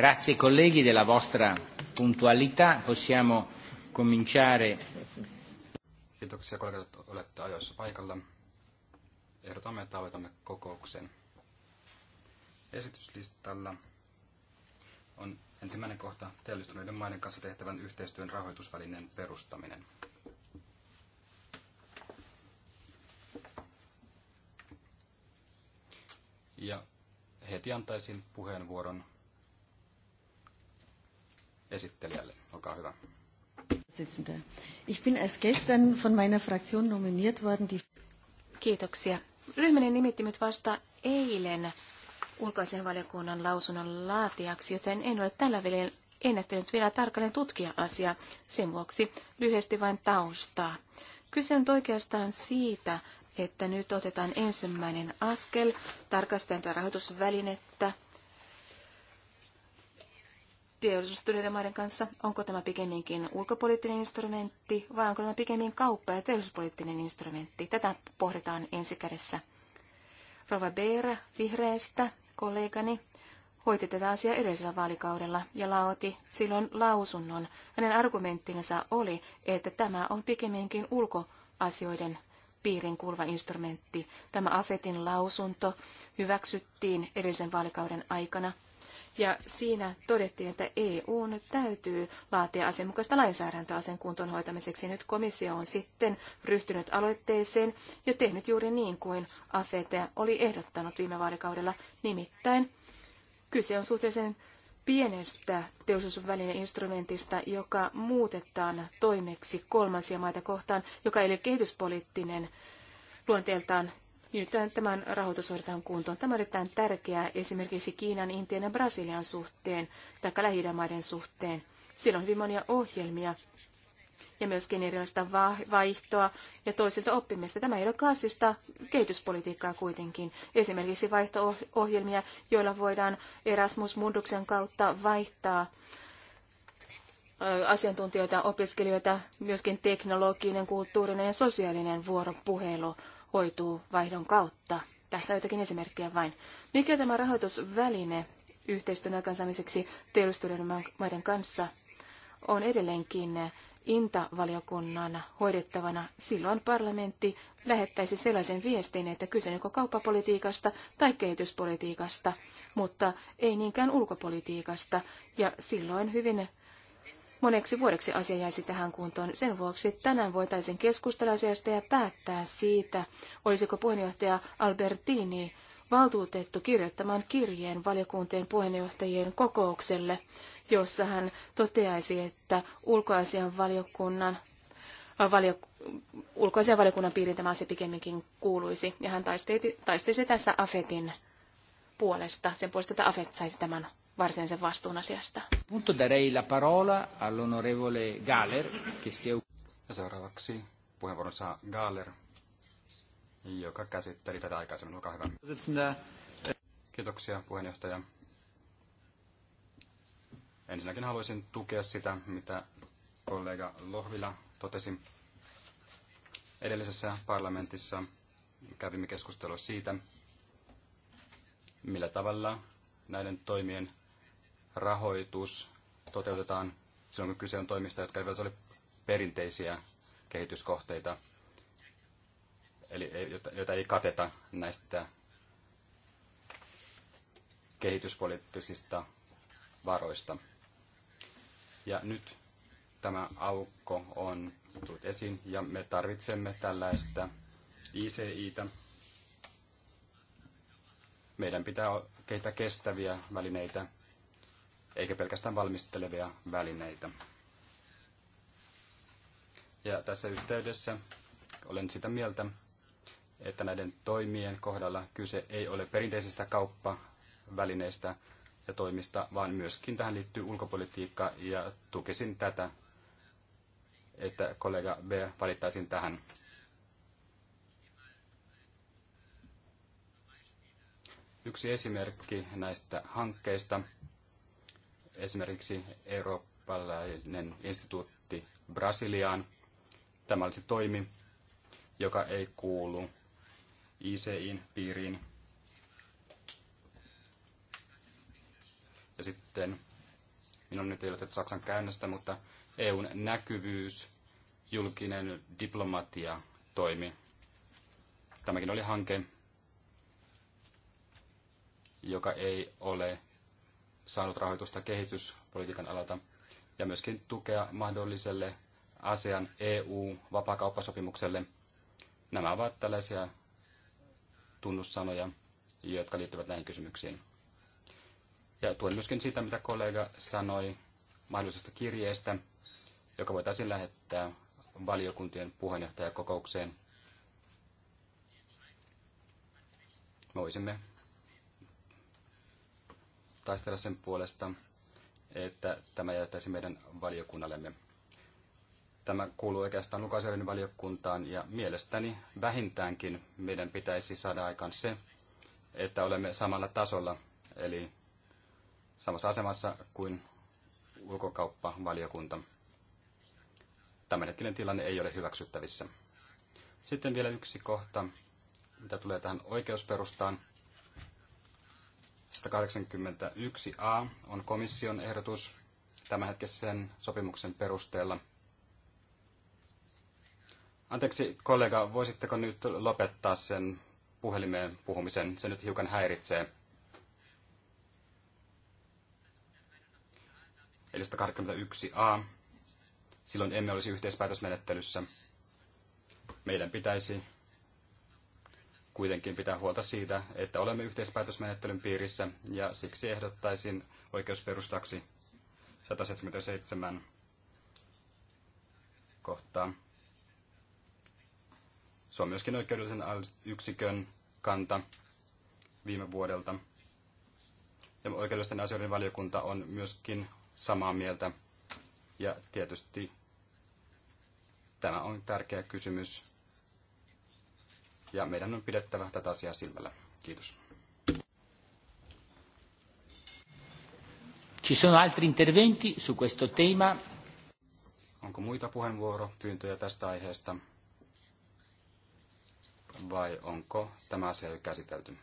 Grazie colleghi della vostra puntualità. Possiamo cominciare. Kiitoksia kollegat, että olette ajoissa paikalla. Ehdotamme, että aloitamme kokouksen. Esityslistalla on ensimmäinen kohta teollistuneiden maiden kanssa tehtävän yhteistyön rahoitusvälineen perustaminen. Ja heti antaisin puheenvuoron esittelijälle. Olkaa hyvä. Ich bin erst gestern von meiner Fraktion nominiert worden. Die... Kiitoksia. Ryhmäni nimitti minut vasta eilen ulkoisen valiokunnan lausunnon laatijaksi, joten en ole tällä välin ennättänyt vielä tarkalleen tutkia asiaa. Sen vuoksi lyhyesti vain taustaa. Kyse on oikeastaan siitä, että nyt otetaan ensimmäinen askel, tarkastetaan rahoitusvälinettä teollisuustuneiden maiden kanssa? Onko tämä pikemminkin ulkopoliittinen instrumentti vai onko tämä pikemmin kauppa- ja teollisuuspoliittinen instrumentti? Tätä pohditaan ensi kädessä. Rova Beera vihreästä, kollegani, hoiti tätä asiaa edellisellä vaalikaudella ja laoti silloin lausunnon. Hänen argumenttinsa oli, että tämä on pikemminkin ulkoasioiden piirin kuuluva instrumentti. Tämä AFETin lausunto hyväksyttiin edellisen vaalikauden aikana ja siinä todettiin, että EU nyt täytyy laatia asianmukaista lainsäädäntöä sen kuntoon hoitamiseksi. Nyt komissio on sitten ryhtynyt aloitteeseen ja tehnyt juuri niin kuin AFT oli ehdottanut viime vaalikaudella. Nimittäin kyse on suhteellisen pienestä teollisuusvälinen instrumentista, joka muutetaan toimeksi kolmansia maita kohtaan, joka ei ole kehityspoliittinen luonteeltaan niin nyt tämän rahoitus hoidetaan kuntoon. Tämä on erittäin tärkeää esimerkiksi Kiinan, Intian ja Brasilian suhteen, tai lähi maiden suhteen. Siellä on hyvin monia ohjelmia ja myöskin erilaista vaihtoa ja toisilta oppimista. Tämä ei ole klassista kehityspolitiikkaa kuitenkin. Esimerkiksi vaihto-ohjelmia, joilla voidaan Erasmus Munduksen kautta vaihtaa asiantuntijoita, opiskelijoita, myöskin teknologinen, kulttuurinen ja sosiaalinen vuoropuhelu hoituu vaihdon kautta. Tässä on jotakin esimerkkejä vain. Mikä tämä rahoitusväline yhteistyön aikaansaamiseksi teollisuuden maiden kanssa on edelleenkin inta hoidettavana, silloin parlamentti lähettäisi sellaisen viestin, että kyse joko kauppapolitiikasta tai kehityspolitiikasta, mutta ei niinkään ulkopolitiikasta, ja silloin hyvin Moneksi vuodeksi asia jäisi tähän kuntoon. Sen vuoksi tänään voitaisiin keskustella asiasta ja päättää siitä, olisiko puheenjohtaja Albertini valtuutettu kirjoittamaan kirjeen valiokuntien puheenjohtajien kokoukselle, jossa hän toteaisi, että ulkoasian valiokunnan valio, ulkoisen valiokunnan piirin tämä asia pikemminkin kuuluisi. Ja hän taistelisi tässä Afetin puolesta, sen puolesta, että Afet saisi tämän varsinaisen vastuun asiasta. Punto darei la parola all'onorevole Galler, che si Ja seuraavaksi puheenvuoron saa Galler, joka käsitteli tätä aikaisemmin. Olkaa hyvä. Kiitoksia puheenjohtaja. Ensinnäkin haluaisin tukea sitä, mitä kollega Lohvila totesi. Edellisessä parlamentissa kävimme keskustelua siitä, millä tavalla näiden toimien rahoitus toteutetaan silloin, kun kyse on toimista, jotka eivät ole perinteisiä kehityskohteita, eli joita ei kateta näistä kehityspoliittisista varoista. Ja nyt tämä aukko on tullut esiin ja me tarvitsemme tällaista ICItä. Meidän pitää kehittää kestäviä välineitä eikä pelkästään valmistelevia välineitä. Ja tässä yhteydessä olen sitä mieltä, että näiden toimien kohdalla kyse ei ole perinteisestä kauppavälineistä ja toimista, vaan myöskin tähän liittyy ulkopolitiikka ja tukisin tätä, että kollega B valittaisiin tähän. Yksi esimerkki näistä hankkeista esimerkiksi eurooppalainen instituutti Brasiliaan. Tämä olisi toimi, joka ei kuulu ICIin piiriin. Ja sitten, minun nyt ei ole Saksan käännöstä, mutta EUn näkyvyys, julkinen diplomatia toimi. Tämäkin oli hanke, joka ei ole saanut rahoitusta kehityspolitiikan alalta ja myöskin tukea mahdolliselle ASEAN eu vapakauppasopimukselle Nämä ovat tällaisia tunnussanoja, jotka liittyvät näihin kysymyksiin. Ja tuen myöskin sitä, mitä kollega sanoi mahdollisesta kirjeestä, joka voitaisiin lähettää valiokuntien puheenjohtajakokoukseen. Me voisimme taistella sen puolesta, että tämä jäätäisi meidän valiokunnallemme. Tämä kuuluu oikeastaan Lukaserin valiokuntaan ja mielestäni vähintäänkin meidän pitäisi saada aikaan se, että olemme samalla tasolla, eli samassa asemassa kuin ulkokauppavaliokunta. Tämänhetkinen tilanne ei ole hyväksyttävissä. Sitten vielä yksi kohta, mitä tulee tähän oikeusperustaan. 181a on komission ehdotus tämänhetkisen sopimuksen perusteella. Anteeksi, kollega, voisitteko nyt lopettaa sen puhelimeen puhumisen? Se nyt hiukan häiritsee. Eli 181a. Silloin emme olisi yhteispäätösmenettelyssä. Meidän pitäisi kuitenkin pitää huolta siitä, että olemme yhteispäätösmenettelyn piirissä ja siksi ehdottaisin oikeusperustaksi 177 kohtaa. Se on myöskin oikeudellisen yksikön kanta viime vuodelta. Ja oikeudellisten asioiden valiokunta on myöskin samaa mieltä. Ja tietysti tämä on tärkeä kysymys ja meidän on pidettävä tätä asiaa silmällä. Kiitos. Ci sono altri interventi su questo tema? Onko muita puheenvuoropyyntöjä tästä aiheesta? Vai onko tämä asia jo käsitelty?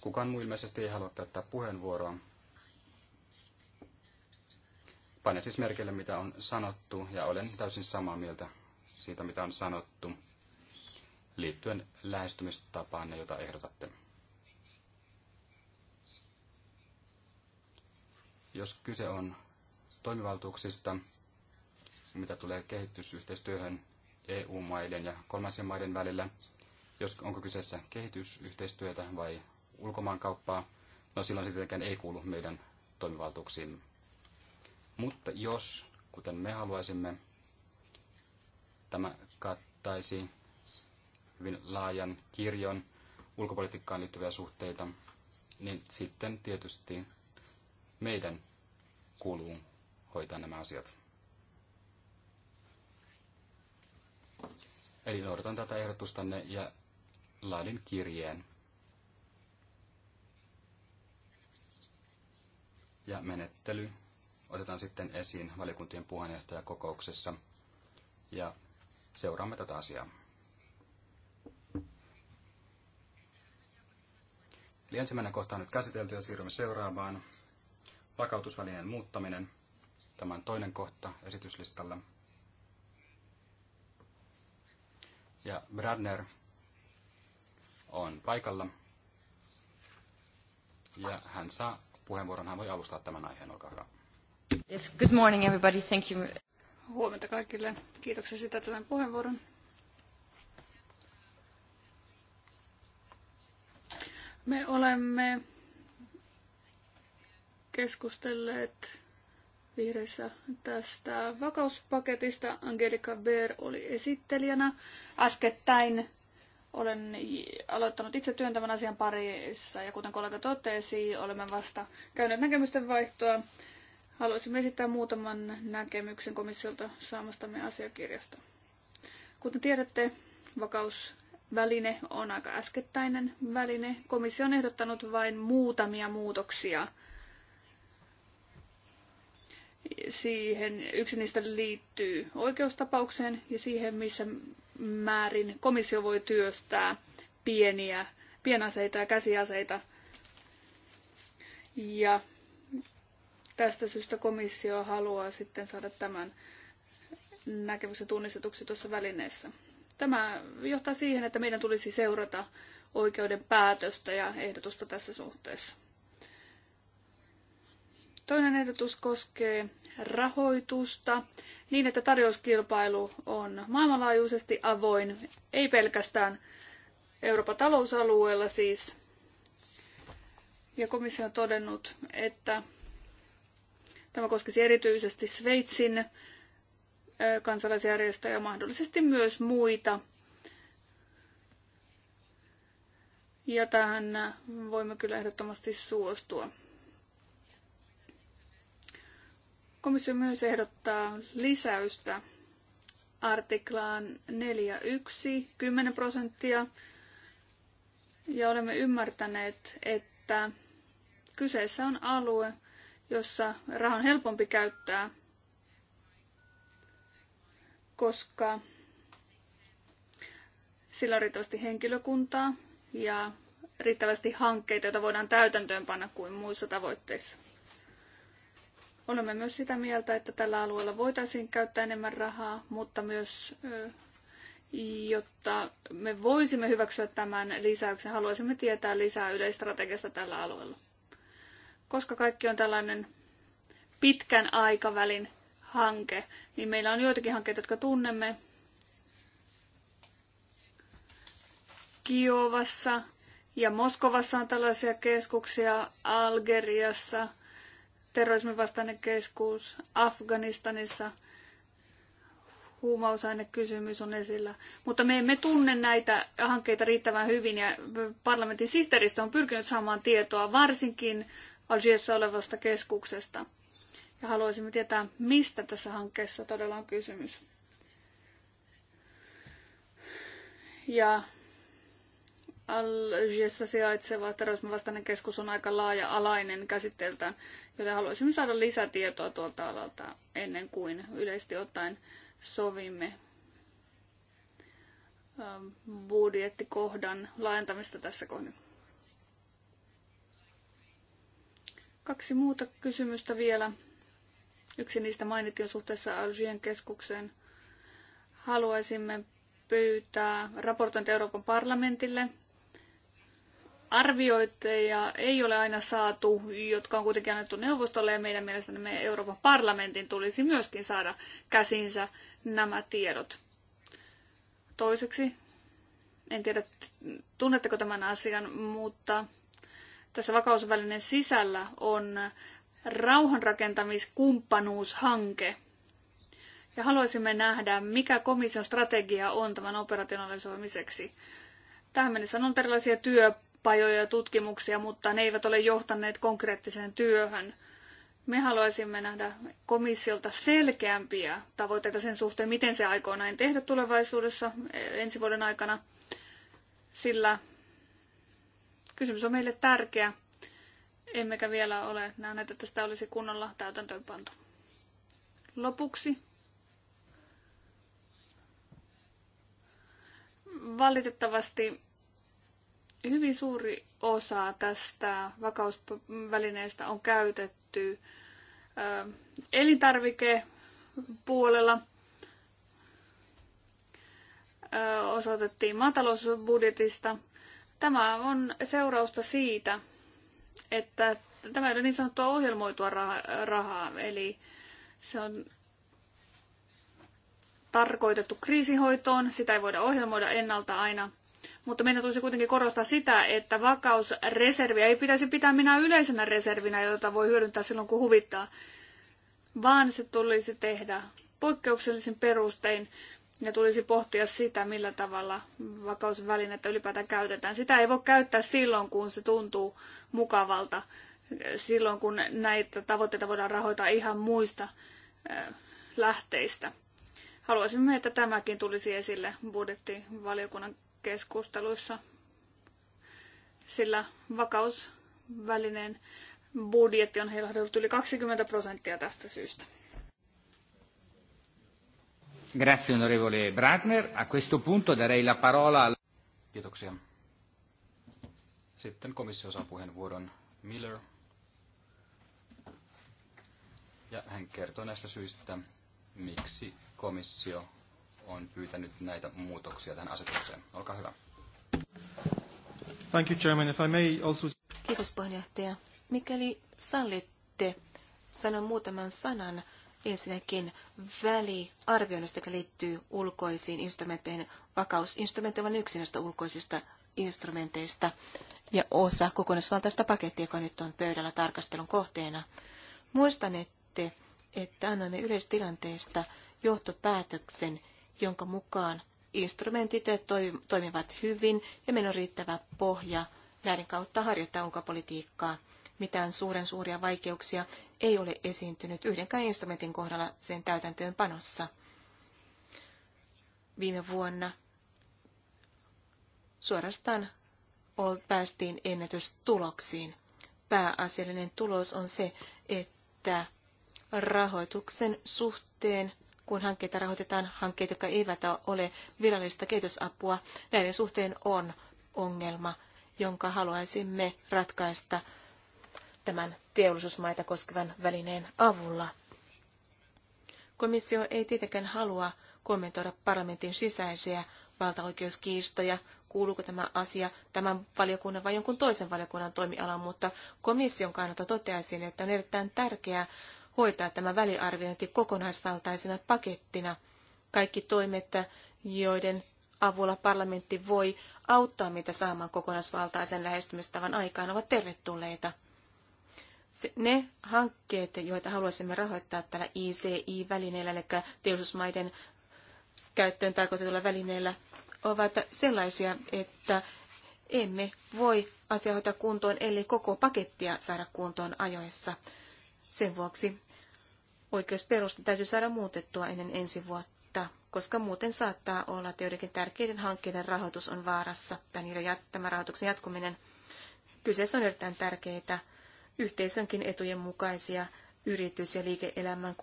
Kukaan muu ilmeisesti ei halua käyttää puheenvuoroa. Pane siis merkille, mitä on sanottu, ja olen täysin samaa mieltä siitä, mitä on sanottu liittyen lähestymistapaan, jota ehdotatte. Jos kyse on toimivaltuuksista, mitä tulee kehitysyhteistyöhön EU-maiden ja kolmansien maiden välillä, jos onko kyseessä kehitysyhteistyötä vai ulkomaankauppaa, no silloin se tietenkään ei kuulu meidän toimivaltuuksiin. Mutta jos, kuten me haluaisimme, Tämä kattaisi hyvin laajan kirjon ulkopolitiikkaan liittyviä suhteita, niin sitten tietysti meidän kuuluu hoitaa nämä asiat. Eli noudatan tätä ehdotustanne ja laadin kirjeen. Ja menettely otetaan sitten esiin valiokuntien puheenjohtajakokouksessa. Ja Seuraamme tätä asiaa. Eli ensimmäinen kohta on nyt käsitelty ja siirrymme seuraavaan. Vakautusvälineen muuttaminen. Tämä on toinen kohta esityslistalla. Ja Bradner on paikalla. Ja hän saa puheenvuoron. Hän voi alustaa tämän aiheen. Olkaa hyvä. Yes, good morning everybody. Thank you. Huomenta kaikille. Kiitoksia sitä tämän puheenvuoron. Me olemme keskustelleet vihreissä tästä vakauspaketista. Angelika Beer oli esittelijänä. Äskettäin olen aloittanut itse työn tämän asian parissa ja kuten kollega totesi, olemme vasta käyneet näkemysten vaihtoa Haluaisimme esittää muutaman näkemyksen komissiolta saamastamme asiakirjasta. Kuten tiedätte, vakausväline on aika äskettäinen väline. Komissio on ehdottanut vain muutamia muutoksia siihen. Yksi niistä liittyy oikeustapaukseen ja siihen, missä määrin komissio voi työstää pieniä pienaseita ja käsiaseita. Ja tästä syystä komissio haluaa sitten saada tämän näkemyksen tunnistetuksi tuossa välineessä. Tämä johtaa siihen, että meidän tulisi seurata oikeuden päätöstä ja ehdotusta tässä suhteessa. Toinen ehdotus koskee rahoitusta niin, että tarjouskilpailu on maailmanlaajuisesti avoin, ei pelkästään Euroopan talousalueella siis. Ja komissio on todennut, että Tämä koskisi erityisesti Sveitsin kansalaisjärjestöjä ja mahdollisesti myös muita. Ja tähän voimme kyllä ehdottomasti suostua. Komissio myös ehdottaa lisäystä artiklaan 4.1, 10 prosenttia. Ja olemme ymmärtäneet, että kyseessä on alue, jossa raha on helpompi käyttää, koska sillä on riittävästi henkilökuntaa ja riittävästi hankkeita, joita voidaan täytäntöönpanna kuin muissa tavoitteissa. Olemme myös sitä mieltä, että tällä alueella voitaisiin käyttää enemmän rahaa, mutta myös jotta me voisimme hyväksyä tämän lisäyksen, haluaisimme tietää lisää yleistrategiasta tällä alueella koska kaikki on tällainen pitkän aikavälin hanke, niin meillä on joitakin hankkeita, jotka tunnemme. Kiovassa ja Moskovassa on tällaisia keskuksia, Algeriassa, terrorismin vastainen keskus, Afganistanissa huumausainekysymys on esillä. Mutta me emme tunne näitä hankkeita riittävän hyvin ja parlamentin sihteeristö on pyrkinyt saamaan tietoa varsinkin Algiessa olevasta keskuksesta. Ja haluaisimme tietää, mistä tässä hankkeessa todella on kysymys. Ja Algiessa sijaitseva terrorismin keskus on aika laaja-alainen käsitteeltään, joten haluaisimme saada lisätietoa tuolta alalta ennen kuin yleisesti ottaen sovimme ähm, budjettikohdan laajentamista tässä kohdassa. Kaksi muuta kysymystä vielä. Yksi niistä mainittiin suhteessa Algien keskukseen. Haluaisimme pyytää raportointi Euroopan parlamentille. Arvioitteja ei ole aina saatu, jotka on kuitenkin annettu neuvostolle ja meidän mielestämme Euroopan parlamentin tulisi myöskin saada käsinsä nämä tiedot. Toiseksi, en tiedä tunnetteko tämän asian, mutta tässä vakausvälineen sisällä on rauhanrakentamiskumppanuushanke. Ja haluaisimme nähdä, mikä komission strategia on tämän operationalisoimiseksi. Tähän mennessä on erilaisia työpajoja ja tutkimuksia, mutta ne eivät ole johtaneet konkreettiseen työhön. Me haluaisimme nähdä komissiolta selkeämpiä tavoitteita sen suhteen, miten se aikoo näin tehdä tulevaisuudessa ensi vuoden aikana, sillä Kysymys on meille tärkeä, emmekä vielä ole nähneet, että sitä olisi kunnolla täytäntöönpantu. Lopuksi valitettavasti hyvin suuri osa tästä vakausvälineestä on käytetty elintarvikepuolella. Osoitettiin maatalousbudjetista Tämä on seurausta siitä, että tämä ei ole niin sanottua ohjelmoitua rahaa, eli se on tarkoitettu kriisihoitoon, sitä ei voida ohjelmoida ennalta aina. Mutta meidän tulisi kuitenkin korostaa sitä, että vakausreserviä ei pitäisi pitää minä yleisenä reservinä, jota voi hyödyntää silloin kun huvittaa, vaan se tulisi tehdä poikkeuksellisin perustein ja tulisi pohtia sitä, millä tavalla vakausvälinettä ylipäätään käytetään. Sitä ei voi käyttää silloin, kun se tuntuu mukavalta, silloin kun näitä tavoitteita voidaan rahoittaa ihan muista lähteistä. Haluaisimme, että tämäkin tulisi esille budjettivaliokunnan keskusteluissa, sillä vakausvälineen budjetti on heilahdellut yli 20 prosenttia tästä syystä. Grazie onorevole Bragner. A questo punto darei la parola... Kiitoksia. Sitten komissio saa puheenvuoron Miller. Ja hän kertoo näistä syistä, miksi komissio on pyytänyt näitä muutoksia tähän asetukseen. Olkaa hyvä. Thank you, Chairman. If I may also... Kiitos puheenjohtaja. Mikäli sallitte, sanon muutaman sanan Ensinnäkin väliarvioinnista, joka liittyy ulkoisiin instrumentteihin. Vakausinstrumentti on yksi näistä ulkoisista instrumenteista ja osa kokonaisvaltaista pakettia, joka nyt on pöydällä tarkastelun kohteena. Muistan, että annoimme yleistilanteesta johtopäätöksen, jonka mukaan instrumentit toimivat hyvin ja meillä on riittävä pohja näiden kautta harjoittaa ulkopolitiikkaa mitään suuren suuria vaikeuksia ei ole esiintynyt yhdenkään instrumentin kohdalla sen täytäntöönpanossa. Viime vuonna suorastaan päästiin ennätystuloksiin. Pääasiallinen tulos on se, että rahoituksen suhteen kun hankkeita rahoitetaan, hankkeita, jotka eivät ole virallista kehitysapua, näiden suhteen on ongelma, jonka haluaisimme ratkaista tämän teollisuusmaita koskevan välineen avulla. Komissio ei tietenkään halua kommentoida parlamentin sisäisiä valtaoikeuskiistoja, kuuluuko tämä asia tämän valiokunnan vai jonkun toisen valiokunnan toimialan, mutta komission kannalta toteaisin, että on erittäin tärkeää hoitaa tämä väliarviointi kokonaisvaltaisena pakettina. Kaikki toimet, joiden avulla parlamentti voi auttaa meitä saamaan kokonaisvaltaisen lähestymistavan aikaan, ovat tervetulleita ne hankkeet, joita haluaisimme rahoittaa tällä ICI-välineellä, eli teollisuusmaiden käyttöön tarkoitetulla välineellä, ovat sellaisia, että emme voi asiaa hoitaa kuntoon, eli koko pakettia saada kuntoon ajoissa. Sen vuoksi oikeusperusta täytyy saada muutettua ennen ensi vuotta, koska muuten saattaa olla, että joidenkin tärkeiden hankkeiden rahoitus on vaarassa, tai niiden tämä rahoituksen jatkuminen. Kyseessä on erittäin tärkeitä yhteisönkin etujen mukaisia yritys- ja liike-elämän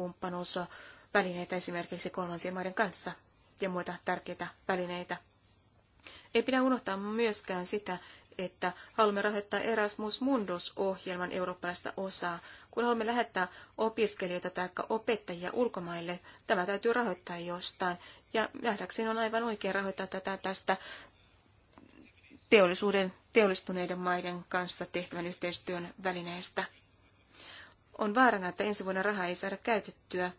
välineitä esimerkiksi kolmansien maiden kanssa ja muita tärkeitä välineitä. Ei pidä unohtaa myöskään sitä, että haluamme rahoittaa Erasmus Mundus-ohjelman eurooppalaista osaa. Kun haluamme lähettää opiskelijoita tai opettajia ulkomaille, tämä täytyy rahoittaa jostain. Ja nähdäkseni on aivan oikein rahoittaa tätä tästä teollisuuden, teollistuneiden maiden kanssa tehtävän yhteistyön välineestä. On vaarana, että ensi vuonna rahaa ei saada käytettyä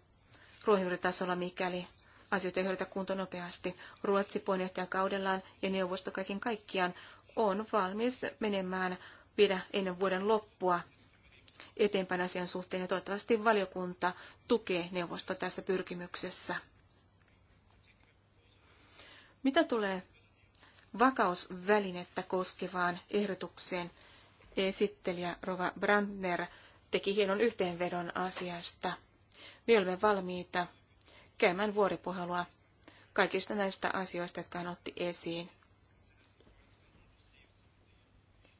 ruohonjuuritasolla, mikäli asioita ei hoideta kunto nopeasti. Ruotsi kaudellaan ja neuvosto kaiken kaikkiaan on valmis menemään vielä ennen vuoden loppua eteenpäin asian suhteen ja toivottavasti valiokunta tukee neuvosto tässä pyrkimyksessä. Mitä tulee vakausvälinettä koskevaan ehdotukseen. Esittelijä Rova Brandner teki hienon yhteenvedon asiasta. Me olemme valmiita käymään vuoripuhelua kaikista näistä asioista, jotka hän otti esiin.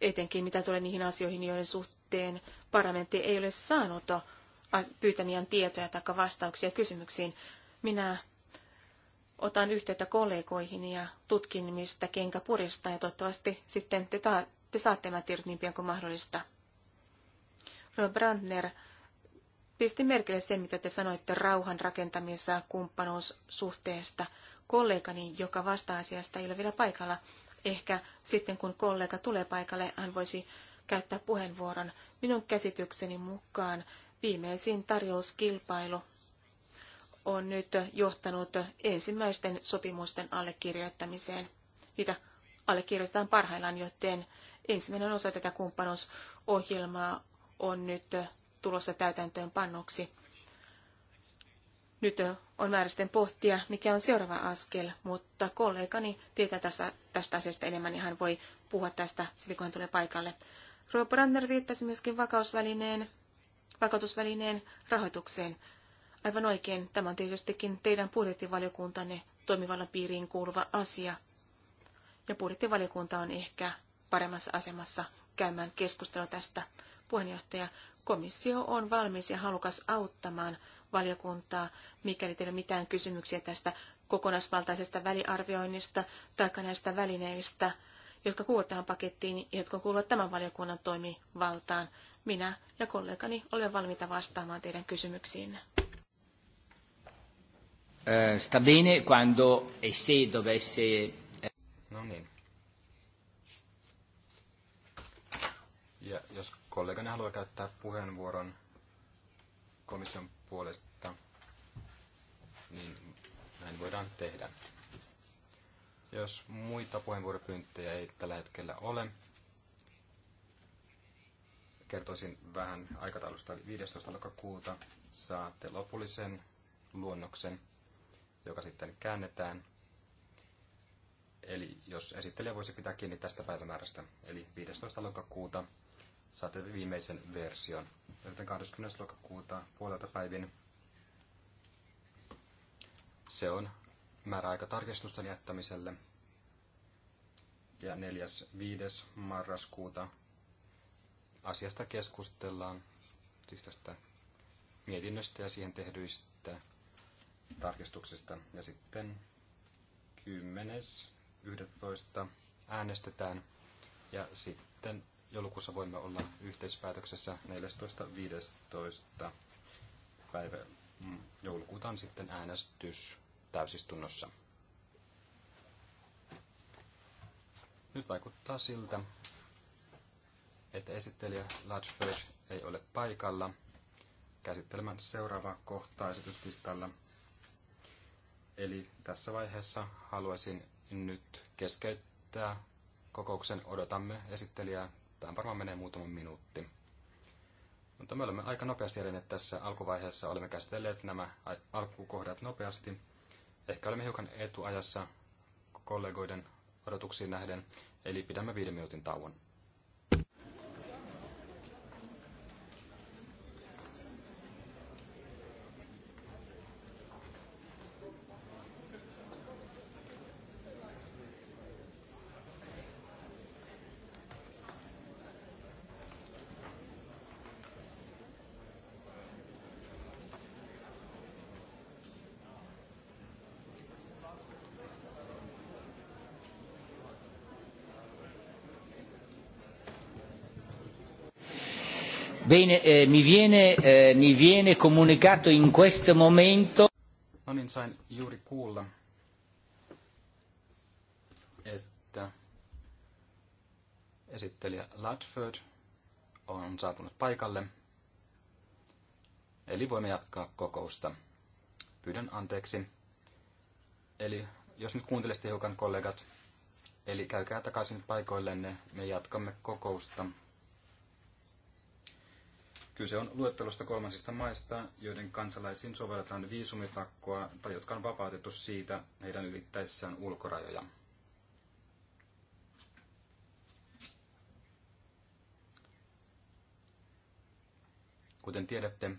Etenkin mitä tulee niihin asioihin, joiden suhteen parlamentti ei ole saanut pyytämiään tietoja tai vastauksia kysymyksiin. Minä otan yhteyttä kollegoihin ja tutkin, mistä kenkä puristaa, ja toivottavasti sitten te, ta- te saatte nämä tiedot niin pian kuin mahdollista. Roy Brandner, pisti merkille sen, mitä te sanoitte rauhan rakentamisessa kumppanuussuhteesta. Kollegani, joka vastaa asiasta, ei ole vielä paikalla. Ehkä sitten, kun kollega tulee paikalle, hän voisi käyttää puheenvuoron. Minun käsitykseni mukaan viimeisin tarjouskilpailu on nyt johtanut ensimmäisten sopimusten allekirjoittamiseen. Niitä allekirjoitetaan parhaillaan, joten ensimmäinen osa tätä kumppanuusohjelmaa on nyt tulossa täytäntöön pannuksi. Nyt on määrä sitten pohtia, mikä on seuraava askel, mutta kollegani tietää tästä, tästä asiasta enemmän, niin hän voi puhua tästä sitten, kun hän tulee paikalle. Rob Brander viittasi myöskin vakausvälineen, vakautusvälineen rahoitukseen. Aivan oikein, tämä on tietystikin teidän budjettivaliokuntanne toimivallan piiriin kuuluva asia. Ja budjettivaliokunta on ehkä paremmassa asemassa käymään keskustelua tästä. Puheenjohtaja, komissio on valmis ja halukas auttamaan valiokuntaa, mikäli teillä on mitään kysymyksiä tästä kokonaisvaltaisesta väliarvioinnista tai näistä välineistä, jotka kuuluvat tähän pakettiin ja jotka kuuluvat tämän valiokunnan toimivaltaan. Minä ja kollegani olemme valmiita vastaamaan teidän kysymyksiinne eh, sta bene quando e se dovesse... Eh, no niin. Ja jos kollegani haluaa käyttää puheenvuoron komission puolesta, niin näin voidaan tehdä. Jos muita puheenvuoropyyntöjä ei tällä hetkellä ole, kertoisin vähän aikataulusta. 15. lokakuuta saatte lopullisen luonnoksen joka sitten käännetään. Eli jos esittelijä voisi pitää kiinni tästä päivämäärästä, eli 15. lokakuuta saatte viimeisen version. Joten 20. lokakuuta puolelta päivin se on määräaika tarkistusten jättämiselle. Ja 4.5. marraskuuta asiasta keskustellaan, siis tästä mietinnöstä ja siihen tehdyistä tarkistuksista. Ja sitten 10.11. äänestetään ja sitten joulukuussa voimme olla yhteispäätöksessä 14.15. päivä mm, joulukuuta on sitten äänestys täysistunnossa. Nyt vaikuttaa siltä, että esittelijä Ladford ei ole paikalla käsittelemään seuraavaa kohtaa esityslistalla – Eli tässä vaiheessa haluaisin nyt keskeyttää kokouksen. Odotamme esittelijää. Tämä varmaan menee muutama minuutti. Mutta me olemme aika nopeasti edenneet tässä alkuvaiheessa. Olemme käsitelleet nämä alkukohdat nopeasti. Ehkä olemme hiukan etuajassa kollegoiden odotuksiin nähden, eli pidämme viiden minuutin tauon. Bene, eh, mi, viene, eh, mi viene comunicato in questo momento... No niin, sain juuri kuulla, että esittelijä Ladford on saapunut paikalle. Eli voimme jatkaa kokousta. Pyydän anteeksi. Eli jos nyt kuuntelette hiukan kollegat, eli käykää takaisin paikoillenne, me jatkamme kokousta Kyse on luettelosta kolmansista maista, joiden kansalaisiin sovelletaan viisumitakkoa tai jotka on vapautettu siitä heidän ylittäessään ulkorajoja. Kuten tiedätte,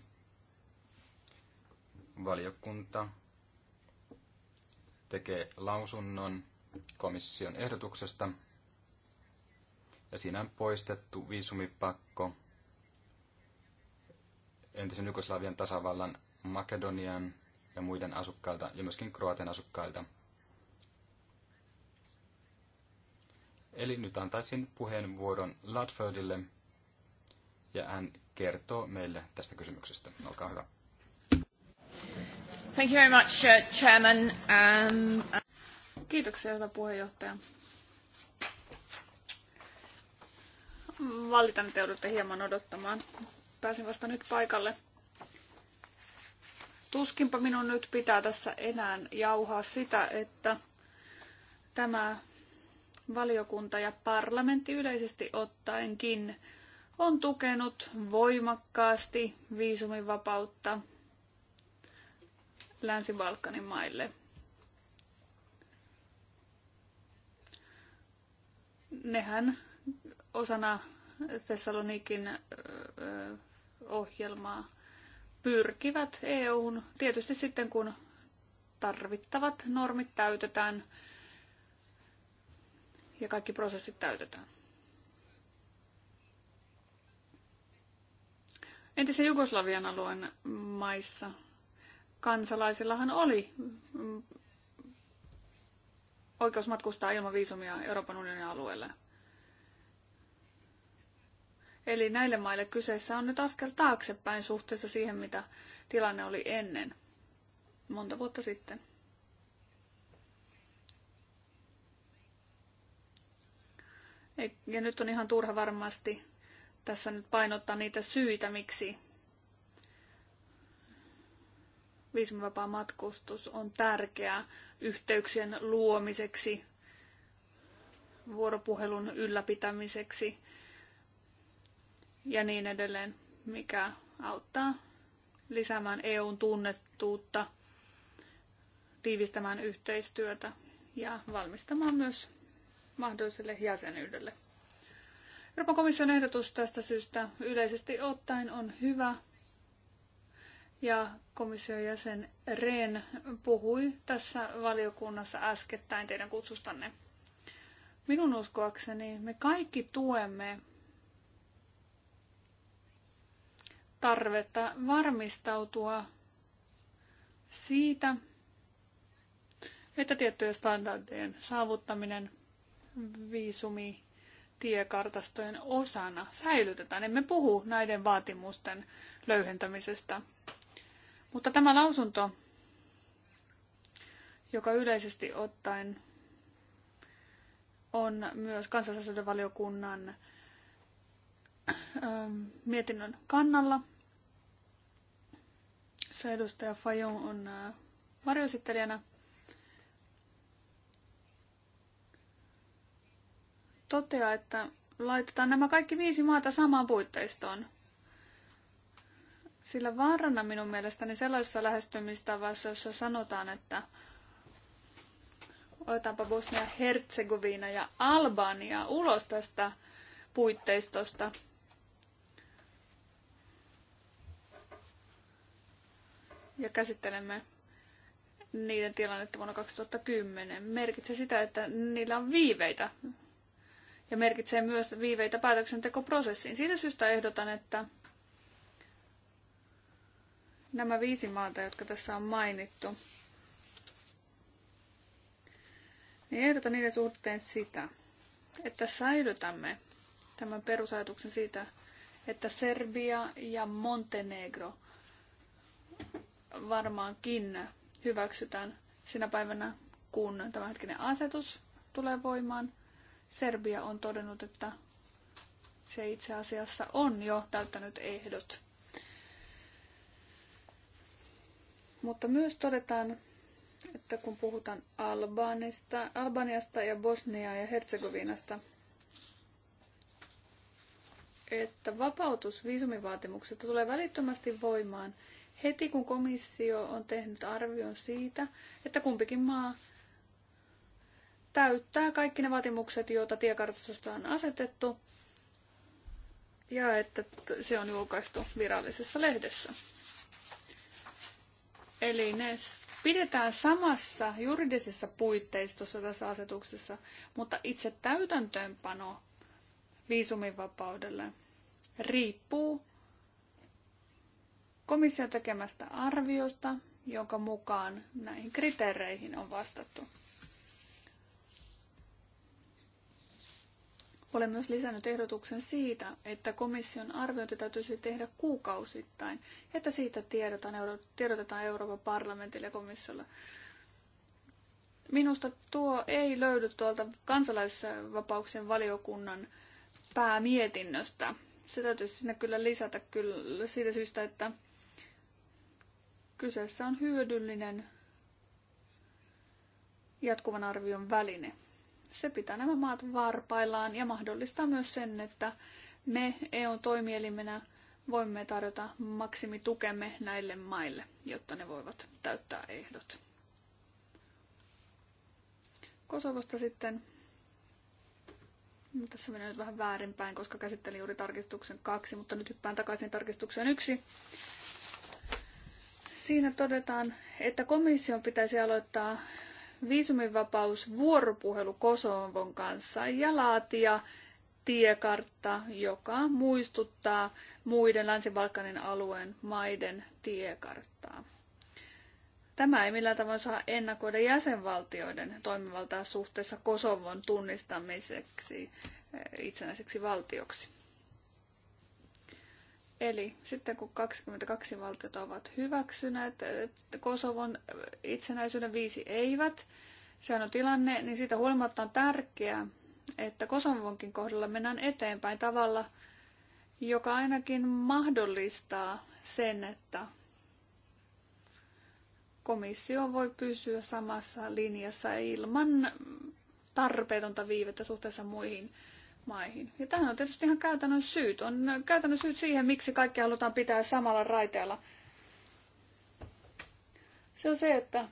valiokunta tekee lausunnon komission ehdotuksesta ja siinä on poistettu viisumipakko entisen Jugoslavian tasavallan, Makedonian ja muiden asukkailta ja myöskin Kroatian asukkailta. Eli nyt antaisin puheenvuoron Ladfordille ja hän kertoo meille tästä kysymyksestä. Olkaa hyvä. Thank you very much, uh, Chairman. Um, uh, Kiitoksia, hyvä puheenjohtaja. Valitan, että joudutte hieman odottamaan pääsin vasta nyt paikalle. Tuskinpa minun nyt pitää tässä enää jauhaa sitä, että tämä valiokunta ja parlamentti yleisesti ottaenkin on tukenut voimakkaasti viisumivapautta Länsi-Balkanin maille. Nehän osana Thessalonikin ohjelmaa pyrkivät EUn, tietysti sitten kun tarvittavat normit täytetään ja kaikki prosessit täytetään. Entisen Jugoslavian alueen maissa kansalaisillahan oli mm, oikeus matkustaa ilman viisumia Euroopan unionin alueelle – Eli näille maille kyseessä on nyt askel taaksepäin suhteessa siihen, mitä tilanne oli ennen monta vuotta sitten. Ja nyt on ihan turha varmasti tässä nyt painottaa niitä syitä, miksi viisumivapaa matkustus on tärkeää yhteyksien luomiseksi, vuoropuhelun ylläpitämiseksi ja niin edelleen, mikä auttaa lisäämään EUn tunnettuutta, tiivistämään yhteistyötä ja valmistamaan myös mahdolliselle jäsenyydelle. Euroopan komission ehdotus tästä syystä yleisesti ottaen on hyvä ja komission jäsen Rehn puhui tässä valiokunnassa äskettäin teidän kutsustanne. Minun uskoakseni me kaikki tuemme tarvetta varmistautua siitä, että tiettyjen standardien saavuttaminen viisumi tiekartastojen osana säilytetään. Emme puhu näiden vaatimusten löyhentämisestä. Mutta tämä lausunto, joka yleisesti ottaen on myös kansallisasioiden valiokunnan ähm, mietinnön kannalla – jossa edustaja Fajon on äh, varjoesittelijänä. Toteaa, että laitetaan nämä kaikki viisi maata samaan puitteistoon. Sillä vaarana minun mielestäni sellaisessa lähestymistavassa, jossa sanotaan, että otetaanpa Bosnia, Herzegovina ja Albania ulos tästä puitteistosta, ja käsittelemme niiden tilannetta vuonna 2010. Merkitsee sitä, että niillä on viiveitä ja merkitsee myös viiveitä päätöksentekoprosessiin. Siitä syystä ehdotan, että nämä viisi maata, jotka tässä on mainittu, niin ehdotan niiden suhteen sitä, että säilytämme tämän perusajatuksen siitä, että Serbia ja Montenegro – varmaankin hyväksytään sinä päivänä, kun tämänhetkinen asetus tulee voimaan. Serbia on todennut, että se itse asiassa on jo täyttänyt ehdot. Mutta myös todetaan, että kun puhutaan Albanista, Albaniasta ja Bosnia ja Herzegovinasta, että vapautus tulee välittömästi voimaan – heti kun komissio on tehnyt arvion siitä, että kumpikin maa täyttää kaikki ne vaatimukset, joita tiekartastosta on asetettu, ja että se on julkaistu virallisessa lehdessä. Eli ne pidetään samassa juridisessa puitteistossa tässä asetuksessa, mutta itse täytäntöönpano viisumivapaudelle riippuu komission tekemästä arviosta, jonka mukaan näihin kriteereihin on vastattu. Olen myös lisännyt ehdotuksen siitä, että komission arviointi täytyisi tehdä kuukausittain, että siitä tiedotetaan, Euroopan parlamentille ja komissiolle. Minusta tuo ei löydy tuolta kansalaisvapauksien valiokunnan päämietinnöstä. Se täytyisi sinne kyllä lisätä kyllä siitä syystä, että Kyseessä on hyödyllinen jatkuvan arvion väline. Se pitää nämä maat varpaillaan ja mahdollistaa myös sen, että me EUn toimielimenä voimme tarjota maksimitukemme näille maille, jotta ne voivat täyttää ehdot. Kosovosta sitten, tässä menee nyt vähän väärinpäin, koska käsittelin juuri tarkistuksen kaksi, mutta nyt hyppään takaisin tarkistukseen yksi. Siinä todetaan, että komission pitäisi aloittaa viisumivapaus vuoropuhelu Kosovon kanssa ja laatia tiekartta, joka muistuttaa muiden Länsi-Balkanin alueen maiden tiekarttaa. Tämä ei millään tavoin saa ennakoida jäsenvaltioiden toimivaltaa suhteessa Kosovon tunnistamiseksi eh, itsenäiseksi valtioksi. Eli sitten kun 22 valtiota ovat hyväksyneet Kosovon itsenäisyyden, viisi eivät, sehän on tilanne, niin siitä huolimatta on tärkeää, että Kosovonkin kohdalla mennään eteenpäin tavalla, joka ainakin mahdollistaa sen, että komissio voi pysyä samassa linjassa ilman tarpeetonta viivettä suhteessa muihin maihin. Ja tähän on tietysti ihan käytännön syyt. On käytännön syyt siihen, miksi kaikki halutaan pitää samalla raiteella. Se on se, että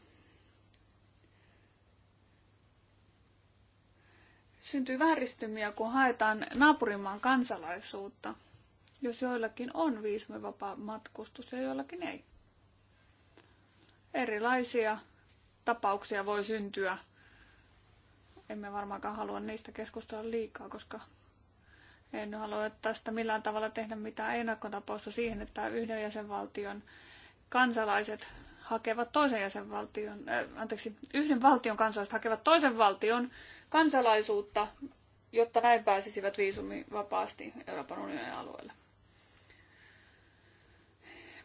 syntyy vääristymiä, kun haetaan naapurimaan kansalaisuutta, jos joillakin on viisumivapaa matkustus ja joillakin ei. Erilaisia tapauksia voi syntyä emme varmaankaan halua niistä keskustella liikaa, koska en halua tästä millään tavalla tehdä mitään ennakkotapausta siihen, että yhden jäsenvaltion kansalaiset hakevat toisen jäsenvaltion, äh, anteeksi, yhden valtion kansalaiset hakevat toisen valtion kansalaisuutta, jotta näin pääsisivät viisumi vapaasti Euroopan unionin alueelle.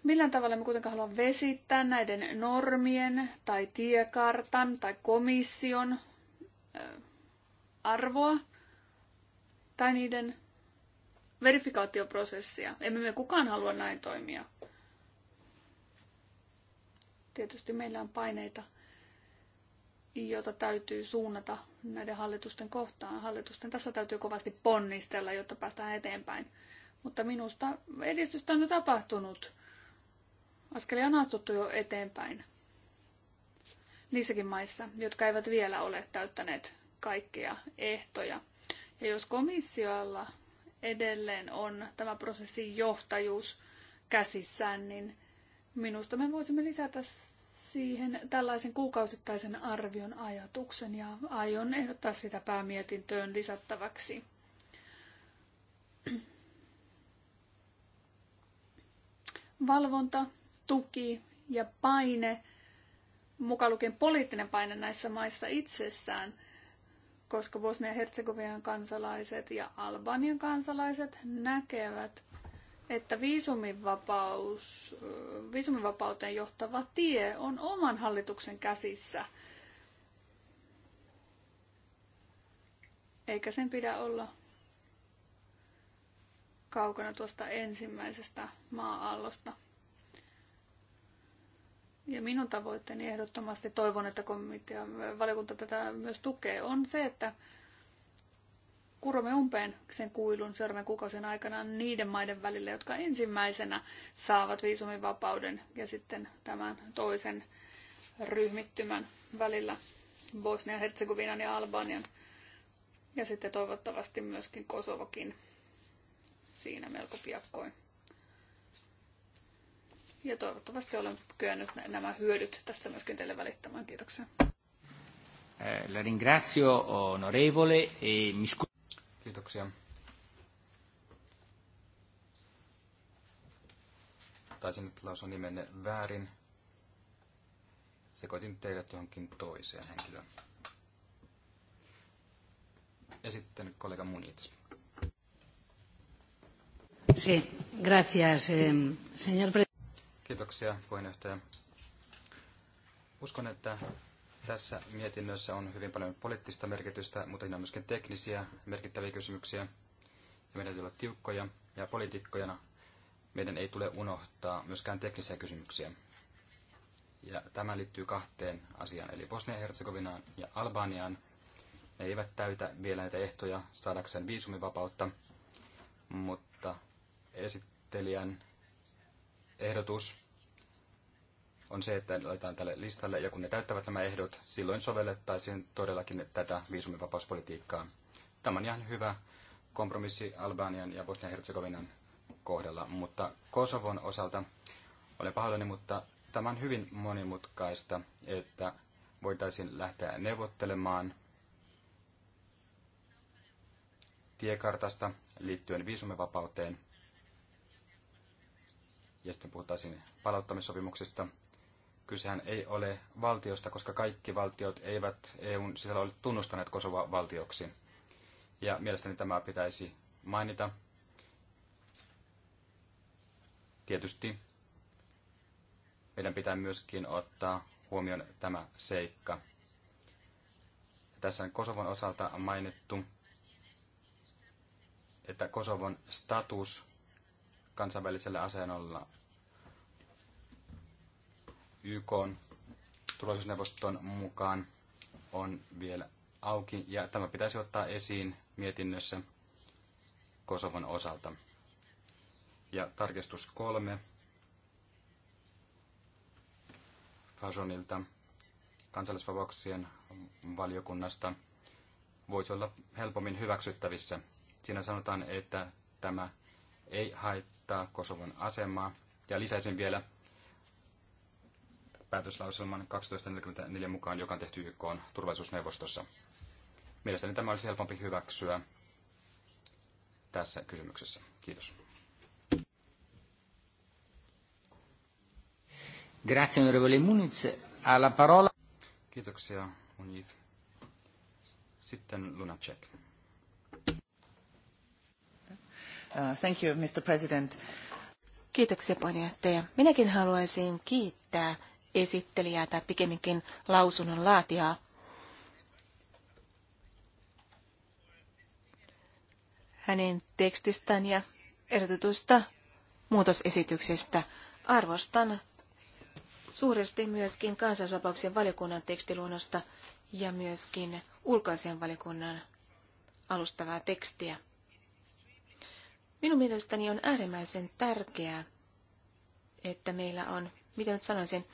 Millään tavalla me kuitenkaan halua vesittää näiden normien tai tiekartan tai komission arvoa tai niiden verifikaatioprosessia. Emme me kukaan halua näin toimia. Tietysti meillä on paineita, joita täytyy suunnata näiden hallitusten kohtaan. Hallitusten tässä täytyy kovasti ponnistella, jotta päästään eteenpäin. Mutta minusta edistystä on jo tapahtunut. Askelia on astuttu jo eteenpäin niissäkin maissa, jotka eivät vielä ole täyttäneet kaikkia ehtoja. Ja jos komissiolla edelleen on tämä prosessin johtajuus käsissään, niin minusta me voisimme lisätä siihen tällaisen kuukausittaisen arvion ajatuksen ja aion ehdottaa sitä päämietintöön lisättäväksi. Valvonta, tuki ja paine – mukaan lukien poliittinen paine näissä maissa itsessään, koska Bosnia-Herzegovian kansalaiset ja Albanian kansalaiset näkevät, että viisumivapaus, viisumivapauteen johtava tie on oman hallituksen käsissä. Eikä sen pidä olla kaukana tuosta ensimmäisestä maa-allosta ja minun tavoitteeni ehdottomasti toivon, että komitea, valiokunta tätä myös tukee, on se, että kuromme umpeen sen kuilun seuraavan kuukausien aikana niiden maiden välillä, jotka ensimmäisenä saavat viisumivapauden ja sitten tämän toisen ryhmittymän välillä Bosnian, Herzegovinan ja Albanian. Ja sitten toivottavasti myöskin Kosovokin siinä melko piakkoin. Ja toivottavasti olen kyennyt nämä hyödyt tästä myöskin teille välittämään. Kiitoksia. Eh, la ringrazio onorevole e mi Kiitoksia. Taisin nyt lausua nimenne väärin. Sekoitin teidät johonkin toiseen henkilöön. Ja sitten kollega Munits. Sí, gracias, señor presidente. Kiitoksia puheenjohtaja. Uskon, että tässä mietinnössä on hyvin paljon poliittista merkitystä, mutta siinä on myöskin teknisiä merkittäviä kysymyksiä. Ja meidän täytyy olla tiukkoja ja poliitikkoina meidän ei tule unohtaa myöskään teknisiä kysymyksiä. Ja tämä liittyy kahteen asiaan, eli Bosnia-Herzegovinaan ja Albaniaan. Ne eivät täytä vielä näitä ehtoja saadakseen viisumivapautta, mutta esittelijän ehdotus on se, että laitetaan tälle listalle, ja kun ne täyttävät nämä ehdot, silloin sovellettaisiin todellakin tätä viisumivapauspolitiikkaa. Tämä on ihan hyvä kompromissi Albanian ja Bosnia-Herzegovinan kohdalla, mutta Kosovon osalta olen pahoillani, mutta tämä on hyvin monimutkaista, että voitaisiin lähteä neuvottelemaan tiekartasta liittyen viisumivapauteen ja sitten puhuttaisiin palauttamissopimuksista. Kysehän ei ole valtiosta, koska kaikki valtiot eivät EUn sisällä ole tunnustaneet Kosovoa valtioksi. Ja mielestäni tämä pitäisi mainita. Tietysti meidän pitää myöskin ottaa huomioon tämä seikka. Tässä on Kosovon osalta mainittu, että Kosovon status kansainvälisellä asennolla YK turvallisuusneuvoston mukaan on vielä auki, ja tämä pitäisi ottaa esiin mietinnössä Kosovon osalta. Ja tarkistus kolme Fajonilta kansallisvapauksien valiokunnasta voisi olla helpommin hyväksyttävissä. Siinä sanotaan, että tämä ei haittaa Kosovon asemaa. Ja lisäisin vielä, päätöslauselman 1244 mukaan, joka on tehty YK on turvallisuusneuvostossa. Mielestäni tämä olisi helpompi hyväksyä tässä kysymyksessä. Kiitos. Grazie, onorevole Muniz. Alla parola. Kiitoksia, Muniz. Sitten Lunacek. Uh, thank you, Mr. President. Kiitoksia, puheenjohtaja. Minäkin haluaisin kiittää esittelijää tai pikemminkin lausunnon laatijaa. Hänen tekstistään ja erotetuista muutosesityksistä arvostan suuresti myöskin kansallisvapauksien valiokunnan tekstiluonnosta ja myöskin ulkoisen valiokunnan alustavaa tekstiä. Minun mielestäni on äärimmäisen tärkeää, että meillä on, miten nyt sanoisin,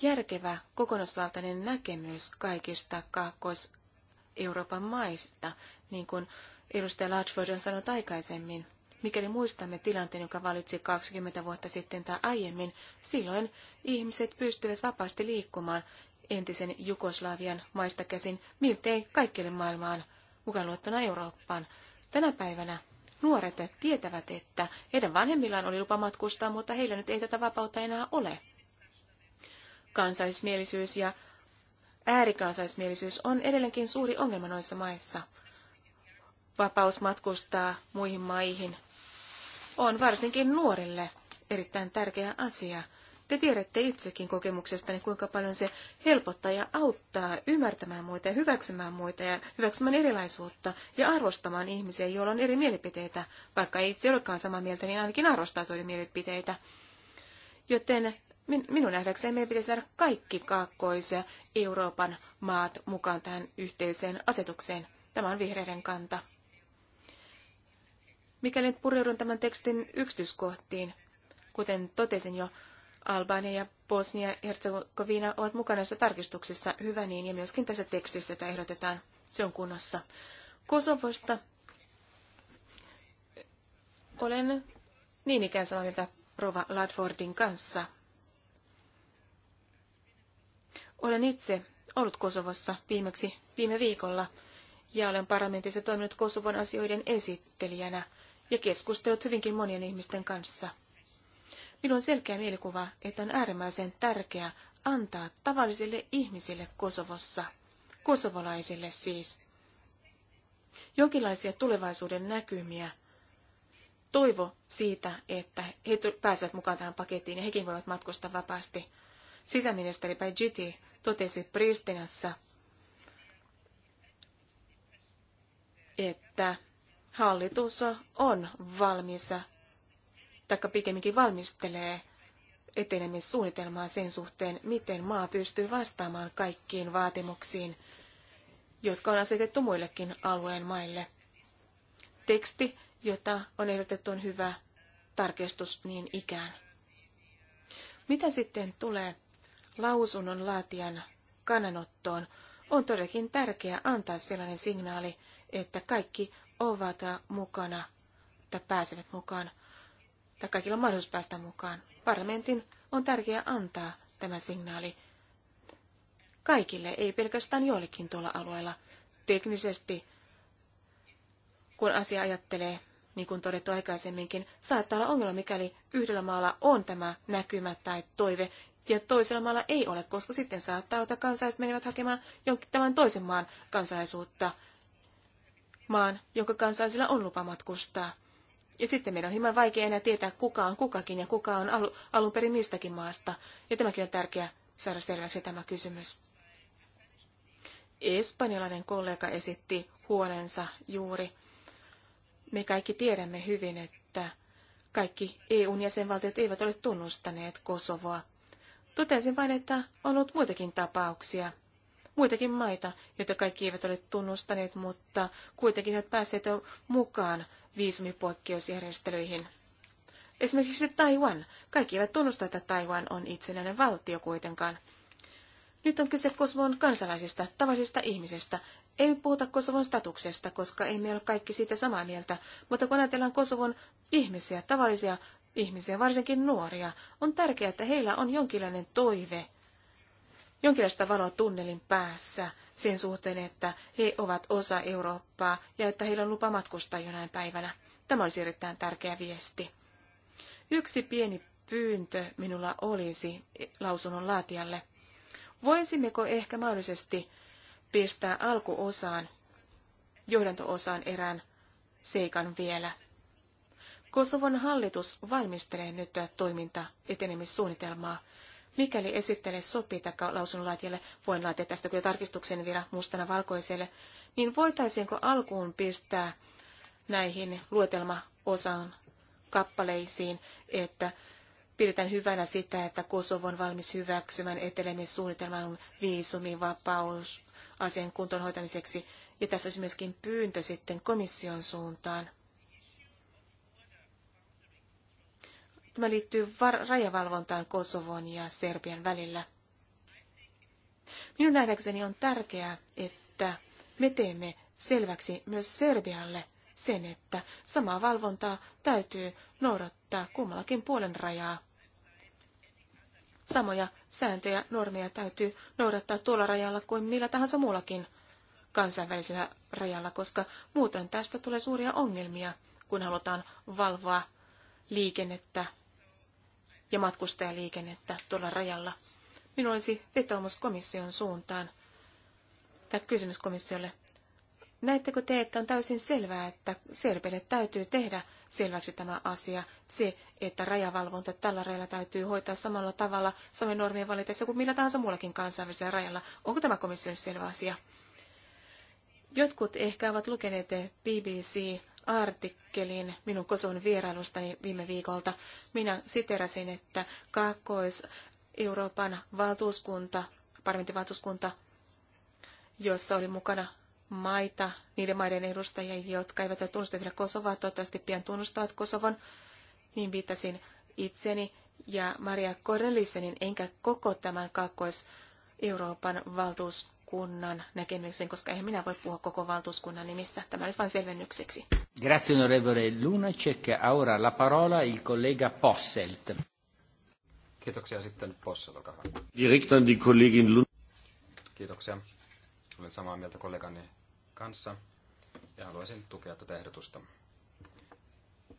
järkevä kokonaisvaltainen näkemys kaikista Kaakkois-Euroopan maista, niin kuin edustaja Ladford on sanonut aikaisemmin. Mikäli muistamme tilanteen, joka valitsi 20 vuotta sitten tai aiemmin, silloin ihmiset pystyvät vapaasti liikkumaan entisen Jugoslavian maista käsin miltei kaikille maailmaan, mukaan luottuna Eurooppaan. Tänä päivänä nuoret tietävät, että heidän vanhemmillaan oli lupa matkustaa, mutta heillä nyt ei tätä vapautta enää ole kansallismielisyys ja äärikansallismielisyys on edelleenkin suuri ongelma noissa maissa. Vapaus matkustaa muihin maihin on varsinkin nuorille erittäin tärkeä asia. Te tiedätte itsekin kokemuksestani, kuinka paljon se helpottaa ja auttaa ymmärtämään muita ja hyväksymään muita ja hyväksymään erilaisuutta ja arvostamaan ihmisiä, joilla on eri mielipiteitä. Vaikka ei itse olekaan samaa mieltä, niin ainakin arvostaa tuoda mielipiteitä. Joten Min, minun nähdäkseni meidän pitäisi saada kaikki kaakkoisia Euroopan maat mukaan tähän yhteiseen asetukseen. Tämä on vihreiden kanta. Mikäli nyt pureudun tämän tekstin yksityiskohtiin, kuten totesin jo, Albania ja Bosnia ja Herzegovina ovat mukana näissä tarkistuksissa. Hyvä niin, ja myöskin tässä tekstissä tätä ehdotetaan. Se on kunnossa. Kosovosta olen niin ikään samaa mieltä Rova Ladfordin kanssa. Olen itse ollut Kosovossa viimeksi viime viikolla ja olen parlamentissa toiminut Kosovon asioiden esittelijänä ja keskustellut hyvinkin monien ihmisten kanssa. Minulla on selkeä mielikuva, että on äärimmäisen tärkeää antaa tavallisille ihmisille Kosovossa, kosovolaisille siis, jonkinlaisia tulevaisuuden näkymiä, toivo siitä, että he pääsevät mukaan tähän pakettiin ja hekin voivat matkustaa vapaasti – Sisäministeri Pajiti totesi Pristinassa, että hallitus on valmis, taikka pikemminkin valmistelee etenemissuunnitelmaa sen suhteen, miten maa pystyy vastaamaan kaikkiin vaatimuksiin, jotka on asetettu muillekin alueen maille. Teksti, jota on ehdotettu, on hyvä tarkistus niin ikään. Mitä sitten tulee lausunnon laatijan kannanottoon, on todellakin tärkeää antaa sellainen signaali, että kaikki ovat mukana tai pääsevät mukaan, tai kaikilla on mahdollisuus päästä mukaan. Parlamentin on tärkeää antaa tämä signaali kaikille, ei pelkästään joillekin tuolla alueella. Teknisesti, kun asia ajattelee, niin kuin todettu aikaisemminkin, saattaa olla ongelma, mikäli yhdellä maalla on tämä näkymä tai toive, ja toisella maalla ei ole, koska sitten saattaa olla, että kansalaiset menevät hakemaan jonkin tämän toisen maan kansalaisuutta, maan, jonka kansalaisilla on lupa matkustaa. Ja sitten meidän on hieman vaikea enää tietää, kuka on kukakin ja kuka on alu, alun perin mistäkin maasta. Ja tämäkin on tärkeää saada selväksi tämä kysymys. Espanjalainen kollega esitti huolensa juuri. Me kaikki tiedämme hyvin, että kaikki eu jäsenvaltiot eivät ole tunnustaneet Kosovoa. Totesin vain, että on ollut muitakin tapauksia, muitakin maita, joita kaikki eivät ole tunnustaneet, mutta kuitenkin ovat päässeet mukaan viisumipoikkeusjärjestelyihin. Esimerkiksi Taiwan. Kaikki eivät tunnusta, että Taiwan on itsenäinen valtio kuitenkaan. Nyt on kyse Kosovon kansalaisista, tavallisista ihmisistä. Ei nyt puhuta Kosovon statuksesta, koska emme ole kaikki siitä samaa mieltä, mutta kun ajatellaan Kosovon ihmisiä, tavallisia ihmisiä, varsinkin nuoria. On tärkeää, että heillä on jonkinlainen toive, jonkinlaista valoa tunnelin päässä sen suhteen, että he ovat osa Eurooppaa ja että heillä on lupa matkustaa jonain päivänä. Tämä olisi erittäin tärkeä viesti. Yksi pieni pyyntö minulla olisi lausunnon laatijalle. Voisimmeko ehkä mahdollisesti pistää alkuosaan, johdantoosaan erään seikan vielä, Kosovon hallitus valmistelee nyt toiminta etenemissuunnitelmaa. Mikäli esittele sopii taikka lausunnonlaatijalle, voin laatia tästä kyllä tarkistuksen vielä mustana valkoiselle, niin voitaisiinko alkuun pistää näihin luetelmaosan kappaleisiin, että pidetään hyvänä sitä, että Kosovo on valmis hyväksymään etelemissuunnitelman viisumivapaus asian kuntoon hoitamiseksi, ja tässä olisi myöskin pyyntö sitten komission suuntaan – Tämä liittyy rajavalvontaan Kosovon ja Serbian välillä. Minun nähdäkseni on tärkeää, että me teemme selväksi myös Serbialle sen, että samaa valvontaa täytyy noudattaa kummallakin puolen rajaa. Samoja sääntöjä, normeja täytyy noudattaa tuolla rajalla kuin millä tahansa muullakin kansainvälisellä rajalla, koska muuten tästä tulee suuria ongelmia, kun halutaan valvoa liikennettä ja matkustajaliikennettä tuolla rajalla. Minulla olisi vetoomus komission suuntaan, tai kysymys komissiolle. Näettekö te, että on täysin selvää, että Serpelle täytyy tehdä selväksi tämä asia, se, että rajavalvonta tällä rajalla täytyy hoitaa samalla tavalla samoin normien valitessa kuin millä tahansa muullakin kansainvälisellä rajalla. Onko tämä komissiolle selvä asia? Jotkut ehkä ovat lukeneet BBC artikkelin minun Kosovon vierailustani viime viikolta. Minä siterasin, että Kaakkois-Euroopan valtuuskunta, parlamenttivaltuuskunta, jossa oli mukana maita, niiden maiden edustajia, jotka eivät ole tunnustaneet vielä Kosovaa, toivottavasti pian tunnustavat Kosovon, niin viittasin itseni ja Maria Cornelisenin, enkä koko tämän Kaakkois-Euroopan valtuuskunta valtuuskunnan näkemyksen, koska eihän minä voi puhua koko valtuuskunnan nimissä. Tämä nyt vain selvennykseksi. Grazie onorevole Lunacek. Aura la parola il collega Posselt. Kiitoksia sitten Posselt, olkaa hyvä. Direktan di Kollegin Lun- Kiitoksia. Olen samaa mieltä kollegani kanssa ja haluaisin tukea tätä ehdotusta.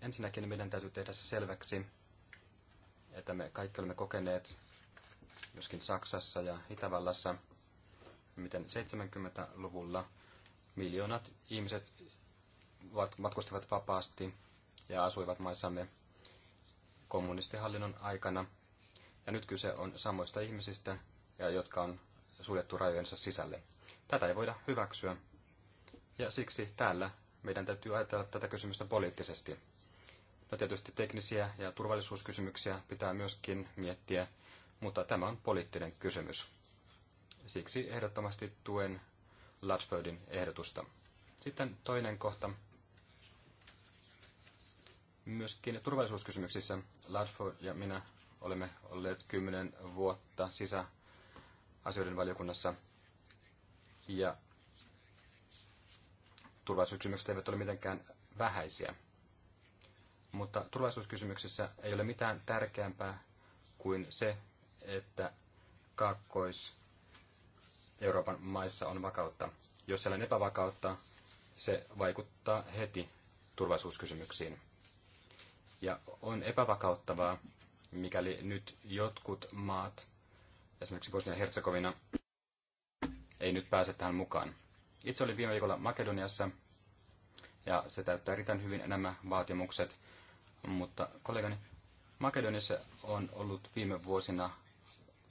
Ensinnäkin meidän täytyy tehdä se selväksi, että me kaikki olemme kokeneet, myöskin Saksassa ja Itävallassa, miten 70-luvulla miljoonat ihmiset matkustivat vapaasti ja asuivat maissamme kommunistihallinnon aikana. Ja nyt kyse on samoista ihmisistä, ja jotka on suljettu rajojensa sisälle. Tätä ei voida hyväksyä. Ja siksi täällä meidän täytyy ajatella tätä kysymystä poliittisesti. No tietysti teknisiä ja turvallisuuskysymyksiä pitää myöskin miettiä, mutta tämä on poliittinen kysymys. Siksi ehdottomasti tuen Ladfordin ehdotusta. Sitten toinen kohta. Myöskin turvallisuuskysymyksissä Ladford ja minä olemme olleet kymmenen vuotta sisäasioiden valiokunnassa. Ja turvallisuuskysymykset eivät ole mitenkään vähäisiä. Mutta turvallisuuskysymyksissä ei ole mitään tärkeämpää kuin se, että kaakkois Euroopan maissa on vakautta. Jos siellä on epävakautta, se vaikuttaa heti turvallisuuskysymyksiin. Ja on epävakauttavaa, mikäli nyt jotkut maat, esimerkiksi Bosnia-Herzegovina, ei nyt pääse tähän mukaan. Itse olin viime viikolla Makedoniassa, ja se täyttää erittäin hyvin nämä vaatimukset, mutta kollegani Makedoniassa on ollut viime vuosina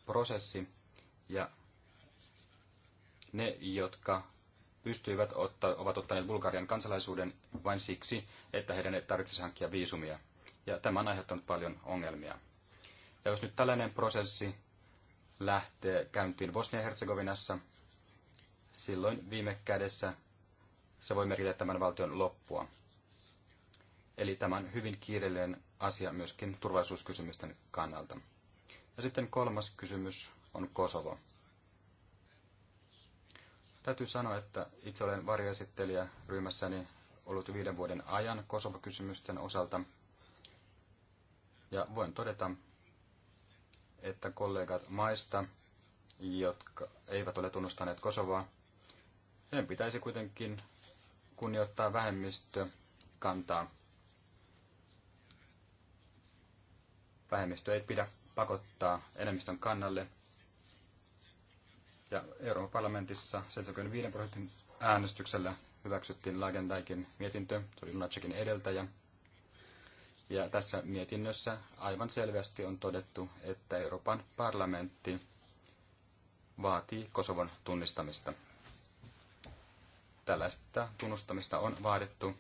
prosessi, ja ne, jotka pystyivät otta, ovat ottaneet Bulgarian kansalaisuuden vain siksi, että heidän ei tarvitsisi hankkia viisumia. Ja tämä on aiheuttanut paljon ongelmia. Ja jos nyt tällainen prosessi lähtee käyntiin Bosnia-Herzegovinassa, silloin viime kädessä se voi merkitä tämän valtion loppua. Eli tämä on hyvin kiireellinen asia myöskin turvallisuuskysymysten kannalta. Ja sitten kolmas kysymys on Kosovo. Täytyy sanoa, että itse olen varjoesittelijä ryhmässäni ollut viiden vuoden ajan Kosovo-kysymysten osalta. Ja voin todeta, että kollegat maista, jotka eivät ole tunnustaneet Kosovoa, sen pitäisi kuitenkin kunnioittaa kantaa, Vähemmistö ei pidä pakottaa enemmistön kannalle, ja Euroopan parlamentissa 75 prosentin äänestyksellä hyväksyttiin Lagendaikin mietintö, se oli Lunacekin edeltäjä. Ja tässä mietinnössä aivan selvästi on todettu, että Euroopan parlamentti vaatii Kosovon tunnistamista. Tällaista tunnustamista on vaadittu.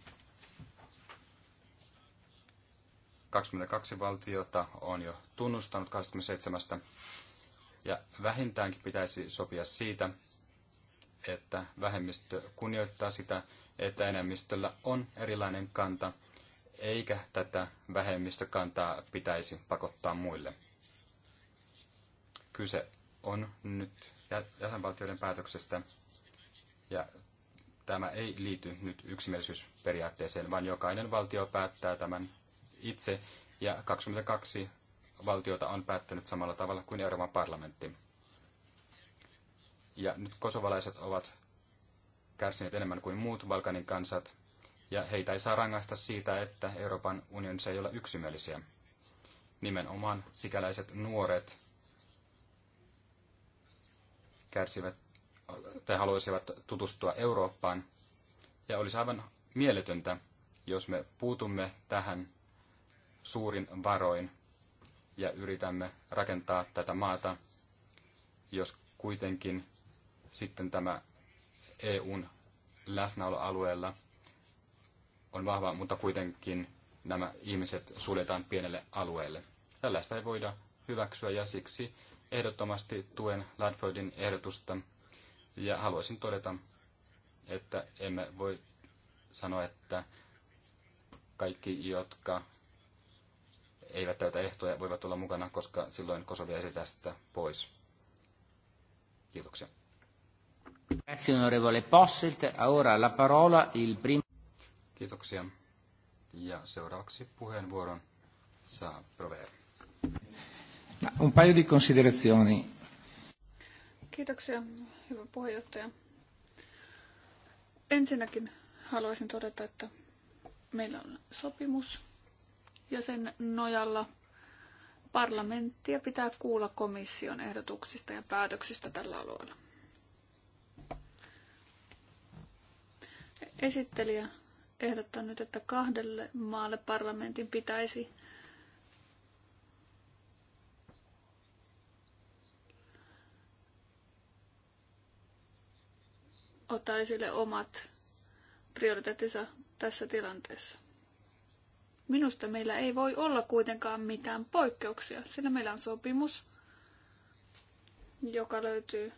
22 valtiota on jo tunnustanut 27. Ja vähintäänkin pitäisi sopia siitä, että vähemmistö kunnioittaa sitä, että enemmistöllä on erilainen kanta, eikä tätä vähemmistökantaa pitäisi pakottaa muille. Kyse on nyt jäsenvaltioiden päätöksestä, ja tämä ei liity nyt yksimielisyysperiaatteeseen, vaan jokainen valtio päättää tämän itse, ja 22 valtiota on päättänyt samalla tavalla kuin Euroopan parlamentti. Ja nyt kosovalaiset ovat kärsineet enemmän kuin muut Balkanin kansat, ja heitä ei saa rangaista siitä, että Euroopan unionissa ei ole yksimielisiä. Nimenomaan sikäläiset nuoret kärsivät tai haluaisivat tutustua Eurooppaan, ja olisi aivan mieletöntä, jos me puutumme tähän suurin varoin ja yritämme rakentaa tätä maata, jos kuitenkin sitten tämä EUn läsnäoloalueella on vahva, mutta kuitenkin nämä ihmiset suljetaan pienelle alueelle. Tällaista ei voida hyväksyä ja siksi ehdottomasti tuen Ladfordin ehdotusta ja haluaisin todeta, että emme voi sanoa, että kaikki, jotka eivät täytä ehtoja, voivat olla mukana, koska silloin Kosovia ei tästä pois. Kiitoksia. Grazie onorevole Posselt. Ora la parola il primo... Kiitoksia. Ja seuraavaksi puheenvuoron saa Prover. Un paio di considerazioni. Kiitoksia, hyvä puheenjohtaja. Ensinnäkin haluaisin todeta, että meillä on sopimus ja sen nojalla parlamenttia pitää kuulla komission ehdotuksista ja päätöksistä tällä alueella. Esittelijä ehdottaa nyt, että kahdelle maalle parlamentin pitäisi ottaa esille omat prioriteettinsa tässä tilanteessa. Minusta meillä ei voi olla kuitenkaan mitään poikkeuksia, sillä meillä on sopimus, joka löytyy,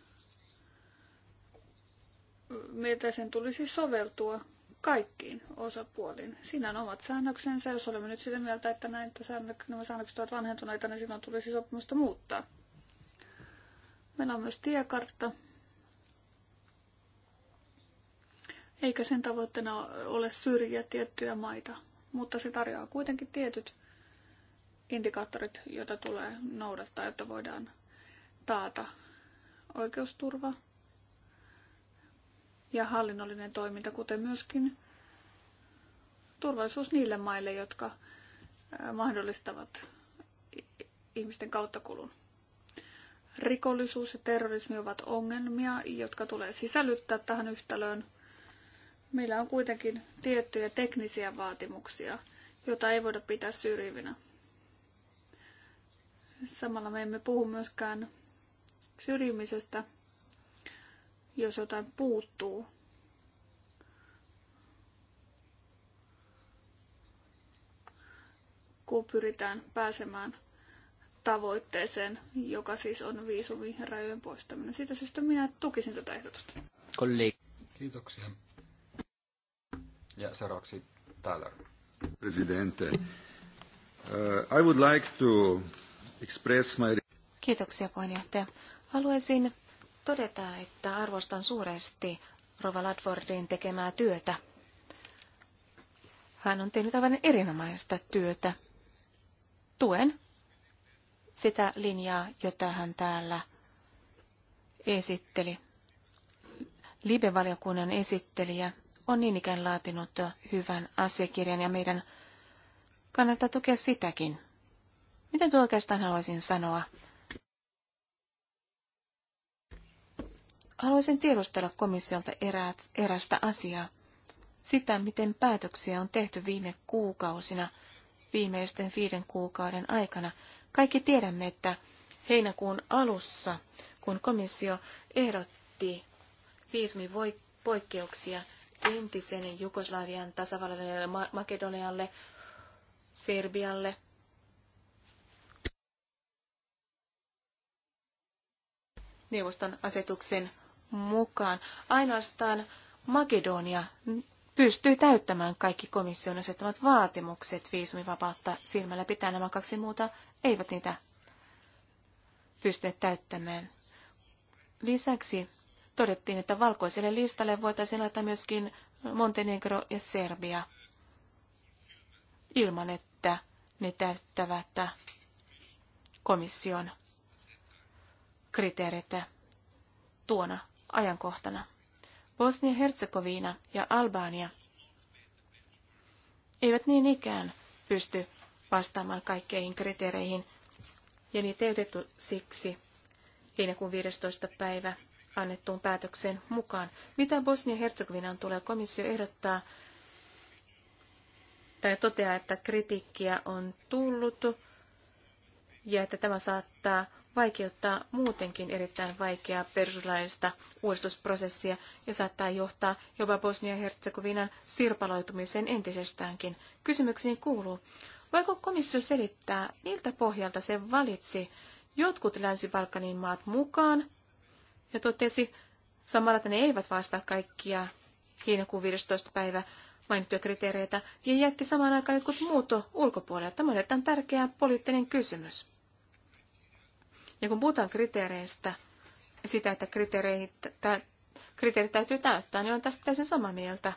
miltä sen tulisi soveltua kaikkiin osapuoliin. Siinä on omat säännöksensä. Jos olemme nyt sitä mieltä, että näin, että säännök, nämä säännökset ovat vanhentuneita, niin silloin tulisi sopimusta muuttaa. Meillä on myös tiekartta. Eikä sen tavoitteena ole syrjiä tiettyjä maita mutta se tarjoaa kuitenkin tietyt indikaattorit, joita tulee noudattaa, jotta voidaan taata oikeusturva ja hallinnollinen toiminta, kuten myöskin turvallisuus niille maille, jotka mahdollistavat ihmisten kauttakulun. Rikollisuus ja terrorismi ovat ongelmia, jotka tulee sisällyttää tähän yhtälöön meillä on kuitenkin tiettyjä teknisiä vaatimuksia, joita ei voida pitää syrjivinä. Samalla me emme puhu myöskään syrjimisestä, jos jotain puuttuu. Kun pyritään pääsemään tavoitteeseen, joka siis on viisumi rajojen poistaminen. Siitä syystä minä tukisin tätä ehdotusta. Kollega. Kiitoksia. Ja seuraavaksi Tyler. Presidente, uh, I would like to express my... Kiitoksia puheenjohtaja. Haluaisin todeta, että arvostan suuresti Rova Ladfordin tekemää työtä. Hän on tehnyt aivan erinomaista työtä. Tuen sitä linjaa, jota hän täällä esitteli. Libevaliokunnan esittelijä on niin ikään laatinut hyvän asiakirjan ja meidän kannattaa tukea sitäkin. Miten tuo oikeastaan haluaisin sanoa? Haluaisin tiedustella komissiolta eräät, erästä asiaa. Sitä, miten päätöksiä on tehty viime kuukausina, viimeisten viiden kuukauden aikana. Kaikki tiedämme, että heinäkuun alussa, kun komissio ehdotti poikkeuksia entisen Jugoslavian tasavallalle Makedonialle, Serbialle. Neuvoston asetuksen mukaan ainoastaan Makedonia pystyy täyttämään kaikki komission asettamat vaatimukset viisumivapautta silmällä pitää nämä kaksi muuta eivät niitä pysty täyttämään. Lisäksi todettiin, että valkoiselle listalle voitaisiin laittaa myöskin Montenegro ja Serbia ilman, että ne täyttävät komission kriteerit tuona ajankohtana. Bosnia-Herzegovina ja Albania eivät niin ikään pysty vastaamaan kaikkeihin kriteereihin, ja niitä ei otettu siksi heinäkuun 15. päivä annettuun päätökseen mukaan. Mitä Bosnia-Herzegovinaan tulee, komissio ehdottaa tai toteaa, että kritiikkiä on tullut ja että tämä saattaa vaikeuttaa muutenkin erittäin vaikeaa perustuslaillista uudistusprosessia ja saattaa johtaa jopa Bosnia-Herzegovinan sirpaloitumiseen entisestäänkin. Kysymykseni kuuluu, voiko komissio selittää, miltä pohjalta se valitsi jotkut Länsi-Balkanin maat mukaan ja totesi samalla, että ne eivät vastaa kaikkia heinäkuun 15. päivä mainittuja kriteereitä ja jätti samaan aikaan jotkut muut ulkopuolelle. Tämä on erittäin tärkeä poliittinen kysymys. Ja kun puhutaan kriteereistä, sitä, että kriteereitä, kriteerit täytyy täyttää, niin on tästä täysin samaa mieltä.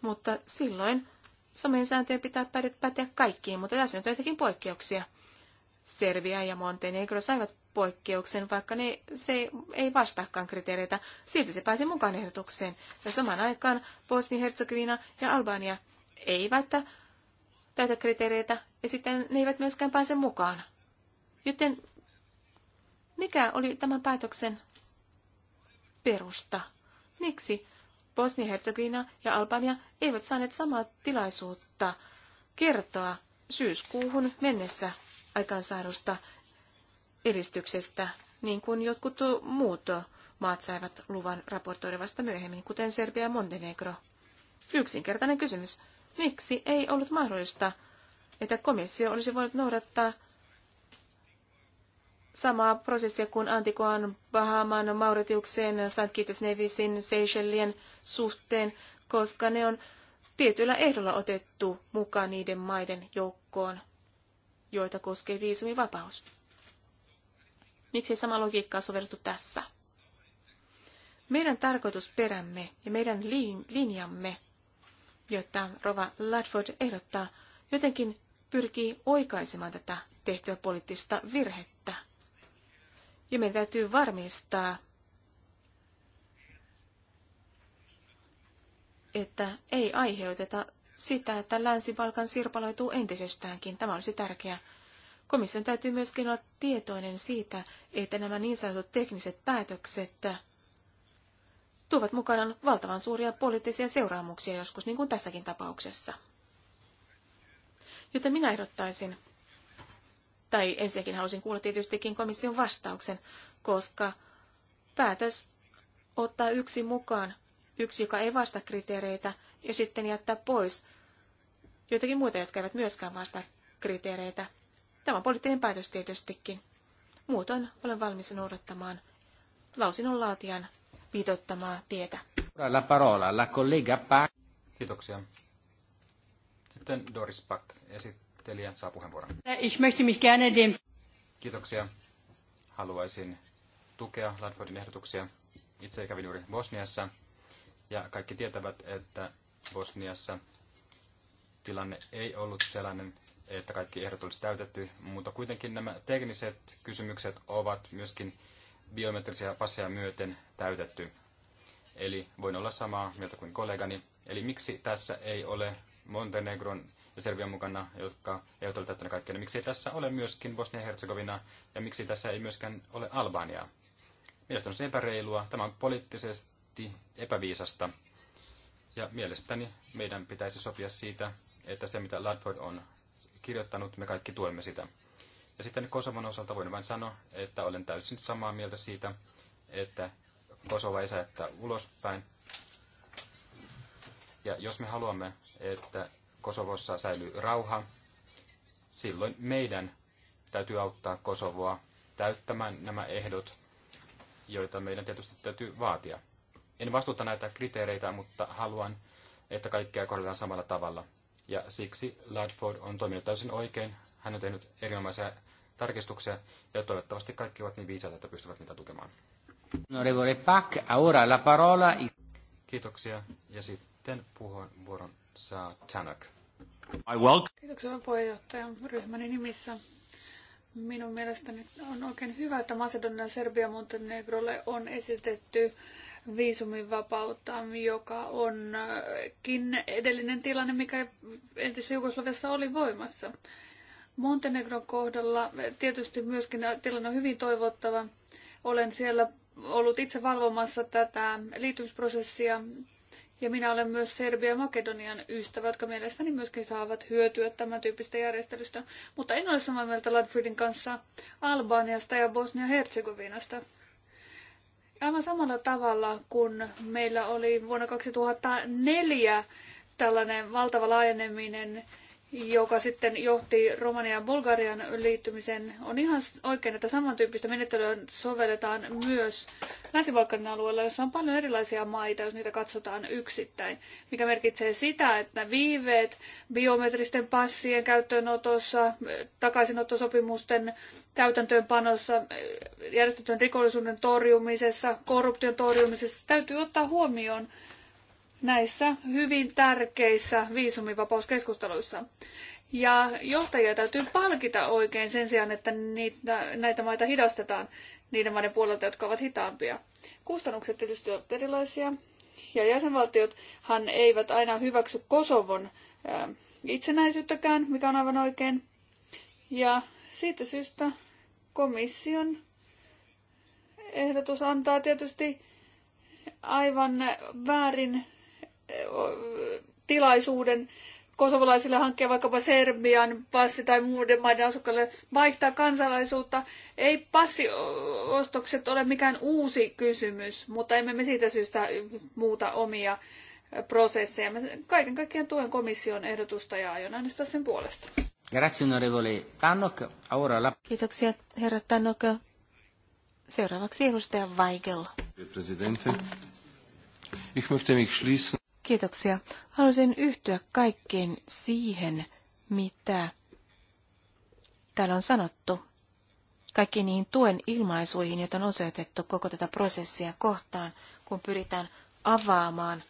Mutta silloin samojen sääntöjen pitää päteä kaikkiin, mutta tässä on jotenkin poikkeuksia. Serbia ja Montenegro saivat poikkeuksen, vaikka ne, se ei vastaakaan kriteereitä. Silti se pääsi mukaan ehdotukseen. Ja samaan aikaan Bosnia-Herzegovina ja Albania eivät täytä kriteereitä, ja sitten ne eivät myöskään pääse mukaan. Joten mikä oli tämän päätöksen perusta? Miksi Bosnia-Herzegovina ja Albania eivät saaneet samaa tilaisuutta kertoa syyskuuhun mennessä aikaansaadusta edistyksestä, niin kuin jotkut muut maat saivat luvan raportoida vasta myöhemmin, kuten Serbia ja Montenegro. Yksinkertainen kysymys. Miksi ei ollut mahdollista, että komissio olisi voinut noudattaa samaa prosessia kuin Antikoan, Bahaman, Mauritiukseen, St. Kitts Nevisin, Seychellien suhteen, koska ne on tietyillä ehdolla otettu mukaan niiden maiden joukkoon, joita koskee viisumivapaus. Miksi sama on sovellettu tässä? Meidän tarkoitusperämme ja meidän linjamme, jotta Rova Ladford ehdottaa, jotenkin pyrkii oikaisemaan tätä tehtyä poliittista virhettä. Ja meidän täytyy varmistaa, että ei aiheuteta sitä, että Länsi-Balkan sirpaloituu entisestäänkin. Tämä olisi tärkeää. Komission täytyy myöskin olla tietoinen siitä, että nämä niin sanotut tekniset päätökset tuovat mukanaan valtavan suuria poliittisia seuraamuksia joskus, niin kuin tässäkin tapauksessa. Joten minä ehdottaisin, tai ensinnäkin halusin kuulla tietystikin komission vastauksen, koska päätös ottaa yksi mukaan, yksi, joka ei vastaa kriteereitä, ja sitten jättää pois joitakin muita, jotka eivät myöskään vastaa kriteereitä, Tämä on poliittinen päätös tietystikin. Muutoin olen valmis noudattamaan lausinnon laatijan viitottamaa tietä. La parola, la collega Pack. Kiitoksia. Sitten Doris Pack, esittelijä, saa puheenvuoron. Ich möchte mich gerne dem... Kiitoksia. Haluaisin tukea Ladfordin ehdotuksia. Itse kävin juuri Bosniassa ja kaikki tietävät, että Bosniassa tilanne ei ollut sellainen, että kaikki ehdot olisi täytetty, mutta kuitenkin nämä tekniset kysymykset ovat myöskin biometrisiä passeja myöten täytetty. Eli voin olla samaa mieltä kuin kollegani. Eli miksi tässä ei ole Montenegron ja Serbian mukana, jotka eivät ole täyttäneet kaikkea, niin miksi ei tässä ole myöskin Bosnia-Herzegovina ja miksi tässä ei myöskään ole Albaniaa? Mielestäni on se epäreilua, tämä on poliittisesti epäviisasta. Ja mielestäni meidän pitäisi sopia siitä, että se mitä Ladford on kirjoittanut, me kaikki tuemme sitä. Ja sitten Kosovon osalta voin vain sanoa, että olen täysin samaa mieltä siitä, että Kosova ei saa ulospäin. Ja jos me haluamme, että Kosovossa säilyy rauha, silloin meidän täytyy auttaa Kosovoa täyttämään nämä ehdot, joita meidän tietysti täytyy vaatia. En vastuuta näitä kriteereitä, mutta haluan, että kaikkea kohdellaan samalla tavalla. Ja siksi Ladford on toiminut täysin oikein. Hän on tehnyt erinomaisia tarkistuksia ja toivottavasti kaikki ovat niin viisaita, että pystyvät niitä tukemaan. Onorevole Pak, ora la parola. Kiitoksia ja sitten puheenvuoron saa Tanak. I welcome. Kiitoksia puheenjohtajan ryhmäni nimissä. Minun mielestäni on oikein hyvä, että ja Serbia Montenegrolle on esitetty viisumin vapautta, joka onkin edellinen tilanne, mikä entisessä Jugoslaviassa oli voimassa. Montenegron kohdalla tietysti myöskin tilanne on hyvin toivottava. Olen siellä ollut itse valvomassa tätä liittymisprosessia ja minä olen myös Serbia ja Makedonian ystävä, jotka mielestäni myöskin saavat hyötyä tämän tyyppistä järjestelystä. Mutta en ole samaa mieltä Ladfridin kanssa Albaniasta ja Bosnia-Herzegovinasta. Aivan samalla tavalla kuin meillä oli vuonna 2004 tällainen valtava laajeneminen joka sitten johti Romanian ja Bulgarian liittymiseen, on ihan oikein, että samantyyppistä menettelyä sovelletaan myös länsi alueella, jossa on paljon erilaisia maita, jos niitä katsotaan yksittäin, mikä merkitsee sitä, että viiveet biometristen passien käyttöönotossa, takaisinottosopimusten täytäntöönpanossa, järjestetyn rikollisuuden torjumisessa, korruption torjumisessa täytyy ottaa huomioon – näissä hyvin tärkeissä viisumivapauskeskusteluissa. Ja johtajia täytyy palkita oikein sen sijaan, että niitä, näitä maita hidastetaan niiden maiden puolelta, jotka ovat hitaampia. Kustannukset tietysti ovat erilaisia. Ja jäsenvaltiothan eivät aina hyväksy Kosovon ää, itsenäisyyttäkään, mikä on aivan oikein. Ja siitä syystä komission ehdotus antaa tietysti aivan väärin tilaisuuden kosovolaisille hankkia vaikkapa Serbian passi tai muiden maiden asukkaille vaihtaa kansalaisuutta. Ei passiostokset ole mikään uusi kysymys, mutta emme me siitä syystä muuta omia prosesseja. Mä kaiken kaikkiaan tuen komission ehdotusta ja aion äänestää sen puolesta. Kiitoksia herra Tannok. Seuraavaksi edustaja Weigel. Ich möchte mich schließen. Kiitoksia. Haluaisin yhtyä kaikkeen siihen, mitä täällä on sanottu. Kaikki niihin tuen ilmaisuihin, joita on osoitettu koko tätä prosessia kohtaan, kun pyritään avaamaan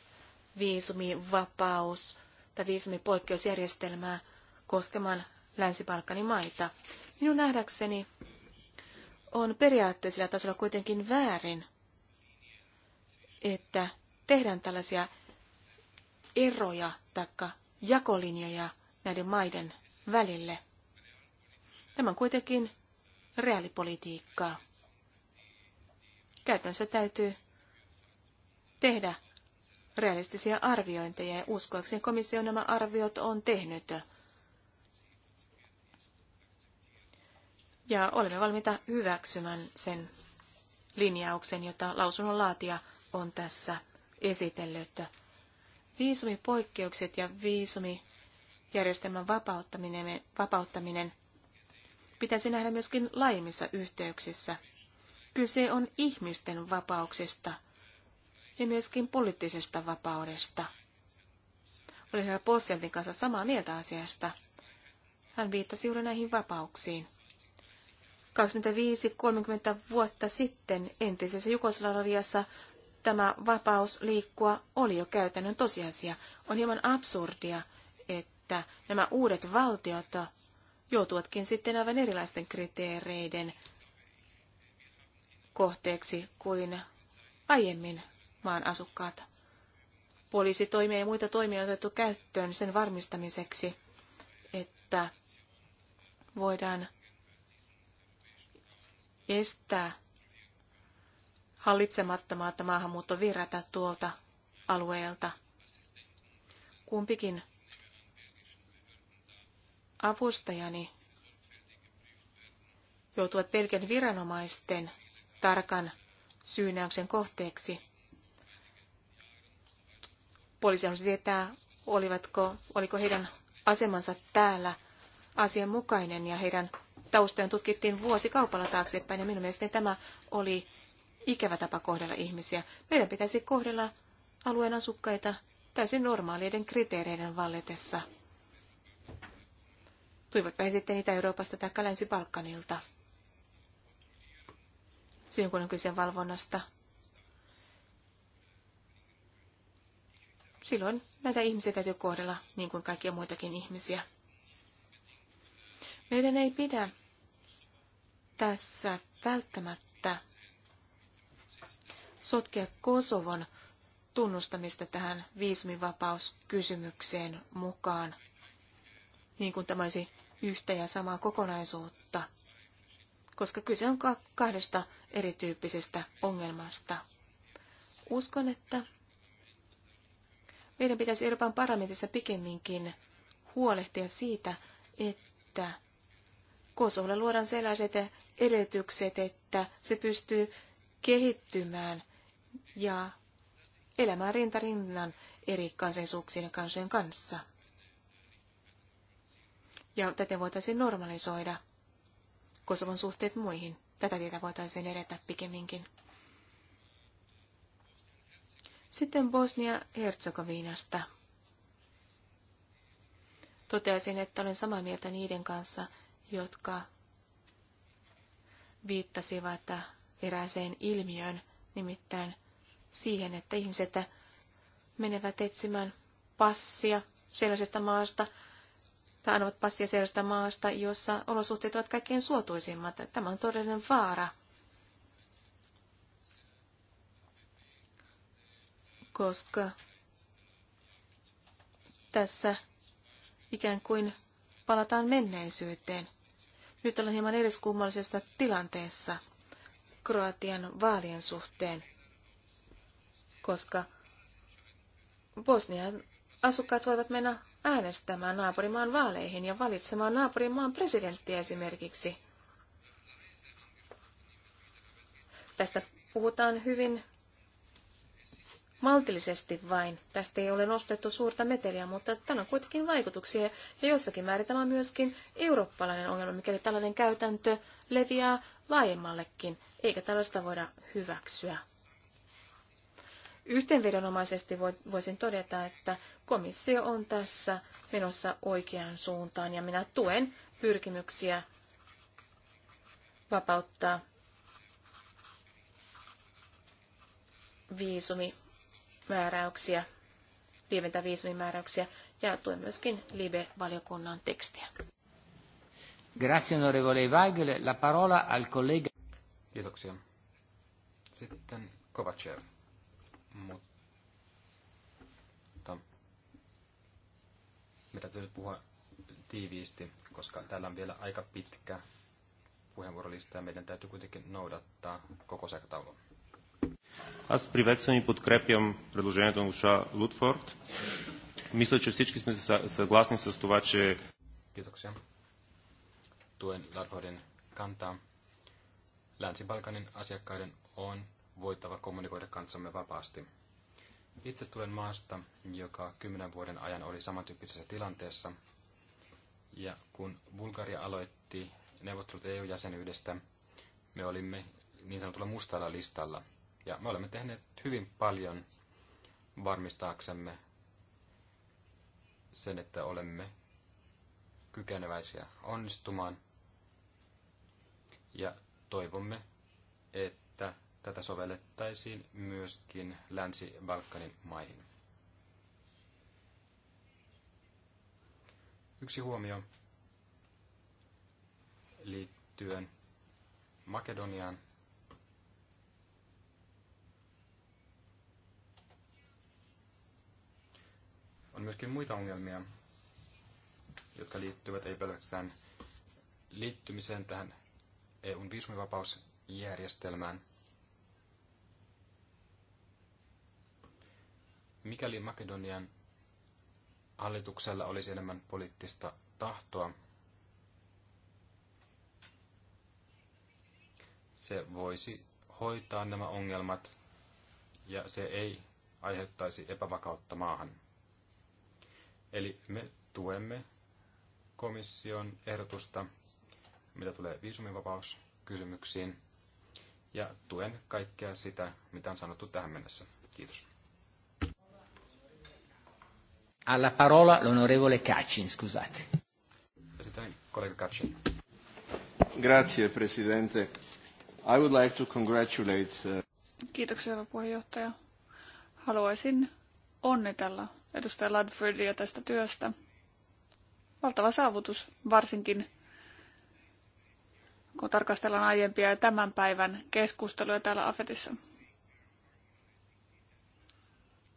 viisumivapaus tai viisumipoikkeusjärjestelmää koskemaan Länsi-Balkanin maita. Minun nähdäkseni on periaatteisella tasolla kuitenkin väärin, että tehdään tällaisia eroja tai jakolinjoja näiden maiden välille. Tämä on kuitenkin reaalipolitiikkaa. Käytännössä täytyy tehdä realistisia arviointeja ja uskoakseni komissio nämä arviot on tehnyt. Ja olemme valmiita hyväksymään sen linjauksen, jota lausunnon laatija on tässä esitellyt. Viisumipoikkeukset ja viisumijärjestelmän vapauttaminen, vapauttaminen pitäisi nähdä myöskin laajemmissa yhteyksissä. Kyse on ihmisten vapauksista ja myöskin poliittisesta vapaudesta. Olin herra Posseltin kanssa samaa mieltä asiasta. Hän viittasi juuri näihin vapauksiin. 25-30 vuotta sitten entisessä Jugoslaviassa tämä vapaus liikkua oli jo käytännön tosiasia. On hieman absurdia, että nämä uudet valtiot joutuvatkin sitten aivan erilaisten kriteereiden kohteeksi kuin aiemmin maan asukkaat. Poliisitoimia ja muita toimia on otettu käyttöön sen varmistamiseksi, että voidaan estää hallitsemattomat virrätä tuolta alueelta. Kumpikin avustajani joutuvat pelkän viranomaisten tarkan syynäyksen kohteeksi. Poliisi halusi tietää, olivatko, oliko heidän asemansa täällä asianmukainen ja heidän taustojaan tutkittiin vuosikaupalla taaksepäin ja minun mielestäni tämä oli ikävä tapa kohdella ihmisiä. Meidän pitäisi kohdella alueen asukkaita täysin normaaleiden kriteereiden vallitessa. Tuivatpa he sitten Itä-Euroopasta tai Länsi-Balkanilta. Siinä kun on kyse valvonnasta, silloin näitä ihmisiä täytyy kohdella niin kuin kaikkia muitakin ihmisiä. Meidän ei pidä tässä välttämättä sotkea Kosovon tunnustamista tähän viisumivapauskysymykseen mukaan, niin kuin tämä olisi yhtä ja samaa kokonaisuutta, koska kyse on kahdesta erityyppisestä ongelmasta. Uskon, että meidän pitäisi Euroopan parlamentissa pikemminkin huolehtia siitä, että Kosovolle luodaan sellaiset edellytykset, että se pystyy kehittymään ja elämään rintarinnan eri kansallisuuksien ja kansojen kanssa. Ja tätä voitaisiin normalisoida Kosovon suhteet muihin. Tätä tietä voitaisiin edetä pikemminkin. Sitten Bosnia-Herzegovinasta. Toteaisin, että olen samaa mieltä niiden kanssa, jotka viittasivat erääseen ilmiöön, nimittäin siihen, että ihmiset menevät etsimään passia sellaisesta maasta, tai annavat passia sellaisesta maasta, jossa olosuhteet ovat kaikkein suotuisimmat. Tämä on todellinen vaara, koska tässä ikään kuin palataan menneisyyteen. Nyt ollaan hieman eriskummallisessa tilanteessa – Kroatian vaalien suhteen, koska Bosnian asukkaat voivat mennä äänestämään naapurimaan vaaleihin ja valitsemaan naapurimaan presidenttiä esimerkiksi. Tästä puhutaan hyvin maltillisesti vain. Tästä ei ole nostettu suurta meteliä, mutta tällä on kuitenkin vaikutuksia. Ja jossakin määrin tämä on myöskin eurooppalainen ongelma, mikäli tällainen käytäntö leviää laajemmallekin, eikä tällaista voida hyväksyä. Yhteenvedonomaisesti voisin todeta, että komissio on tässä menossa oikeaan suuntaan ja minä tuen pyrkimyksiä vapauttaa viisumi määräyksiä, lieventää viisumimääräyksiä ja tuen myöskin Libe-valiokunnan tekstiä. Grazie onorevole Weigel. La parola al collega. Kiitoksia. Sitten Kovacev. Mutta meidän täytyy puhua tiiviisti, koska täällä on vielä aika pitkä puheenvuorolista ja meidän täytyy kuitenkin noudattaa koko sekataulun. Аз приветствам и подкрепям предложението на госпожа Лутфорд. Мисля, че всички сме съгласни с това, че... Tuen Larfordin kantaa. Länsi-Balkanin asiakkaiden on voitava kommunikoida kanssamme vapaasti. Itse tulen maasta, joka kymmenen vuoden ajan oli samantyyppisessä tilanteessa. Ja kun Bulgaria aloitti neuvottelut EU-jäsenyydestä, me olimme niin sanotulla mustalla listalla – ja me olemme tehneet hyvin paljon varmistaaksemme sen, että olemme kykeneväisiä onnistumaan. Ja toivomme, että tätä sovellettaisiin myöskin Länsi-Balkanin maihin. Yksi huomio liittyen Makedoniaan On myöskin muita ongelmia, jotka liittyvät ei pelkästään liittymiseen tähän EUn viisumivapausjärjestelmään. Mikäli Makedonian hallituksella olisi enemmän poliittista tahtoa, se voisi hoitaa nämä ongelmat ja se ei aiheuttaisi epävakautta maahan. Eli me tuemme komission ehdotusta, mitä tulee viisumivapauskysymyksiin, ja tuen kaikkea sitä, mitä on sanottu tähän mennessä. Kiitos. Alla parola l'onorevole Kacin, scusate. Ja sitten kollega Kacin. Grazie, presidente. I would like to congratulate... Uh, Kiitoksia, puheenjohtaja. Haluaisin onnitella edustaja Ladfordia tästä työstä. Valtava saavutus, varsinkin kun tarkastellaan aiempia ja tämän päivän keskusteluja täällä AFETissa.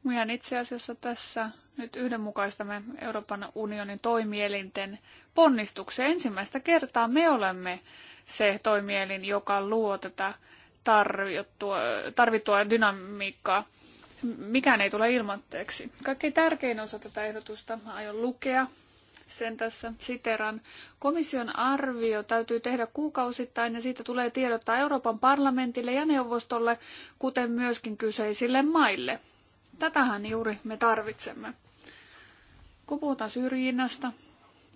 Mehän itse asiassa tässä nyt yhdenmukaistamme Euroopan unionin toimielinten ponnistuksen. Ensimmäistä kertaa me olemme se toimielin, joka luo tätä tarvittua dynamiikkaa mikään ei tule ilmatteeksi. Kaikkein tärkein osa tätä ehdotusta mä aion lukea. Sen tässä siteran. Komission arvio täytyy tehdä kuukausittain ja siitä tulee tiedottaa Euroopan parlamentille ja neuvostolle, kuten myöskin kyseisille maille. Tätähän juuri me tarvitsemme. Kun puhutaan syrjinnästä,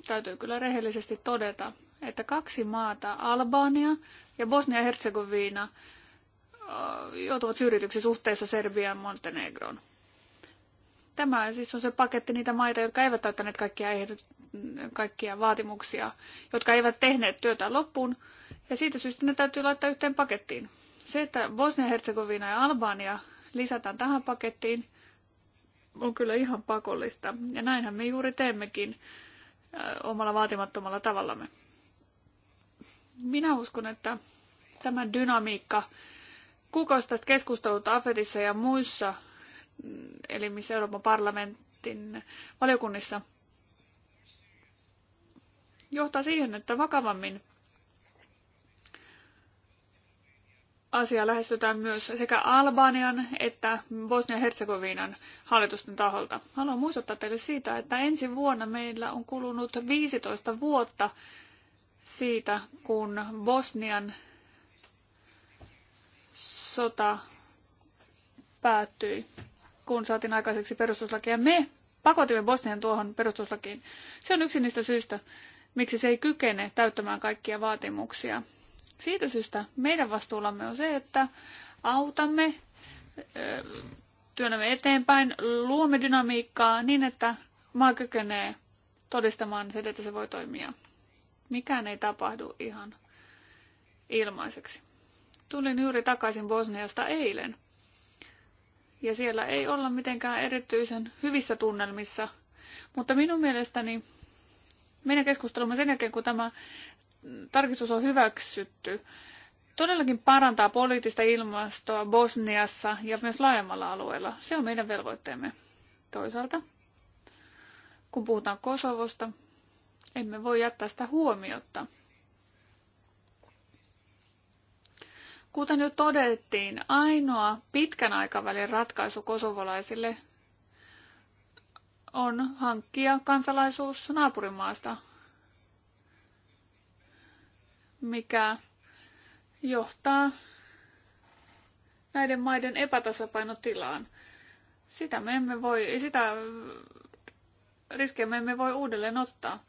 täytyy kyllä rehellisesti todeta, että kaksi maata, Albania ja Bosnia-Herzegovina, joutuvat syrjityksi suhteessa Serbiaan Montenegroon. Tämä siis on se paketti niitä maita, jotka eivät täyttäneet kaikkia, kaikkia vaatimuksia, jotka eivät tehneet työtä loppuun. Ja siitä syystä ne täytyy laittaa yhteen pakettiin. Se, että Bosnia-Herzegovina ja Albania lisätään tähän pakettiin, on kyllä ihan pakollista. Ja näinhän me juuri teemmekin äh, omalla vaatimattomalla tavallamme. Minä uskon, että tämä dynamiikka kuukausi tästä keskustelut AFETissa ja muissa mm, elimissä Euroopan parlamentin valiokunnissa johtaa siihen, että vakavammin asiaa lähestytään myös sekä Albanian että Bosnia-Herzegovinan hallitusten taholta. Haluan muistuttaa teille siitä, että ensi vuonna meillä on kulunut 15 vuotta siitä, kun Bosnian sota päättyi, kun saatiin aikaiseksi perustuslaki. Ja me pakotimme Bosnian tuohon perustuslakiin. Se on yksi niistä syistä, miksi se ei kykene täyttämään kaikkia vaatimuksia. Siitä syystä meidän vastuullamme on se, että autamme, työnnämme eteenpäin, luomme dynamiikkaa niin, että maa kykenee todistamaan sen, että se voi toimia. Mikään ei tapahdu ihan ilmaiseksi. Tulin juuri takaisin Bosniasta eilen. Ja siellä ei olla mitenkään erityisen hyvissä tunnelmissa. Mutta minun mielestäni meidän keskustelumme sen jälkeen, kun tämä tarkistus on hyväksytty, todellakin parantaa poliittista ilmastoa Bosniassa ja myös laajemmalla alueella. Se on meidän velvoitteemme. Toisaalta, kun puhutaan Kosovosta, emme voi jättää sitä huomiotta. Kuten jo todettiin, ainoa pitkän aikavälin ratkaisu kosovolaisille on hankkia kansalaisuus naapurimaasta, mikä johtaa näiden maiden epätasapainotilaan. Sitä me emme voi, sitä riskejä me emme voi uudelleen ottaa.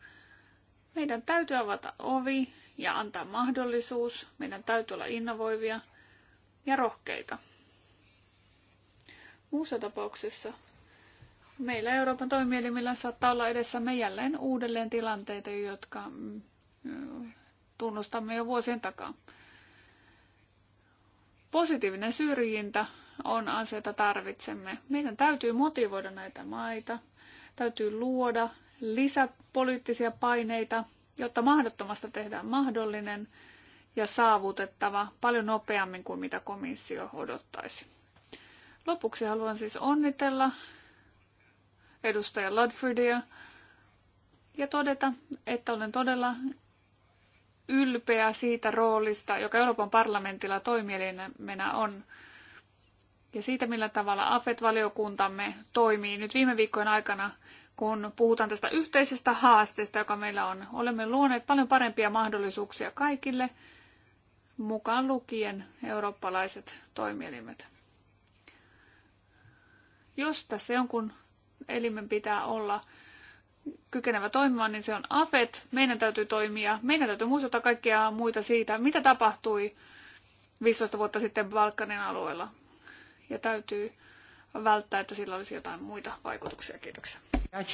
Meidän täytyy avata ovi ja antaa mahdollisuus. Meidän täytyy olla innovoivia ja rohkeita. Muussa tapauksessa meillä Euroopan toimielimillä saattaa olla edessämme jälleen uudelleen tilanteita, jotka mm, tunnustamme jo vuosien takaa. Positiivinen syrjintä on asia, jota tarvitsemme. Meidän täytyy motivoida näitä maita, täytyy luoda lisäpoliittisia paineita jotta mahdottomasta tehdään mahdollinen ja saavutettava paljon nopeammin kuin mitä komissio odottaisi. Lopuksi haluan siis onnitella edustaja Ludfordia ja todeta, että olen todella ylpeä siitä roolista, joka Euroopan parlamentilla toimielimenä on, ja siitä, millä tavalla AFET-valiokuntamme toimii nyt viime viikkojen aikana kun puhutaan tästä yhteisestä haasteesta, joka meillä on. Olemme luoneet paljon parempia mahdollisuuksia kaikille, mukaan lukien eurooppalaiset toimielimet. Jos tässä jonkun elimen pitää olla kykenevä toimimaan, niin se on AFET. Meidän täytyy toimia. Meidän täytyy muistuttaa kaikkia muita siitä, mitä tapahtui 15 vuotta sitten Balkanin alueella. Ja täytyy välttää, että sillä olisi jotain muita vaikutuksia. Kiitoksia. Eh,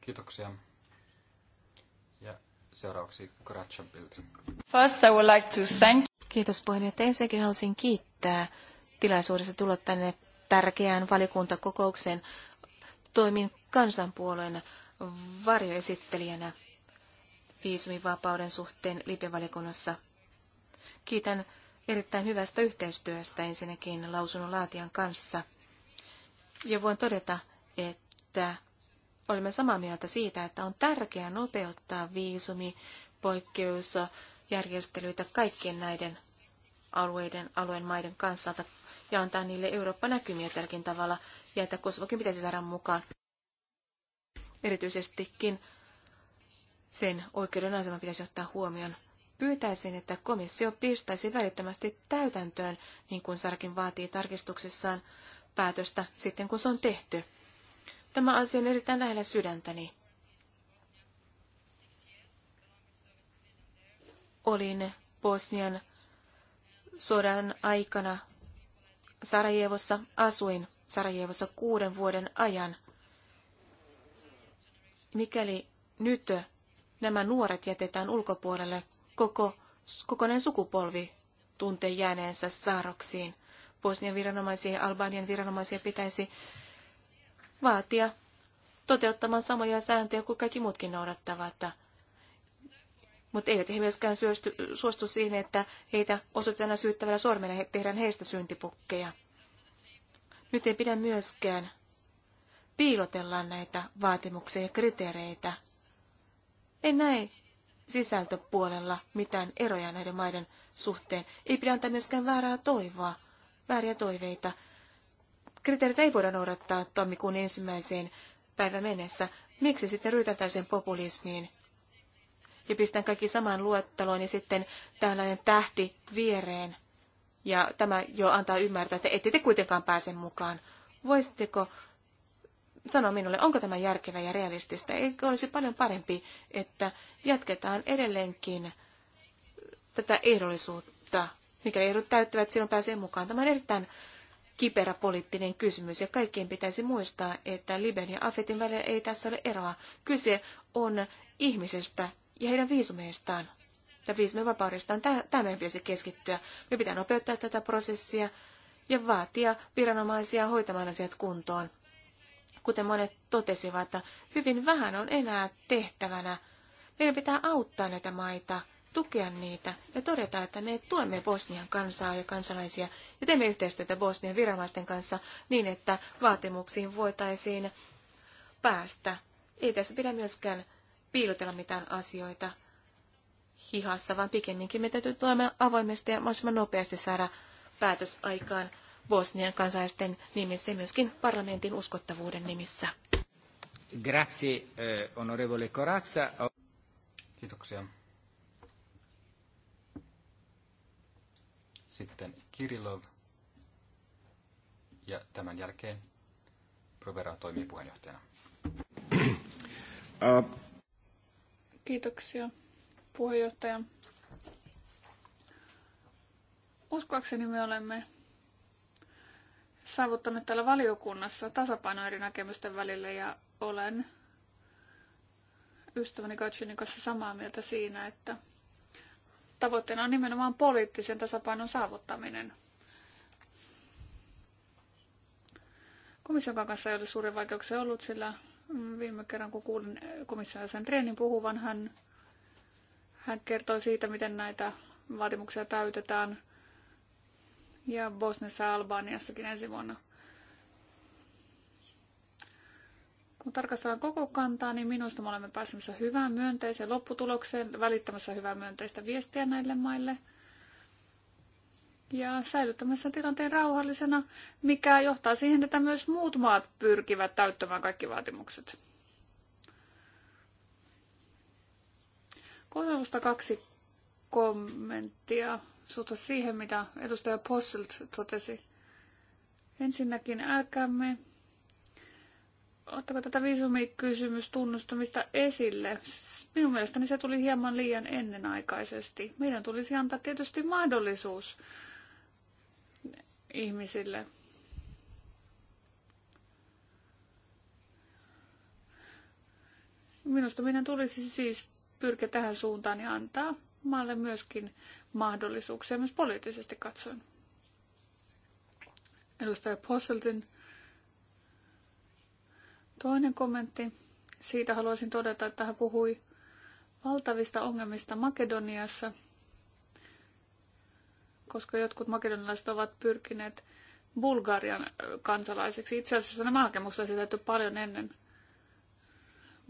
Kiitoksia. Ja seuraavaksi Kratchampilt. First I would like to thank... Kiitos puheenjohtaja. Ensinnäkin haluaisin kiittää tilaisuudesta tulla tänne tärkeään valiokuntakokoukseen. Toimin kansanpuolueen varjoesittelijänä viisumivapauden suhteen liipevalikunnassa. Kiitän erittäin hyvästä yhteistyöstä ensinnäkin lausunnonlaatijan kanssa – ja voin todeta, että olemme samaa mieltä siitä, että on tärkeää nopeuttaa viisumi, poikkeus, järjestelyitä kaikkien näiden alueiden, alueen maiden kanssa ja antaa niille Eurooppa-näkymiä tälläkin tavalla ja että Kosovokin pitäisi saada mukaan. Erityisestikin sen oikeuden asema pitäisi ottaa huomioon. Pyytäisin, että komissio pistäisi välittömästi täytäntöön, niin kuin Sarkin vaatii tarkistuksessaan, päätöstä sitten, kun se on tehty. Tämä asia on erittäin lähellä sydäntäni. Olin Bosnian sodan aikana Sarajevossa, asuin Sarajevossa kuuden vuoden ajan. Mikäli nyt nämä nuoret jätetään ulkopuolelle, koko kokonainen sukupolvi tuntee jääneensä saaroksiin – Bosnian viranomaisia ja Albanian viranomaisia pitäisi vaatia toteuttamaan samoja sääntöjä kuin kaikki muutkin noudattavat. Mutta eivät he myöskään syösty, suostu siihen, että heitä osoitetaan syyttävällä sormella ja he tehdään heistä syntipukkeja. Nyt ei pidä myöskään piilotella näitä vaatimuksia ja kriteereitä. En näe sisältöpuolella mitään eroja näiden maiden suhteen. Ei pidä antaa myöskään väärää toivoa vääriä toiveita. Kriteerit ei voida noudattaa tammikuun ensimmäiseen päivä mennessä. Miksi sitten ryytätään sen populismiin? Ja pistän kaikki samaan luetteloon ja sitten tällainen tähti viereen. Ja tämä jo antaa ymmärtää, että ette te kuitenkaan pääse mukaan. Voisitteko sanoa minulle, onko tämä järkevä ja realistista? Eikö olisi paljon parempi, että jatketaan edelleenkin tätä ehdollisuutta? Mikäli ehdot täyttävät, silloin pääsee mukaan. Tämä on erittäin kiperä poliittinen kysymys ja kaikkien pitäisi muistaa, että Liben ja Afetin välillä ei tässä ole eroa. Kyse on ihmisestä ja heidän viisumeistaan ja viisumivapaudestaan. Tämä meidän pitäisi keskittyä. Me pitää nopeuttaa tätä prosessia ja vaatia viranomaisia hoitamaan asiat kuntoon. Kuten monet totesivat, hyvin vähän on enää tehtävänä. Meidän pitää auttaa näitä maita – tukea niitä ja todeta, että me tuemme Bosnian kansaa ja kansalaisia ja teemme yhteistyötä Bosnian viranomaisten kanssa niin, että vaatimuksiin voitaisiin päästä. Ei tässä pidä myöskään piilotella mitään asioita hihassa, vaan pikemminkin me täytyy toimia avoimesti ja mahdollisimman nopeasti saada päätös aikaan Bosnian kansalaisten nimissä ja myöskin parlamentin uskottavuuden nimissä. Grazie, eh, onorevole Corazza. Kiitoksia. Sitten Kirilov. Ja tämän jälkeen Provera toimii puheenjohtajana. Äh. Kiitoksia puheenjohtaja. Uskoakseni me olemme saavuttaneet täällä valiokunnassa tasapaino eri näkemysten välillä ja olen ystäväni Gatsinin kanssa samaa mieltä siinä, että Tavoitteena on nimenomaan poliittisen tasapainon saavuttaminen. Komission kanssa ei ole suuri vaikeuksia ollut, sillä mm, viime kerran kun kuulin eh, komission sen Reenin puhuvan, hän, hän kertoi siitä, miten näitä vaatimuksia täytetään. Ja Bosnessa ja Albaniassakin ensi vuonna Kun tarkastellaan koko kantaa, niin minusta me olemme pääsemässä hyvään myönteiseen lopputulokseen, välittämässä hyvää myönteistä viestiä näille maille ja säilyttämässä tilanteen rauhallisena, mikä johtaa siihen, että myös muut maat pyrkivät täyttämään kaikki vaatimukset. Kosovosta kaksi kommenttia suhteessa siihen, mitä edustaja Posselt totesi. Ensinnäkin älkäämme ottako tätä viisumikysymystunnistamista esille? Minun mielestäni se tuli hieman liian ennenaikaisesti. Meidän tulisi antaa tietysti mahdollisuus ihmisille. Minusta meidän tulisi siis pyrkiä tähän suuntaan ja antaa maalle myöskin mahdollisuuksia myös poliittisesti katsoen. Edustaja Posseltin Toinen kommentti. Siitä haluaisin todeta, että hän puhui valtavista ongelmista Makedoniassa, koska jotkut makedonilaiset ovat pyrkineet Bulgarian kansalaisiksi. Itse asiassa nämä hakemukset on esitetty paljon ennen.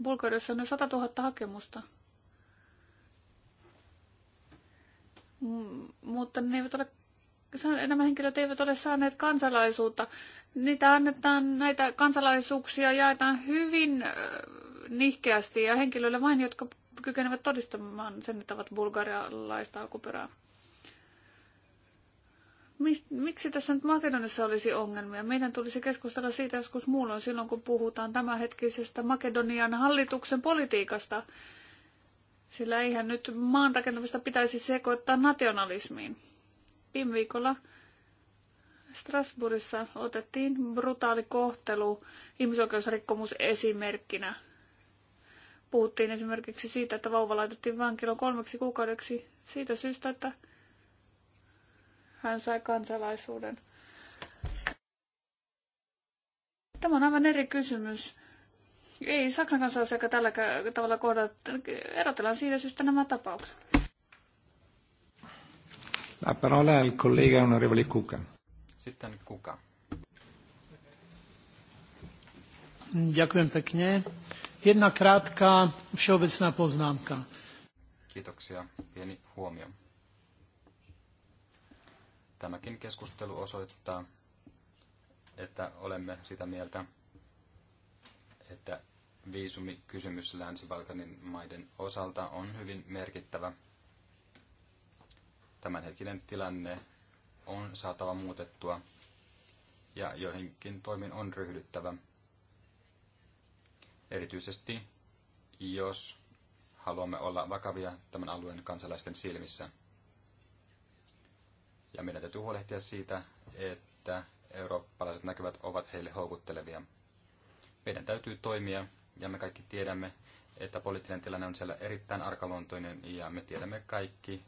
Bulgariassa on noin 100 000 hakemusta. M- mutta ne eivät ole, nämä henkilöt eivät ole saaneet kansalaisuutta Niitä annetaan, näitä kansalaisuuksia jaetaan hyvin nihkeästi ja henkilöille vain, jotka kykenevät todistamaan sen, että ovat bulgarialaista alkuperää. Miksi tässä nyt Makedonissa olisi ongelmia? Meidän tulisi keskustella siitä joskus muulloin silloin, kun puhutaan tämänhetkisestä Makedonian hallituksen politiikasta. Sillä eihän nyt maan rakentamista pitäisi sekoittaa nationalismiin. Viime viikolla Strasbourgissa otettiin brutaali kohtelu ihmisoikeusrikkomus esimerkkinä. Puhuttiin esimerkiksi siitä, että vauva laitettiin vankilo kolmeksi kuukaudeksi siitä syystä, että hän sai kansalaisuuden. Tämä on aivan eri kysymys. Ei Saksan kansalaisia, tällä tavalla kohdata, erotellaan siitä syystä nämä tapaukset. La parola al collega onorevole Kukan. Sitten kuka? Ďakujem pekne. Jedna krátka všeobecná poznámka. Kiitoksia. Pieni huomio. Tämäkin keskustelu osoittaa, että olemme sitä mieltä, että viisumikysymys Länsi-Balkanin maiden osalta on hyvin merkittävä. Tämänhetkinen tilanne on saatava muutettua ja joihinkin toimiin on ryhdyttävä. Erityisesti jos haluamme olla vakavia tämän alueen kansalaisten silmissä. Ja meidän täytyy huolehtia siitä, että eurooppalaiset näkyvät ovat heille houkuttelevia. Meidän täytyy toimia, ja me kaikki tiedämme, että poliittinen tilanne on siellä erittäin arkaluontoinen, ja me tiedämme kaikki,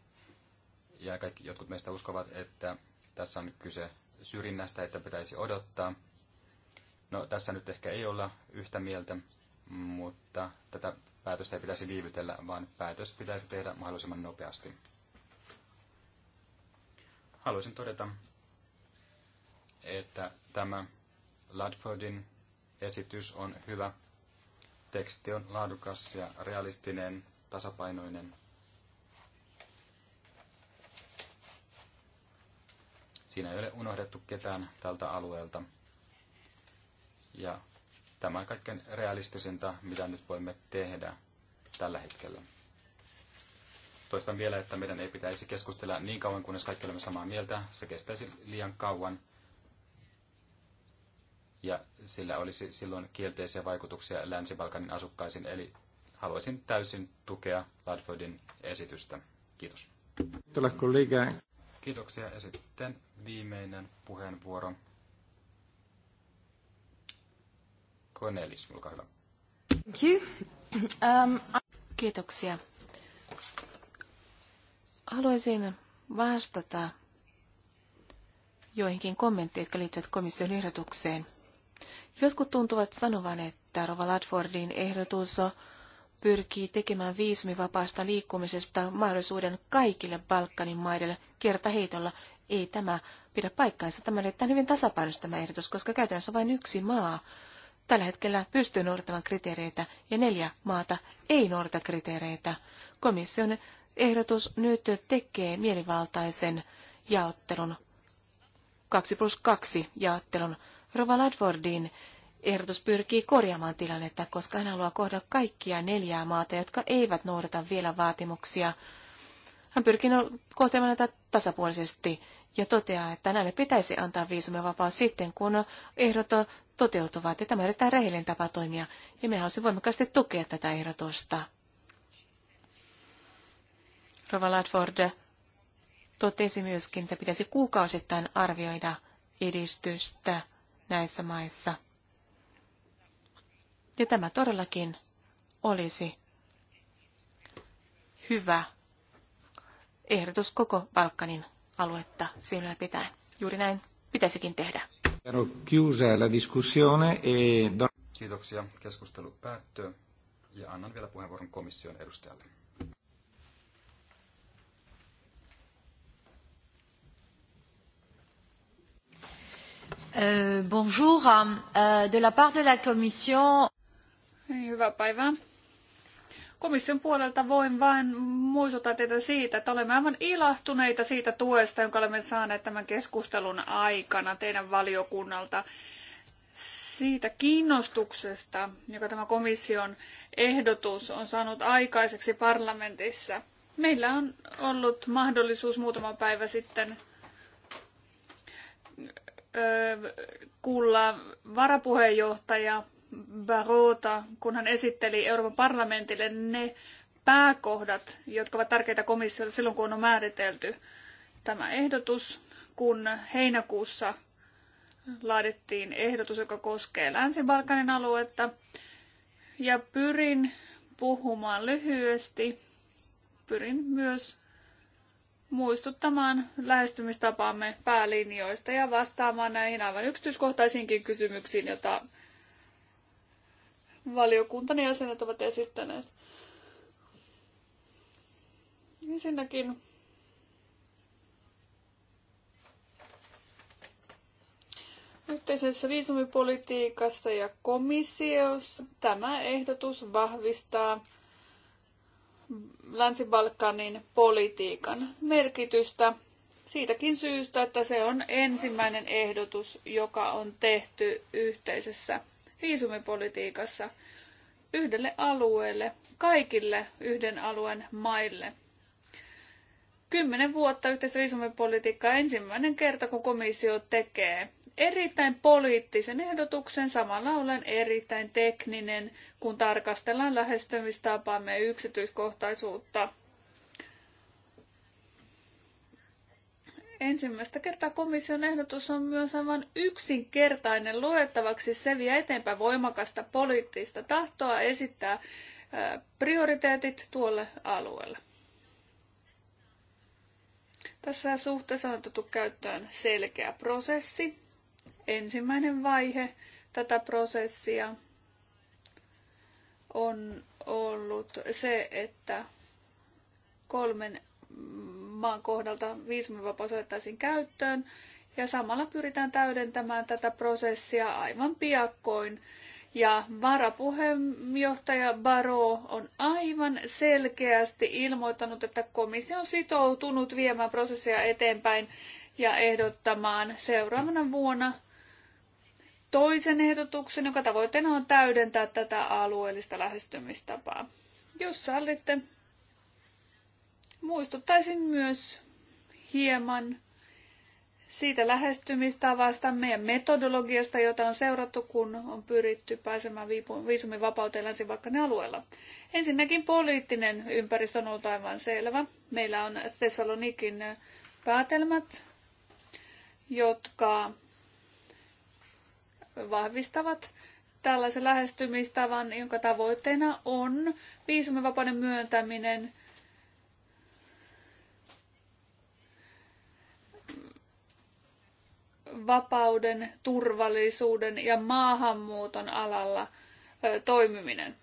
ja kaikki, jotkut meistä uskovat, että tässä on nyt kyse syrjinnästä, että pitäisi odottaa. No tässä nyt ehkä ei olla yhtä mieltä, mutta tätä päätöstä ei pitäisi viivytellä, vaan päätös pitäisi tehdä mahdollisimman nopeasti. Haluaisin todeta, että tämä Ladfordin esitys on hyvä. Teksti on laadukas ja realistinen, tasapainoinen – Siinä ei ole unohdettu ketään tältä alueelta. Ja tämä on kaikkein realistisinta, mitä nyt voimme tehdä tällä hetkellä. Toistan vielä, että meidän ei pitäisi keskustella niin kauan, kunnes kaikki olemme samaa mieltä. Se kestäisi liian kauan ja sillä olisi silloin kielteisiä vaikutuksia Länsi-Balkanin asukkaisiin, eli haluaisin täysin tukea Ladfordin esitystä. Kiitos. kollega. Kiitoksia. Ja sitten viimeinen puheenvuoro. Cornelis, olkaa hyvä. Thank you. Um, Kiitoksia. Haluaisin vastata joihinkin kommentteihin, jotka liittyvät komission ehdotukseen. Jotkut tuntuvat sanovan, että Rova Ladfordin ehdotus pyrkii tekemään viisumivapaasta liikkumisesta mahdollisuuden kaikille Balkanin maille kertaheitolla. Ei tämä pidä paikkaansa. Tämä on hyvin tasapainoista tämä ehdotus, koska käytännössä vain yksi maa tällä hetkellä pystyy noudattamaan kriteereitä ja neljä maata ei noudata kriteereitä. Komission ehdotus nyt tekee mielivaltaisen jaottelun, 2 plus 2 jaottelun. Rova Ladfordin Ehdotus pyrkii korjaamaan tilannetta, koska hän haluaa kohdata kaikkia neljää maata, jotka eivät noudata vielä vaatimuksia. Hän pyrkii no- kohtelemaan näitä tasapuolisesti ja toteaa, että näille pitäisi antaa viisumivapaus sitten, kun ehdot toteutuvat. Ja tämä on erittäin rehellinen tapa toimia, ja me haluaisin voimakkaasti tukea tätä ehdotusta. Rova Ladford totesi myöskin, että pitäisi kuukausittain arvioida edistystä näissä maissa – ja tämä todellakin olisi hyvä ehdotus koko Balkanin aluetta silmällä pitäen. Juuri näin pitäisikin tehdä. E Kiitoksia. Keskustelu päättyy ja annan vielä puheenvuoron komission edustajalle. Euh, bonjour. Euh, de la part de la Commission. Hyvää päivää. Komission puolelta voin vain muistuttaa teitä siitä, että olemme aivan ilahtuneita siitä tuesta, jonka olemme saaneet tämän keskustelun aikana teidän valiokunnalta siitä kiinnostuksesta, joka tämä komission ehdotus on saanut aikaiseksi parlamentissa. Meillä on ollut mahdollisuus muutama päivä sitten kuulla varapuheenjohtaja Barota, kun hän esitteli Euroopan parlamentille ne pääkohdat, jotka ovat tärkeitä komissiolle silloin, kun on määritelty tämä ehdotus, kun heinäkuussa laadittiin ehdotus, joka koskee Länsi-Balkanin aluetta. Ja pyrin puhumaan lyhyesti. Pyrin myös muistuttamaan lähestymistapaamme päälinjoista ja vastaamaan näihin aivan yksityiskohtaisiinkin kysymyksiin, joita valiokuntan jäsenet ovat esittäneet. Ensinnäkin yhteisessä viisumipolitiikassa ja komissiossa tämä ehdotus vahvistaa Länsi-Balkanin politiikan merkitystä siitäkin syystä, että se on ensimmäinen ehdotus, joka on tehty yhteisessä viisumipolitiikassa yhdelle alueelle, kaikille yhden alueen maille. Kymmenen vuotta yhteistä viisumipolitiikkaa ensimmäinen kerta, kun komissio tekee erittäin poliittisen ehdotuksen, samalla olen erittäin tekninen, kun tarkastellaan lähestymistapaamme yksityiskohtaisuutta – Ensimmäistä kertaa komission ehdotus on myös aivan yksinkertainen luettavaksi. Se vie eteenpäin voimakasta poliittista tahtoa esittää prioriteetit tuolle alueelle. Tässä suhteessa on otettu käyttöön selkeä prosessi, ensimmäinen vaihe tätä prosessia on ollut se, että kolmen maan kohdalta viisumivapaus otettaisiin käyttöön ja samalla pyritään täydentämään tätä prosessia aivan piakkoin. Ja varapuheenjohtaja Baro on aivan selkeästi ilmoittanut, että komissio on sitoutunut viemään prosessia eteenpäin ja ehdottamaan seuraavana vuonna toisen ehdotuksen, joka tavoitteena on täydentää tätä alueellista lähestymistapaa. Jos sallitte, muistuttaisin myös hieman siitä lähestymistavasta, meidän metodologiasta, jota on seurattu, kun on pyritty pääsemään viisumivapauteen länsi ne alueella. Ensinnäkin poliittinen ympäristö on ollut aivan selvä. Meillä on Thessalonikin päätelmät, jotka vahvistavat tällaisen lähestymistavan, jonka tavoitteena on viisumivapauden myöntäminen vapauden, turvallisuuden ja maahanmuuton alalla toimiminen.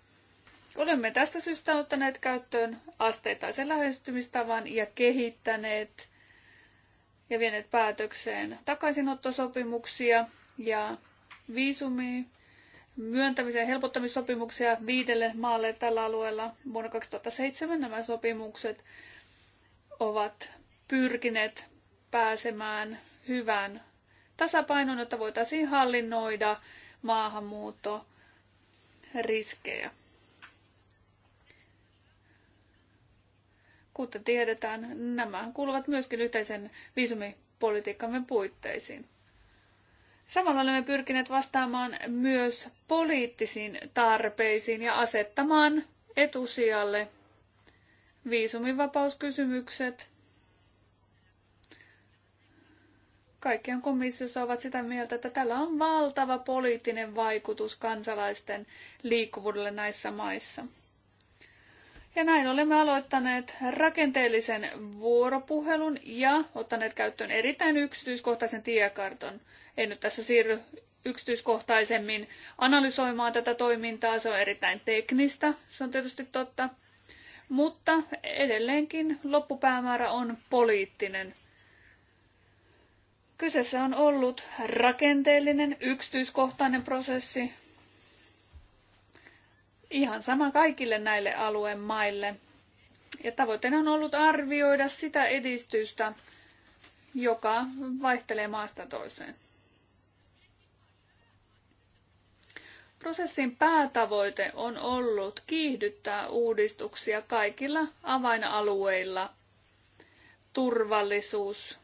Olemme tästä syystä ottaneet käyttöön asteittaisen lähestymistavan ja kehittäneet ja vieneet päätökseen takaisinottosopimuksia ja viisumi myöntämisen helpottamissopimuksia viidelle maalle tällä alueella. Vuonna 2007 nämä sopimukset ovat pyrkineet pääsemään hyvään tasapainon, jotta voitaisiin hallinnoida maahanmuutto riskejä. Kuten tiedetään, nämä kuuluvat myöskin yhteisen viisumipolitiikkamme puitteisiin. Samalla olemme pyrkineet vastaamaan myös poliittisiin tarpeisiin ja asettamaan etusijalle viisumivapauskysymykset Kaikkien komissiossa ovat sitä mieltä, että tällä on valtava poliittinen vaikutus kansalaisten liikkuvuudelle näissä maissa. Ja näin olemme aloittaneet rakenteellisen vuoropuhelun ja ottaneet käyttöön erittäin yksityiskohtaisen tiekarton. En nyt tässä siirry yksityiskohtaisemmin analysoimaan tätä toimintaa, se on erittäin teknistä, se on tietysti totta. Mutta edelleenkin loppupäämäärä on poliittinen Kyseessä on ollut rakenteellinen, yksityiskohtainen prosessi. Ihan sama kaikille näille alueen maille. Ja tavoitteena on ollut arvioida sitä edistystä, joka vaihtelee maasta toiseen. Prosessin päätavoite on ollut kiihdyttää uudistuksia kaikilla avainalueilla. Turvallisuus,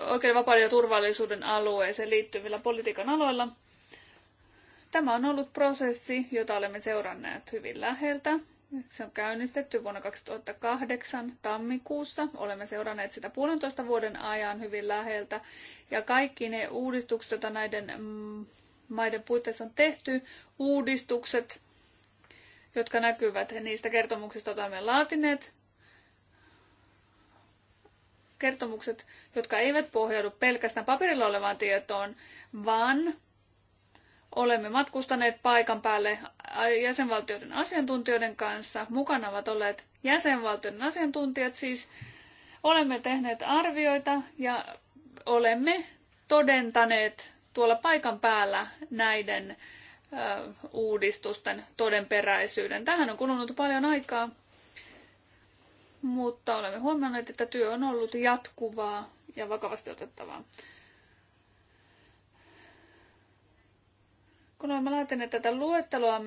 oikeuden, vapauden ja turvallisuuden alueeseen liittyvillä politiikan aloilla. Tämä on ollut prosessi, jota olemme seuranneet hyvin läheltä. Se on käynnistetty vuonna 2008 tammikuussa. Olemme seuranneet sitä puolentoista vuoden ajan hyvin läheltä. Ja kaikki ne uudistukset, joita näiden mm, maiden puitteissa on tehty, uudistukset, jotka näkyvät niistä kertomuksista, joita olemme laatineet, kertomukset, jotka eivät pohjaudu pelkästään paperilla olevaan tietoon, vaan olemme matkustaneet paikan päälle jäsenvaltioiden asiantuntijoiden kanssa. Mukana ovat olleet jäsenvaltioiden asiantuntijat siis. Olemme tehneet arvioita ja olemme todentaneet tuolla paikan päällä näiden uudistusten todenperäisyyden. Tähän on kulunut paljon aikaa mutta olemme huomanneet, että työ on ollut jatkuvaa ja vakavasti otettavaa. kun olemme laatineet tätä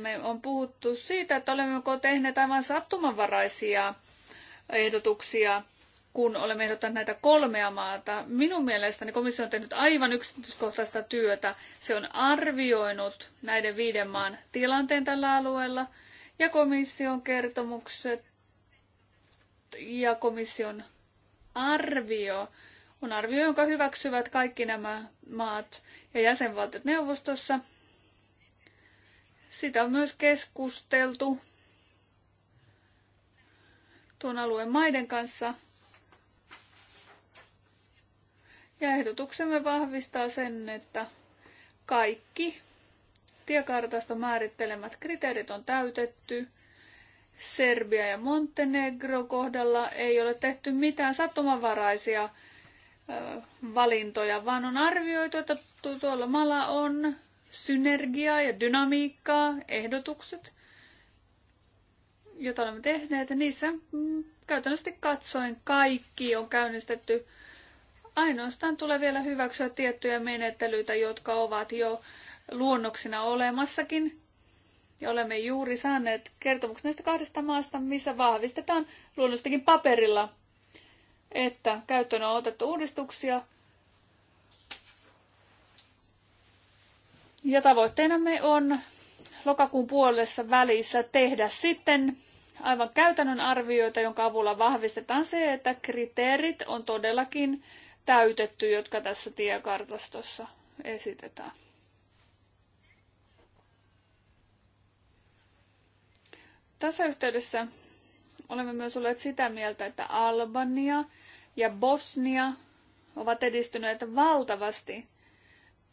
me on puhuttu siitä, että olemme tehneet aivan sattumanvaraisia ehdotuksia, kun olemme ehdottaneet näitä kolmea maata. Minun mielestäni komissio on tehnyt aivan yksityiskohtaista työtä. Se on arvioinut näiden viiden maan tilanteen tällä alueella ja komission kertomukset ja komission arvio on arvio, jonka hyväksyvät kaikki nämä maat ja jäsenvaltiot neuvostossa. Sitä on myös keskusteltu tuon alueen maiden kanssa. Ja ehdotuksemme vahvistaa sen, että kaikki tiekartasta määrittelemät kriteerit on täytetty – Serbia ja Montenegro kohdalla ei ole tehty mitään sattumanvaraisia valintoja, vaan on arvioitu, että tuolla maalla on synergiaa ja dynamiikkaa, ehdotukset, joita olemme tehneet. Niissä mm, käytännössä katsoen kaikki on käynnistetty. Ainoastaan tulee vielä hyväksyä tiettyjä menettelyitä, jotka ovat jo luonnoksina olemassakin, ja olemme juuri saaneet kertomuksen näistä kahdesta maasta, missä vahvistetaan luonnollisestikin paperilla, että käyttöön on otettu uudistuksia. Ja tavoitteenamme on lokakuun puolessa välissä tehdä sitten aivan käytännön arvioita, jonka avulla vahvistetaan se, että kriteerit on todellakin täytetty, jotka tässä tiekartastossa esitetään. Tässä yhteydessä olemme myös olleet sitä mieltä, että Albania ja Bosnia ovat edistyneet valtavasti,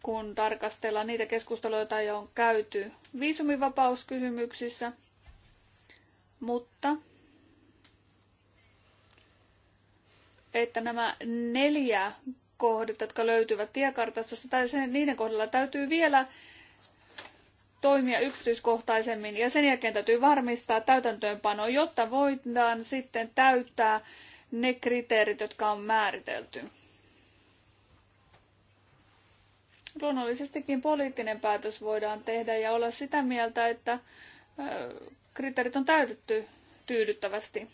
kun tarkastellaan niitä keskusteluja, joita on käyty viisumivapauskysymyksissä. Mutta että nämä neljä kohdetta, jotka löytyvät tiekartastosta, tai sen, niiden kohdalla täytyy vielä toimia yksityiskohtaisemmin ja sen jälkeen täytyy varmistaa täytäntöönpano, jotta voidaan sitten täyttää ne kriteerit, jotka on määritelty. Luonnollisestikin poliittinen päätös voidaan tehdä ja olla sitä mieltä, että kriteerit on täytetty tyydyttävästi.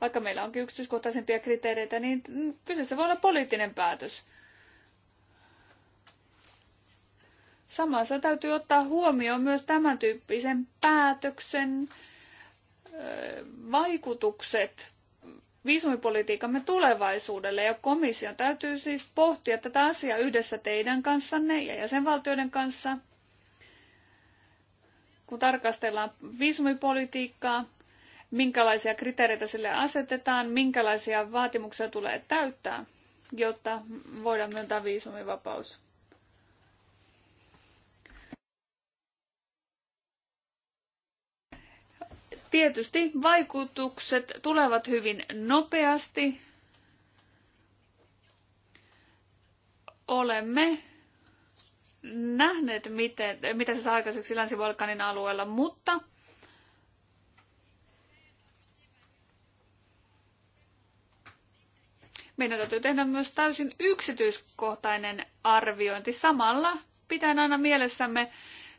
Vaikka meillä onkin yksityiskohtaisempia kriteereitä, niin mm, kyseessä voi olla poliittinen päätös – Samassa täytyy ottaa huomioon myös tämän tyyppisen päätöksen vaikutukset viisumipolitiikamme tulevaisuudelle ja komission täytyy siis pohtia tätä asiaa yhdessä teidän kanssanne ja jäsenvaltioiden kanssa, kun tarkastellaan viisumipolitiikkaa, minkälaisia kriteereitä sille asetetaan, minkälaisia vaatimuksia tulee täyttää, jotta voidaan myöntää viisumivapaus. Tietysti vaikutukset tulevat hyvin nopeasti. Olemme nähneet, miten, mitä se saa aikaiseksi Länsi-Balkanin alueella, mutta meidän täytyy tehdä myös täysin yksityiskohtainen arviointi samalla pitäen aina mielessämme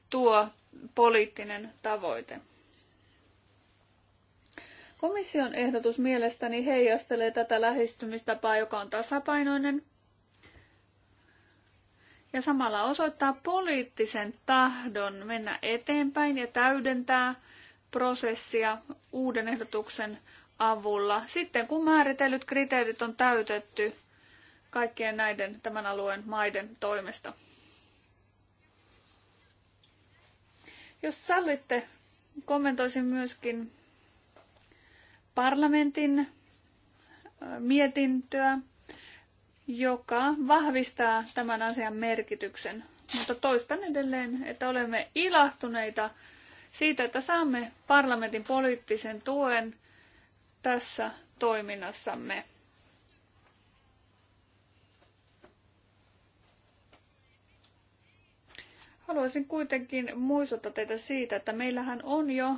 tuo poliittinen tavoite. Komission ehdotus mielestäni heijastelee tätä lähestymistapaa, joka on tasapainoinen ja samalla osoittaa poliittisen tahdon mennä eteenpäin ja täydentää prosessia uuden ehdotuksen avulla. Sitten kun määritellyt kriteerit on täytetty kaikkien näiden tämän alueen maiden toimesta. Jos sallitte, kommentoisin myöskin parlamentin mietintöä, joka vahvistaa tämän asian merkityksen. Mutta toistan edelleen, että olemme ilahtuneita siitä, että saamme parlamentin poliittisen tuen tässä toiminnassamme. Haluaisin kuitenkin muistuttaa teitä siitä, että meillähän on jo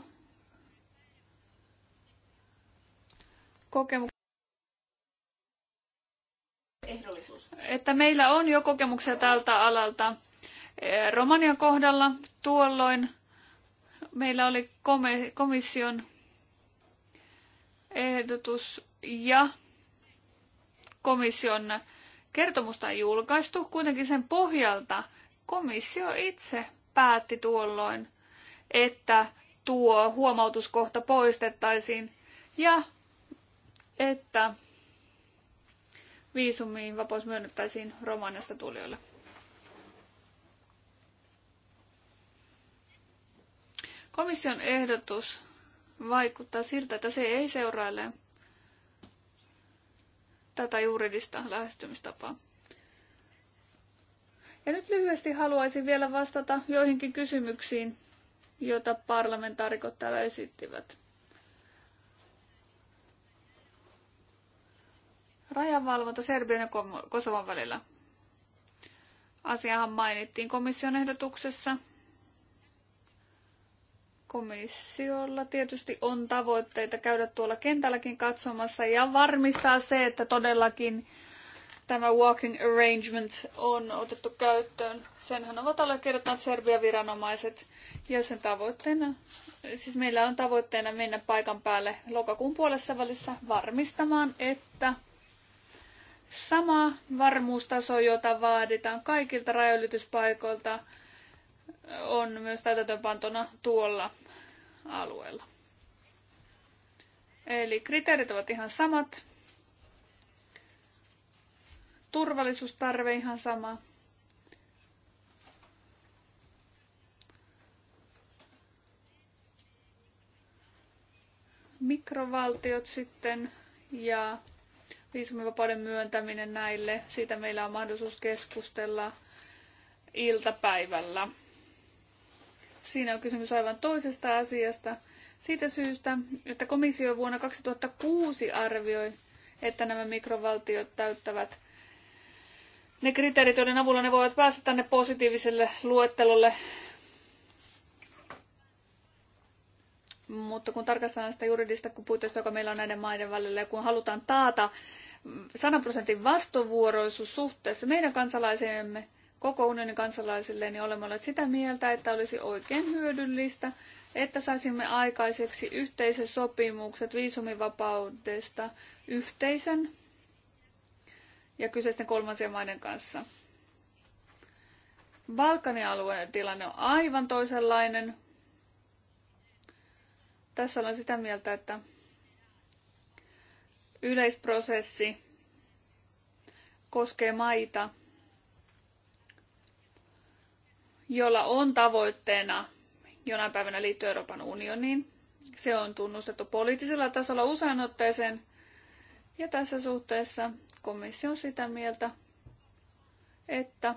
kokemuksia. Ehdollisuus. Että meillä on jo kokemuksia tältä alalta. Eh, Romanian kohdalla tuolloin meillä oli komission ehdotus ja komission kertomusta julkaistu. Kuitenkin sen pohjalta komissio itse päätti tuolloin, että tuo huomautuskohta poistettaisiin ja että viisumiin vapaus myönnettäisiin Romaniasta tulijoille. Komission ehdotus vaikuttaa siltä, että se ei seuraile tätä juridista lähestymistapaa. Ja nyt lyhyesti haluaisin vielä vastata joihinkin kysymyksiin, joita parlamentaarikot täällä esittivät. Rajanvalvonta Serbian ja Kosovan välillä. Asiahan mainittiin komission ehdotuksessa. Komissiolla tietysti on tavoitteita käydä tuolla kentälläkin katsomassa ja varmistaa se, että todellakin tämä walking arrangement on otettu käyttöön. Senhän ovat allekirjoittaneet Serbian viranomaiset ja sen tavoitteena, siis meillä on tavoitteena mennä paikan päälle lokakuun puolessa välissä varmistamaan, että sama varmuustaso, jota vaaditaan kaikilta rajoilytyspaikoilta, on myös täytäntöönpantona tuolla alueella. Eli kriteerit ovat ihan samat. Turvallisuustarve ihan sama. Mikrovaltiot sitten ja viisumivapauden myöntäminen näille. Siitä meillä on mahdollisuus keskustella iltapäivällä. Siinä on kysymys aivan toisesta asiasta. Siitä syystä, että komissio vuonna 2006 arvioi, että nämä mikrovaltiot täyttävät ne kriteerit, joiden avulla ne voivat päästä tänne positiiviselle luettelolle. Mutta kun tarkastellaan sitä juridista puitteista, joka meillä on näiden maiden välillä, ja kun halutaan taata 100 prosentin vastovuoroisuus suhteessa meidän kansalaisemme koko unionin kansalaisille, niin olemme olleet sitä mieltä, että olisi oikein hyödyllistä, että saisimme aikaiseksi yhteiset sopimukset viisumivapaudesta yhteisön ja kyseisten kolmansien maiden kanssa. Balkanin alueen tilanne on aivan toisenlainen. Tässä olen sitä mieltä, että Yleisprosessi koskee maita, jolla on tavoitteena jonain päivänä liittyä Euroopan unioniin. Se on tunnustettu poliittisella tasolla usein otteeseen. Ja tässä suhteessa komissio on sitä mieltä, että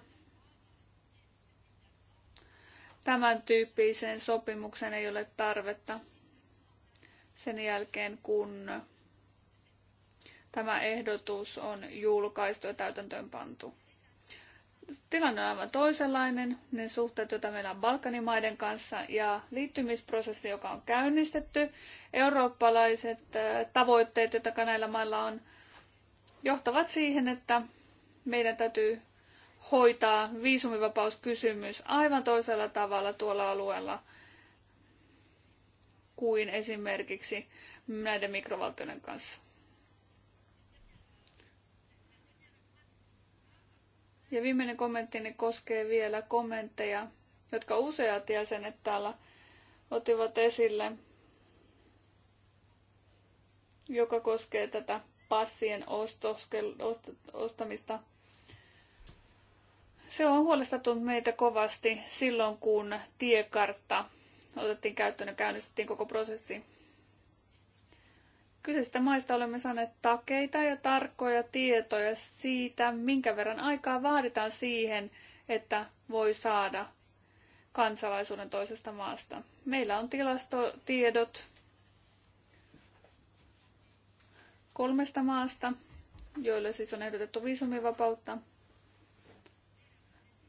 tämän tyyppiseen sopimukseen ei ole tarvetta sen jälkeen, kun Tämä ehdotus on julkaistu ja täytäntöön pantu. Tilanne on aivan toisenlainen, ne suhteet, joita meillä on Balkanimaiden kanssa ja liittymisprosessi, joka on käynnistetty, eurooppalaiset äh, tavoitteet, joita näillä mailla on, johtavat siihen, että meidän täytyy hoitaa viisumivapauskysymys aivan toisella tavalla tuolla alueella kuin esimerkiksi näiden mikrovaltioiden kanssa. Ja viimeinen kommenttini koskee vielä kommentteja, jotka useat jäsenet täällä otivat esille, joka koskee tätä passien ostamista. Se on huolestuttanut meitä kovasti silloin, kun tiekartta otettiin käyttöön ja käynnistettiin koko prosessi. Kyseisistä maista olemme saaneet takeita ja tarkkoja tietoja siitä, minkä verran aikaa vaaditaan siihen, että voi saada kansalaisuuden toisesta maasta. Meillä on tilastotiedot kolmesta maasta, joille siis on ehdotettu viisumivapautta.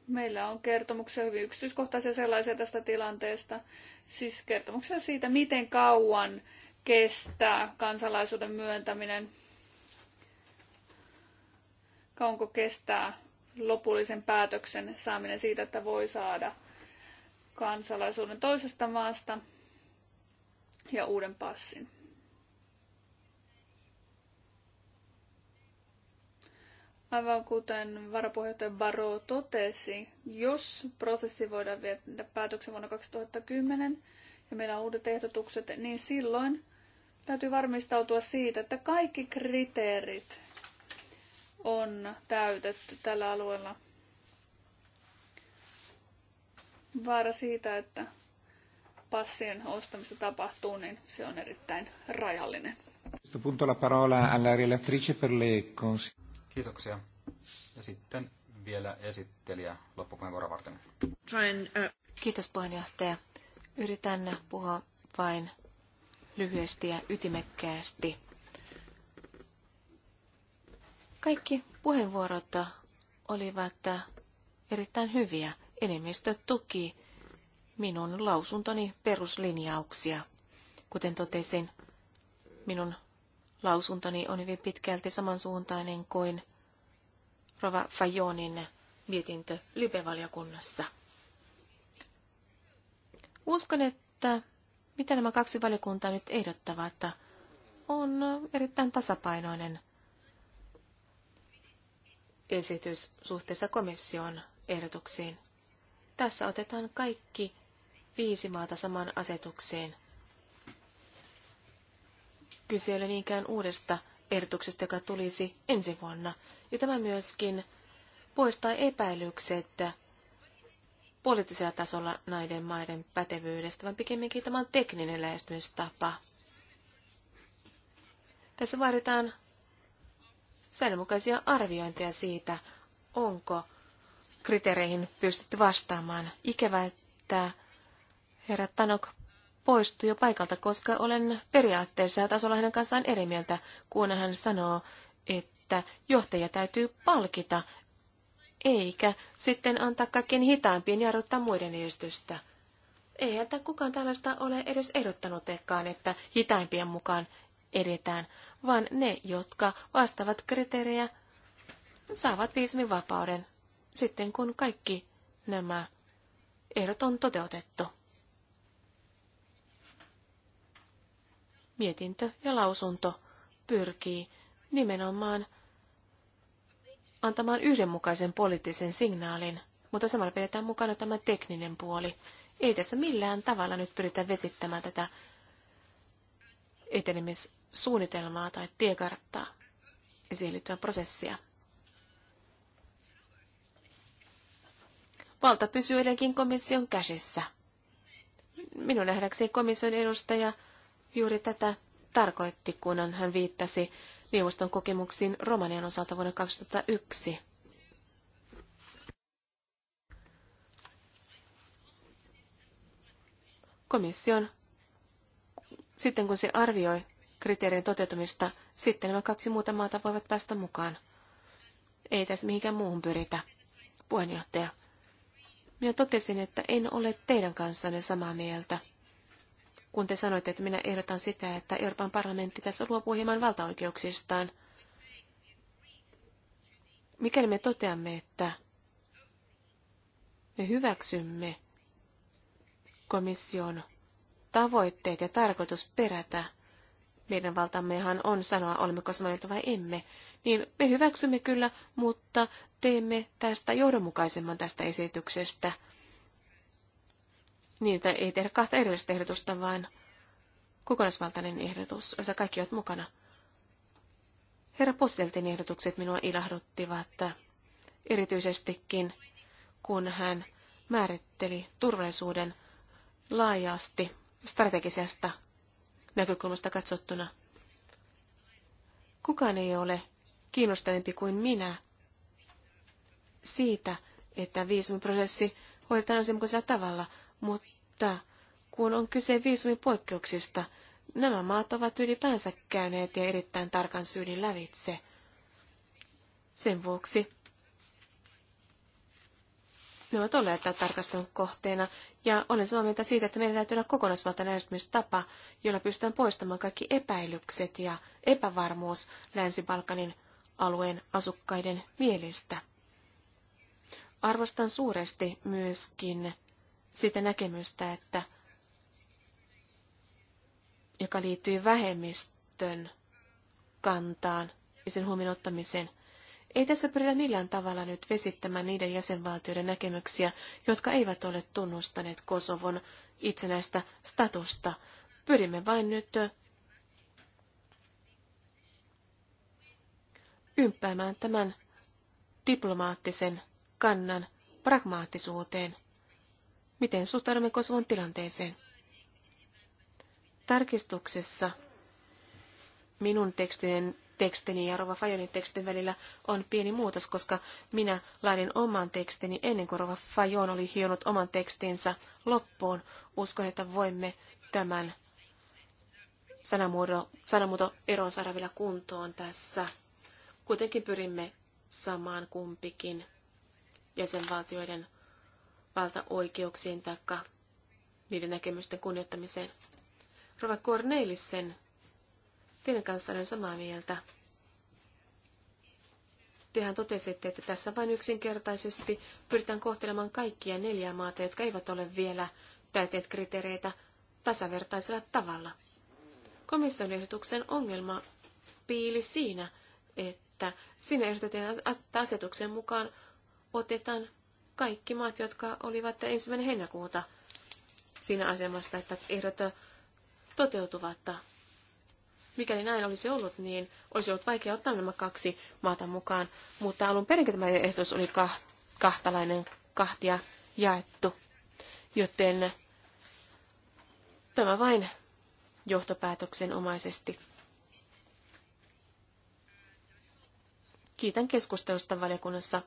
Meillä on kertomuksia, hyvin yksityiskohtaisia sellaisia tästä tilanteesta, siis kertomuksia siitä, miten kauan kestää kansalaisuuden myöntäminen, kauanko kestää lopullisen päätöksen saaminen siitä, että voi saada kansalaisuuden toisesta maasta ja uuden passin. Aivan kuten varapuheenjohtaja Baro totesi, jos prosessi voidaan viedä päätöksen vuonna 2010 ja meillä on uudet ehdotukset, niin silloin Täytyy varmistautua siitä, että kaikki kriteerit on täytetty tällä alueella. Vaara siitä, että passien ostamista tapahtuu, niin se on erittäin rajallinen. Kiitoksia. Ja sitten vielä esittelijä loppupuheenvuoroa varten. Uh, Kiitos puheenjohtaja. Yritän puhua vain lyhyesti ja ytimekkäästi. Kaikki puheenvuorot olivat erittäin hyviä. Enemmistö tuki minun lausuntoni peruslinjauksia. Kuten totesin, minun lausuntoni on hyvin pitkälti samansuuntainen kuin Rova Fajonin mietintö Libevaliokunnassa. Uskon, että mitä nämä kaksi valiokuntaa nyt ehdottavat, on erittäin tasapainoinen esitys suhteessa komission ehdotuksiin. Tässä otetaan kaikki viisi maata saman asetukseen. Kyse ei ole niinkään uudesta ehdotuksesta, joka tulisi ensi vuonna. Ja tämä myöskin poistaa epäilykset poliittisella tasolla näiden maiden pätevyydestä, vaan pikemminkin tämä on tekninen lähestymistapa. Tässä vaaditaan säännönmukaisia arviointeja siitä, onko kriteereihin pystytty vastaamaan. Ikävä, että herra Tanok poistui jo paikalta, koska olen periaatteessa ja tasolla hänen kanssaan eri mieltä, kun hän sanoo, että johtajia täytyy palkita eikä sitten antaa kaikkien hitaampien jarruttaa muiden edistystä. Ei että kukaan tällaista ole edes ehdottanutkaan, että hitaimpien mukaan edetään, vaan ne, jotka vastaavat kriteerejä, saavat vapauden, sitten, kun kaikki nämä ehdot on toteutettu. Mietintö ja lausunto pyrkii nimenomaan – antamaan yhdenmukaisen poliittisen signaalin, mutta samalla pidetään mukana tämä tekninen puoli. Ei tässä millään tavalla nyt pyritä vesittämään tätä etenemissuunnitelmaa tai tiekarttaa ja siihen liittyvää prosessia. Valta pysyy edelleenkin komission käsissä. Minun nähdäkseni komission edustaja juuri tätä tarkoitti, kun hän viittasi neuvoston kokemuksiin Romanian osalta vuonna 2001. Komission, sitten kun se arvioi kriteerien toteutumista, sitten nämä kaksi muuta maata voivat päästä mukaan. Ei tässä mihinkään muuhun pyritä. Puheenjohtaja, minä totesin, että en ole teidän kanssanne samaa mieltä kun te sanoitte, että minä ehdotan sitä, että Euroopan parlamentti tässä luopuu hieman valtaoikeuksistaan. Mikäli me toteamme, että me hyväksymme komission tavoitteet ja tarkoitus perätä, meidän valtammehan on sanoa, olemmeko samaa vai emme, niin me hyväksymme kyllä, mutta teemme tästä johdonmukaisemman tästä esityksestä – niin, että ei tehdä kahta erillistä ehdotusta, vaan kokonaisvaltainen ehdotus, jossa kaikki ovat mukana. Herra Posseltin ehdotukset minua ilahduttivat, erityisestikin kun hän määritteli turvallisuuden laajasti strategisesta näkökulmasta katsottuna. Kukaan ei ole kiinnostavampi kuin minä siitä, että viisumiprosessi hoidetaan asianmukaisella tavalla mutta kun on kyse viisumipoikkeuksista, nämä maat ovat ylipäänsä käyneet ja erittäin tarkan syynin lävitse. Sen vuoksi ne ovat olleet tarkastelun kohteena, ja olen samaa mieltä siitä, että meidän täytyy olla kokonaisvaltainen lähestymistapa, jolla pystytään poistamaan kaikki epäilykset ja epävarmuus Länsi-Balkanin alueen asukkaiden mielestä. Arvostan suuresti myöskin sitä näkemystä, että joka liittyy vähemmistön kantaan ja sen huomioon ottamiseen. Ei tässä pyritä millään tavalla nyt vesittämään niiden jäsenvaltioiden näkemyksiä, jotka eivät ole tunnustaneet Kosovon itsenäistä statusta. Pyrimme vain nyt ympäämään tämän diplomaattisen kannan pragmaattisuuteen – Miten suhtaudumme Kosovon tilanteeseen? Tarkistuksessa minun tekstinen tekstini ja Rova Fajonin tekstin välillä on pieni muutos, koska minä laadin oman tekstini ennen kuin Rova Fajon oli hionut oman tekstinsä loppuun. Uskon, että voimme tämän sanamuoto, sanamuoto eron saada vielä kuntoon tässä. Kuitenkin pyrimme samaan kumpikin jäsenvaltioiden valtaoikeuksien tai niiden näkemysten kunnioittamiseen. Rova Kornelissen, teidän kanssa olen samaa mieltä. Tehän totesitte, että tässä vain yksinkertaisesti pyritään kohtelemaan kaikkia neljää maata, jotka eivät ole vielä täyteet kriteereitä tasavertaisella tavalla. Komission ehdotuksen ongelma piili siinä, että siinä ehdotetaan asetuksen mukaan otetaan kaikki maat, jotka olivat ensimmäinen heinäkuuta siinä asemassa, että ehdot toteutuvat. Mikäli näin olisi ollut, niin olisi ollut vaikea ottaa nämä kaksi maata mukaan, mutta alun perin tämä ehdotus oli kahtalainen kahtia jaettu, joten tämä vain johtopäätöksen omaisesti. Kiitän keskustelusta valiokunnassa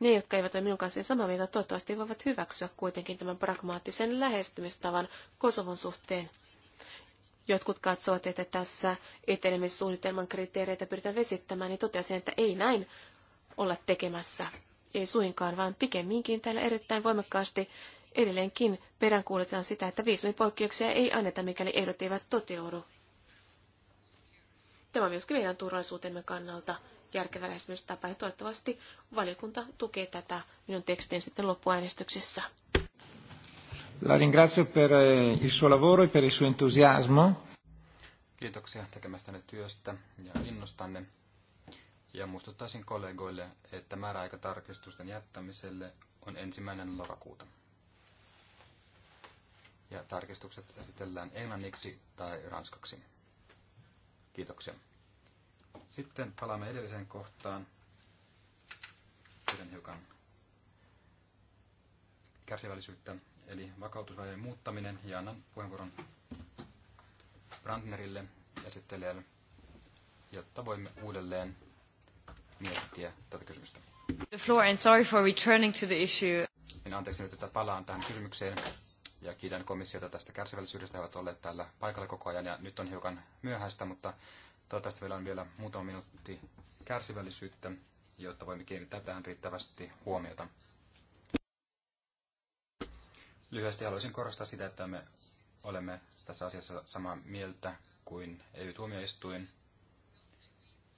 ne, jotka eivät ole minun kanssani samaa mieltä, toivottavasti voivat hyväksyä kuitenkin tämän pragmaattisen lähestymistavan Kosovon suhteen. Jotkut katsovat, että tässä etenemissuunnitelman kriteereitä pyritään vesittämään, niin totesin, että ei näin olla tekemässä. Ei suinkaan, vaan pikemminkin täällä erittäin voimakkaasti edelleenkin peräänkuuletaan sitä, että viisumipoikkeuksia ei anneta, mikäli ehdot eivät toteudu. Tämä on myöskin meidän turvallisuutemme kannalta järkevä lähestymistapa ja toivottavasti valiokunta tukee tätä minun tekstin sitten loppuäänestyksessä. La ringrazio per eh, il suo lavoro e per il suo entusiasmo. Kiitoksia tekemästänne työstä ja innostanne. Ja muistuttaisin kollegoille, että määräaikatarkistusten jättämiselle on ensimmäinen lokakuuta. Ja tarkistukset esitellään englanniksi tai ranskaksi. Kiitoksia. Sitten palaamme edelliseen kohtaan. Pidän hiukan kärsivällisyyttä, eli vakautusvaiheen muuttaminen, ja annan puheenvuoron Brandnerille esittelijälle, jotta voimme uudelleen miettiä tätä kysymystä. The floor and sorry for returning to the issue. Minä anteeksi nyt, että palaan tähän kysymykseen ja kiitän komissiota tästä kärsivällisyydestä. He ovat olleet täällä paikalla koko ajan ja nyt on hiukan myöhäistä, mutta Toivottavasti vielä on vielä muutama minuutti kärsivällisyyttä, jotta voimme kiinnittää tähän riittävästi huomiota. Lyhyesti haluaisin korostaa sitä, että me olemme tässä asiassa samaa mieltä kuin EU-tuomioistuin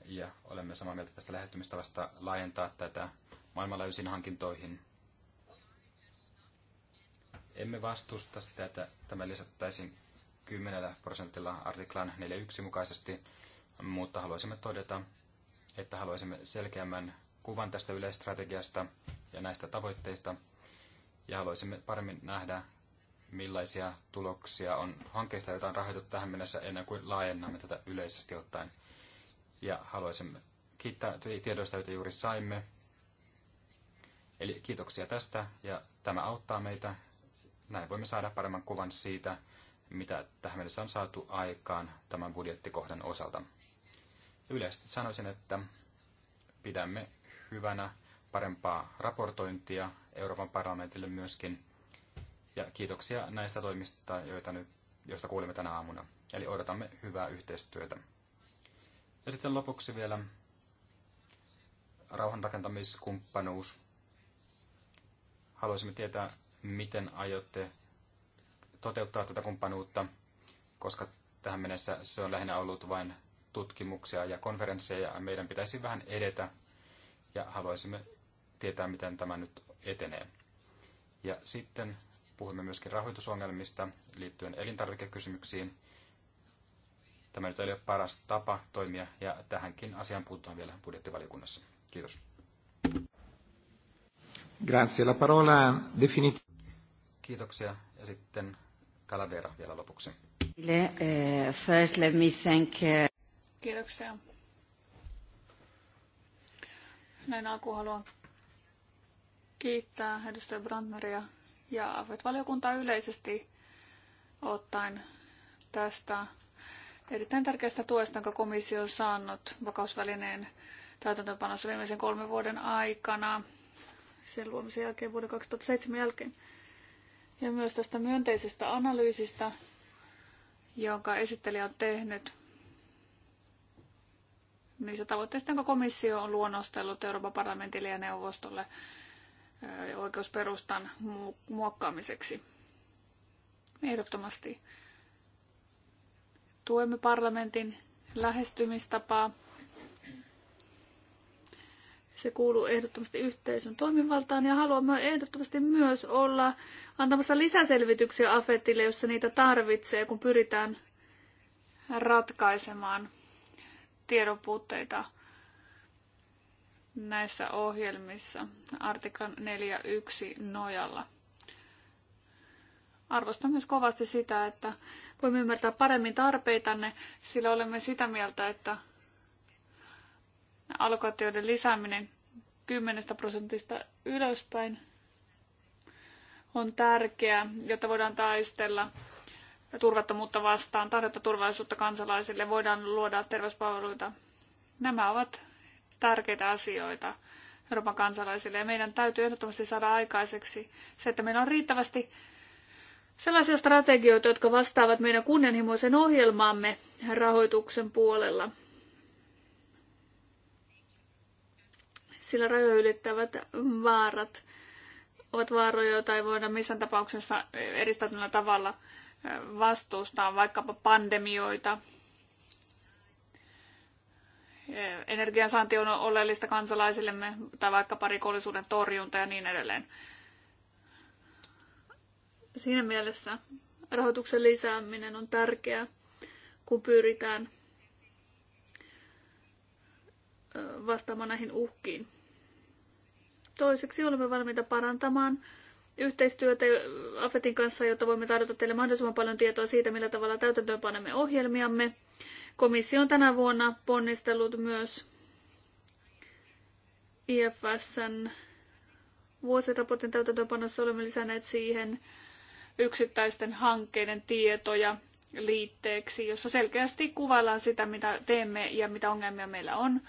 ja olemme samaa mieltä tästä lähestymistavasta laajentaa tätä maailmanlaajuisiin hankintoihin. Emme vastusta sitä, että tämä lisättäisiin 10 prosentilla artiklan 4.1 mukaisesti, mutta haluaisimme todeta, että haluaisimme selkeämmän kuvan tästä yleistrategiasta ja näistä tavoitteista, ja haluaisimme paremmin nähdä, millaisia tuloksia on hankkeista, joita on rahoitettu tähän mennessä ennen kuin laajennamme tätä yleisesti ottaen. Ja haluaisimme kiittää tiedoista, joita juuri saimme. Eli kiitoksia tästä, ja tämä auttaa meitä. Näin voimme saada paremman kuvan siitä, mitä tähän mennessä on saatu aikaan tämän budjettikohdan osalta. Yleisesti sanoisin, että pidämme hyvänä parempaa raportointia Euroopan parlamentille myöskin. Ja kiitoksia näistä toimista, joita nyt, joista kuulimme tänä aamuna. Eli odotamme hyvää yhteistyötä. Ja sitten lopuksi vielä rauhanrakentamiskumppanuus. Haluaisimme tietää, miten aiotte toteuttaa tätä kumppanuutta, koska tähän mennessä se on lähinnä ollut vain tutkimuksia ja konferensseja, ja meidän pitäisi vähän edetä, ja haluaisimme tietää, miten tämä nyt etenee. Ja sitten puhumme myöskin rahoitusongelmista liittyen elintarvikekysymyksiin. Tämä nyt ei ole paras tapa toimia, ja tähänkin asiaan puututaan vielä budjettivaliokunnassa. Kiitos. Grazie. La parola definit- Kiitoksia. Ja sitten Calavera vielä lopuksi. First let me thank... Uh, Kiitoksia. Näin alkuun haluan kiittää edustaja Brandneria ja AFET-valiokuntaa yleisesti ottaen tästä erittäin tärkeästä tuesta, jonka komissio on saanut vakausvälineen täytäntöönpanossa viimeisen kolmen vuoden aikana sen luomisen jälkeen vuoden 2007 jälkeen. Ja myös tästä myönteisestä analyysistä, jonka esittelijä on tehnyt niistä tavoitteista, jonka komissio on luonnostellut Euroopan parlamentille ja neuvostolle oikeusperustan muokkaamiseksi. Ehdottomasti tuemme parlamentin lähestymistapaa. Se kuuluu ehdottomasti yhteisön toimivaltaan ja haluamme ehdottomasti myös olla antamassa lisäselvityksiä AFETille, jos se niitä tarvitsee, kun pyritään ratkaisemaan tiedon puutteita näissä ohjelmissa artiklan 4.1 nojalla. Arvostan myös kovasti sitä, että voimme ymmärtää paremmin tarpeitanne, sillä olemme sitä mieltä, että allokaatioiden lisääminen 10 prosentista ylöspäin on tärkeää, jotta voidaan taistella turvattomuutta vastaan, tarjota turvallisuutta kansalaisille, voidaan luoda terveyspalveluita. Nämä ovat tärkeitä asioita Euroopan kansalaisille ja meidän täytyy ehdottomasti saada aikaiseksi se, että meillä on riittävästi sellaisia strategioita, jotka vastaavat meidän kunnianhimoisen ohjelmaamme rahoituksen puolella. Sillä ylittävät vaarat ovat vaaroja, joita ei voida missään tapauksessa eristäytyneellä tavalla vastuustaan vaikkapa pandemioita. Energiansaanti on oleellista kansalaisillemme tai vaikkapa rikollisuuden torjunta ja niin edelleen. Siinä mielessä rahoituksen lisääminen on tärkeää, kun pyritään vastaamaan näihin uhkiin. Toiseksi olemme valmiita parantamaan yhteistyötä AFETin kanssa, jotta voimme tarjota teille mahdollisimman paljon tietoa siitä, millä tavalla täytäntöönpanemme ohjelmiamme. Komissio on tänä vuonna ponnistellut myös IFSn vuosiraportin täytäntöönpanossa olemme lisänneet siihen yksittäisten hankkeiden tietoja liitteeksi, jossa selkeästi kuvaillaan sitä, mitä teemme ja mitä ongelmia meillä on.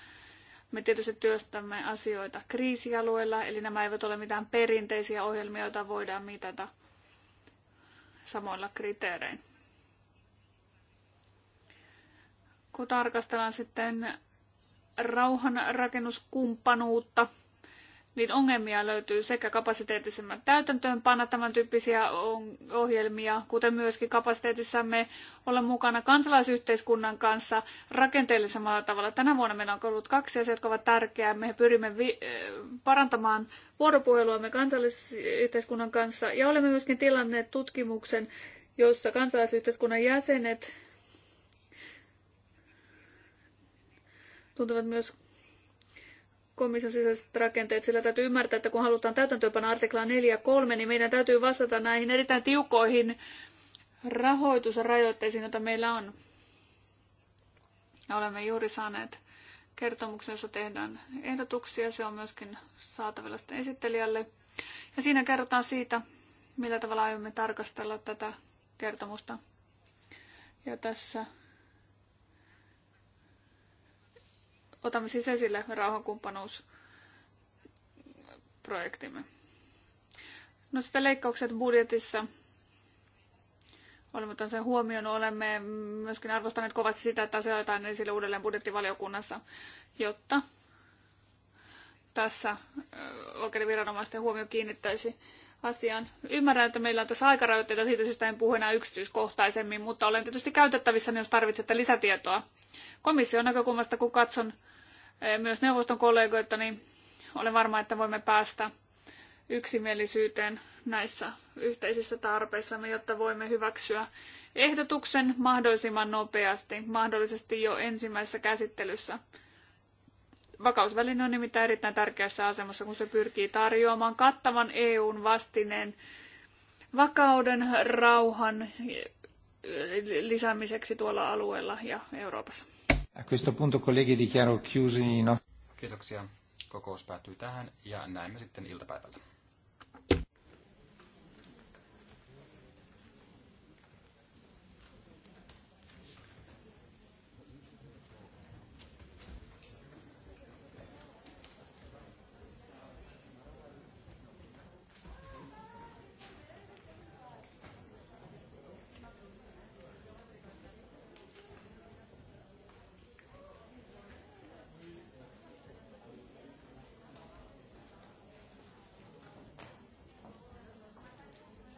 Me tietysti työstämme asioita kriisialueilla, eli nämä eivät ole mitään perinteisiä ohjelmia, joita voidaan mitata samoilla kriteerein. Kun tarkastellaan sitten rauhanrakennuskumppanuutta, niin ongelmia löytyy sekä kapasiteettisemmat täytäntöönpanna tämän tyyppisiä ohjelmia, kuten myöskin kapasiteetissamme olla mukana kansalaisyhteiskunnan kanssa rakenteellisemmalla tavalla. Tänä vuonna meillä on ollut kaksi asiaa, jotka ovat tärkeää. Me pyrimme eh, parantamaan vuoropuheluamme kansalaisyhteiskunnan kanssa ja olemme myöskin tilanneet tutkimuksen, jossa kansalaisyhteiskunnan jäsenet tuntuvat myös komission sisäiset rakenteet, sillä täytyy ymmärtää, että kun halutaan täytäntöönpana artiklaa 4 ja 3, niin meidän täytyy vastata näihin erittäin tiukoihin rahoitusrajoitteisiin, joita meillä on. olemme juuri saaneet kertomuksen, jossa tehdään ehdotuksia. Se on myöskin saatavilla sitten esittelijälle. Ja siinä kerrotaan siitä, millä tavalla aiomme tarkastella tätä kertomusta. Ja tässä Otamme siis esille rauhankumppanuusprojektimme. No sitten leikkaukset budjetissa. Olemme sen huomioon, olemme myöskin arvostaneet kovasti sitä, että asia otetaan esille uudelleen budjettivaliokunnassa, jotta tässä oikeuden viranomaisten huomio kiinnittäisi asiaan. Ymmärrän, että meillä on tässä aikarajoitteita, siitä syystä en puhu enää yksityiskohtaisemmin, mutta olen tietysti käytettävissä, niin jos tarvitsette lisätietoa. Komission näkökulmasta, kun katson Eh, myös neuvoston kollegoita, niin olen varma, että voimme päästä yksimielisyyteen näissä yhteisissä tarpeissamme, jotta voimme hyväksyä ehdotuksen mahdollisimman nopeasti, mahdollisesti jo ensimmäisessä käsittelyssä. Vakausväline on nimittäin erittäin tärkeässä asemassa, kun se pyrkii tarjoamaan kattavan EUn vastineen vakauden, rauhan eh, lisäämiseksi tuolla alueella ja Euroopassa. A questo punto, colleghi, dichiaro chiusi. No? Kiitoksia. Kokous päättyy tähän ja näemme sitten iltapäivällä.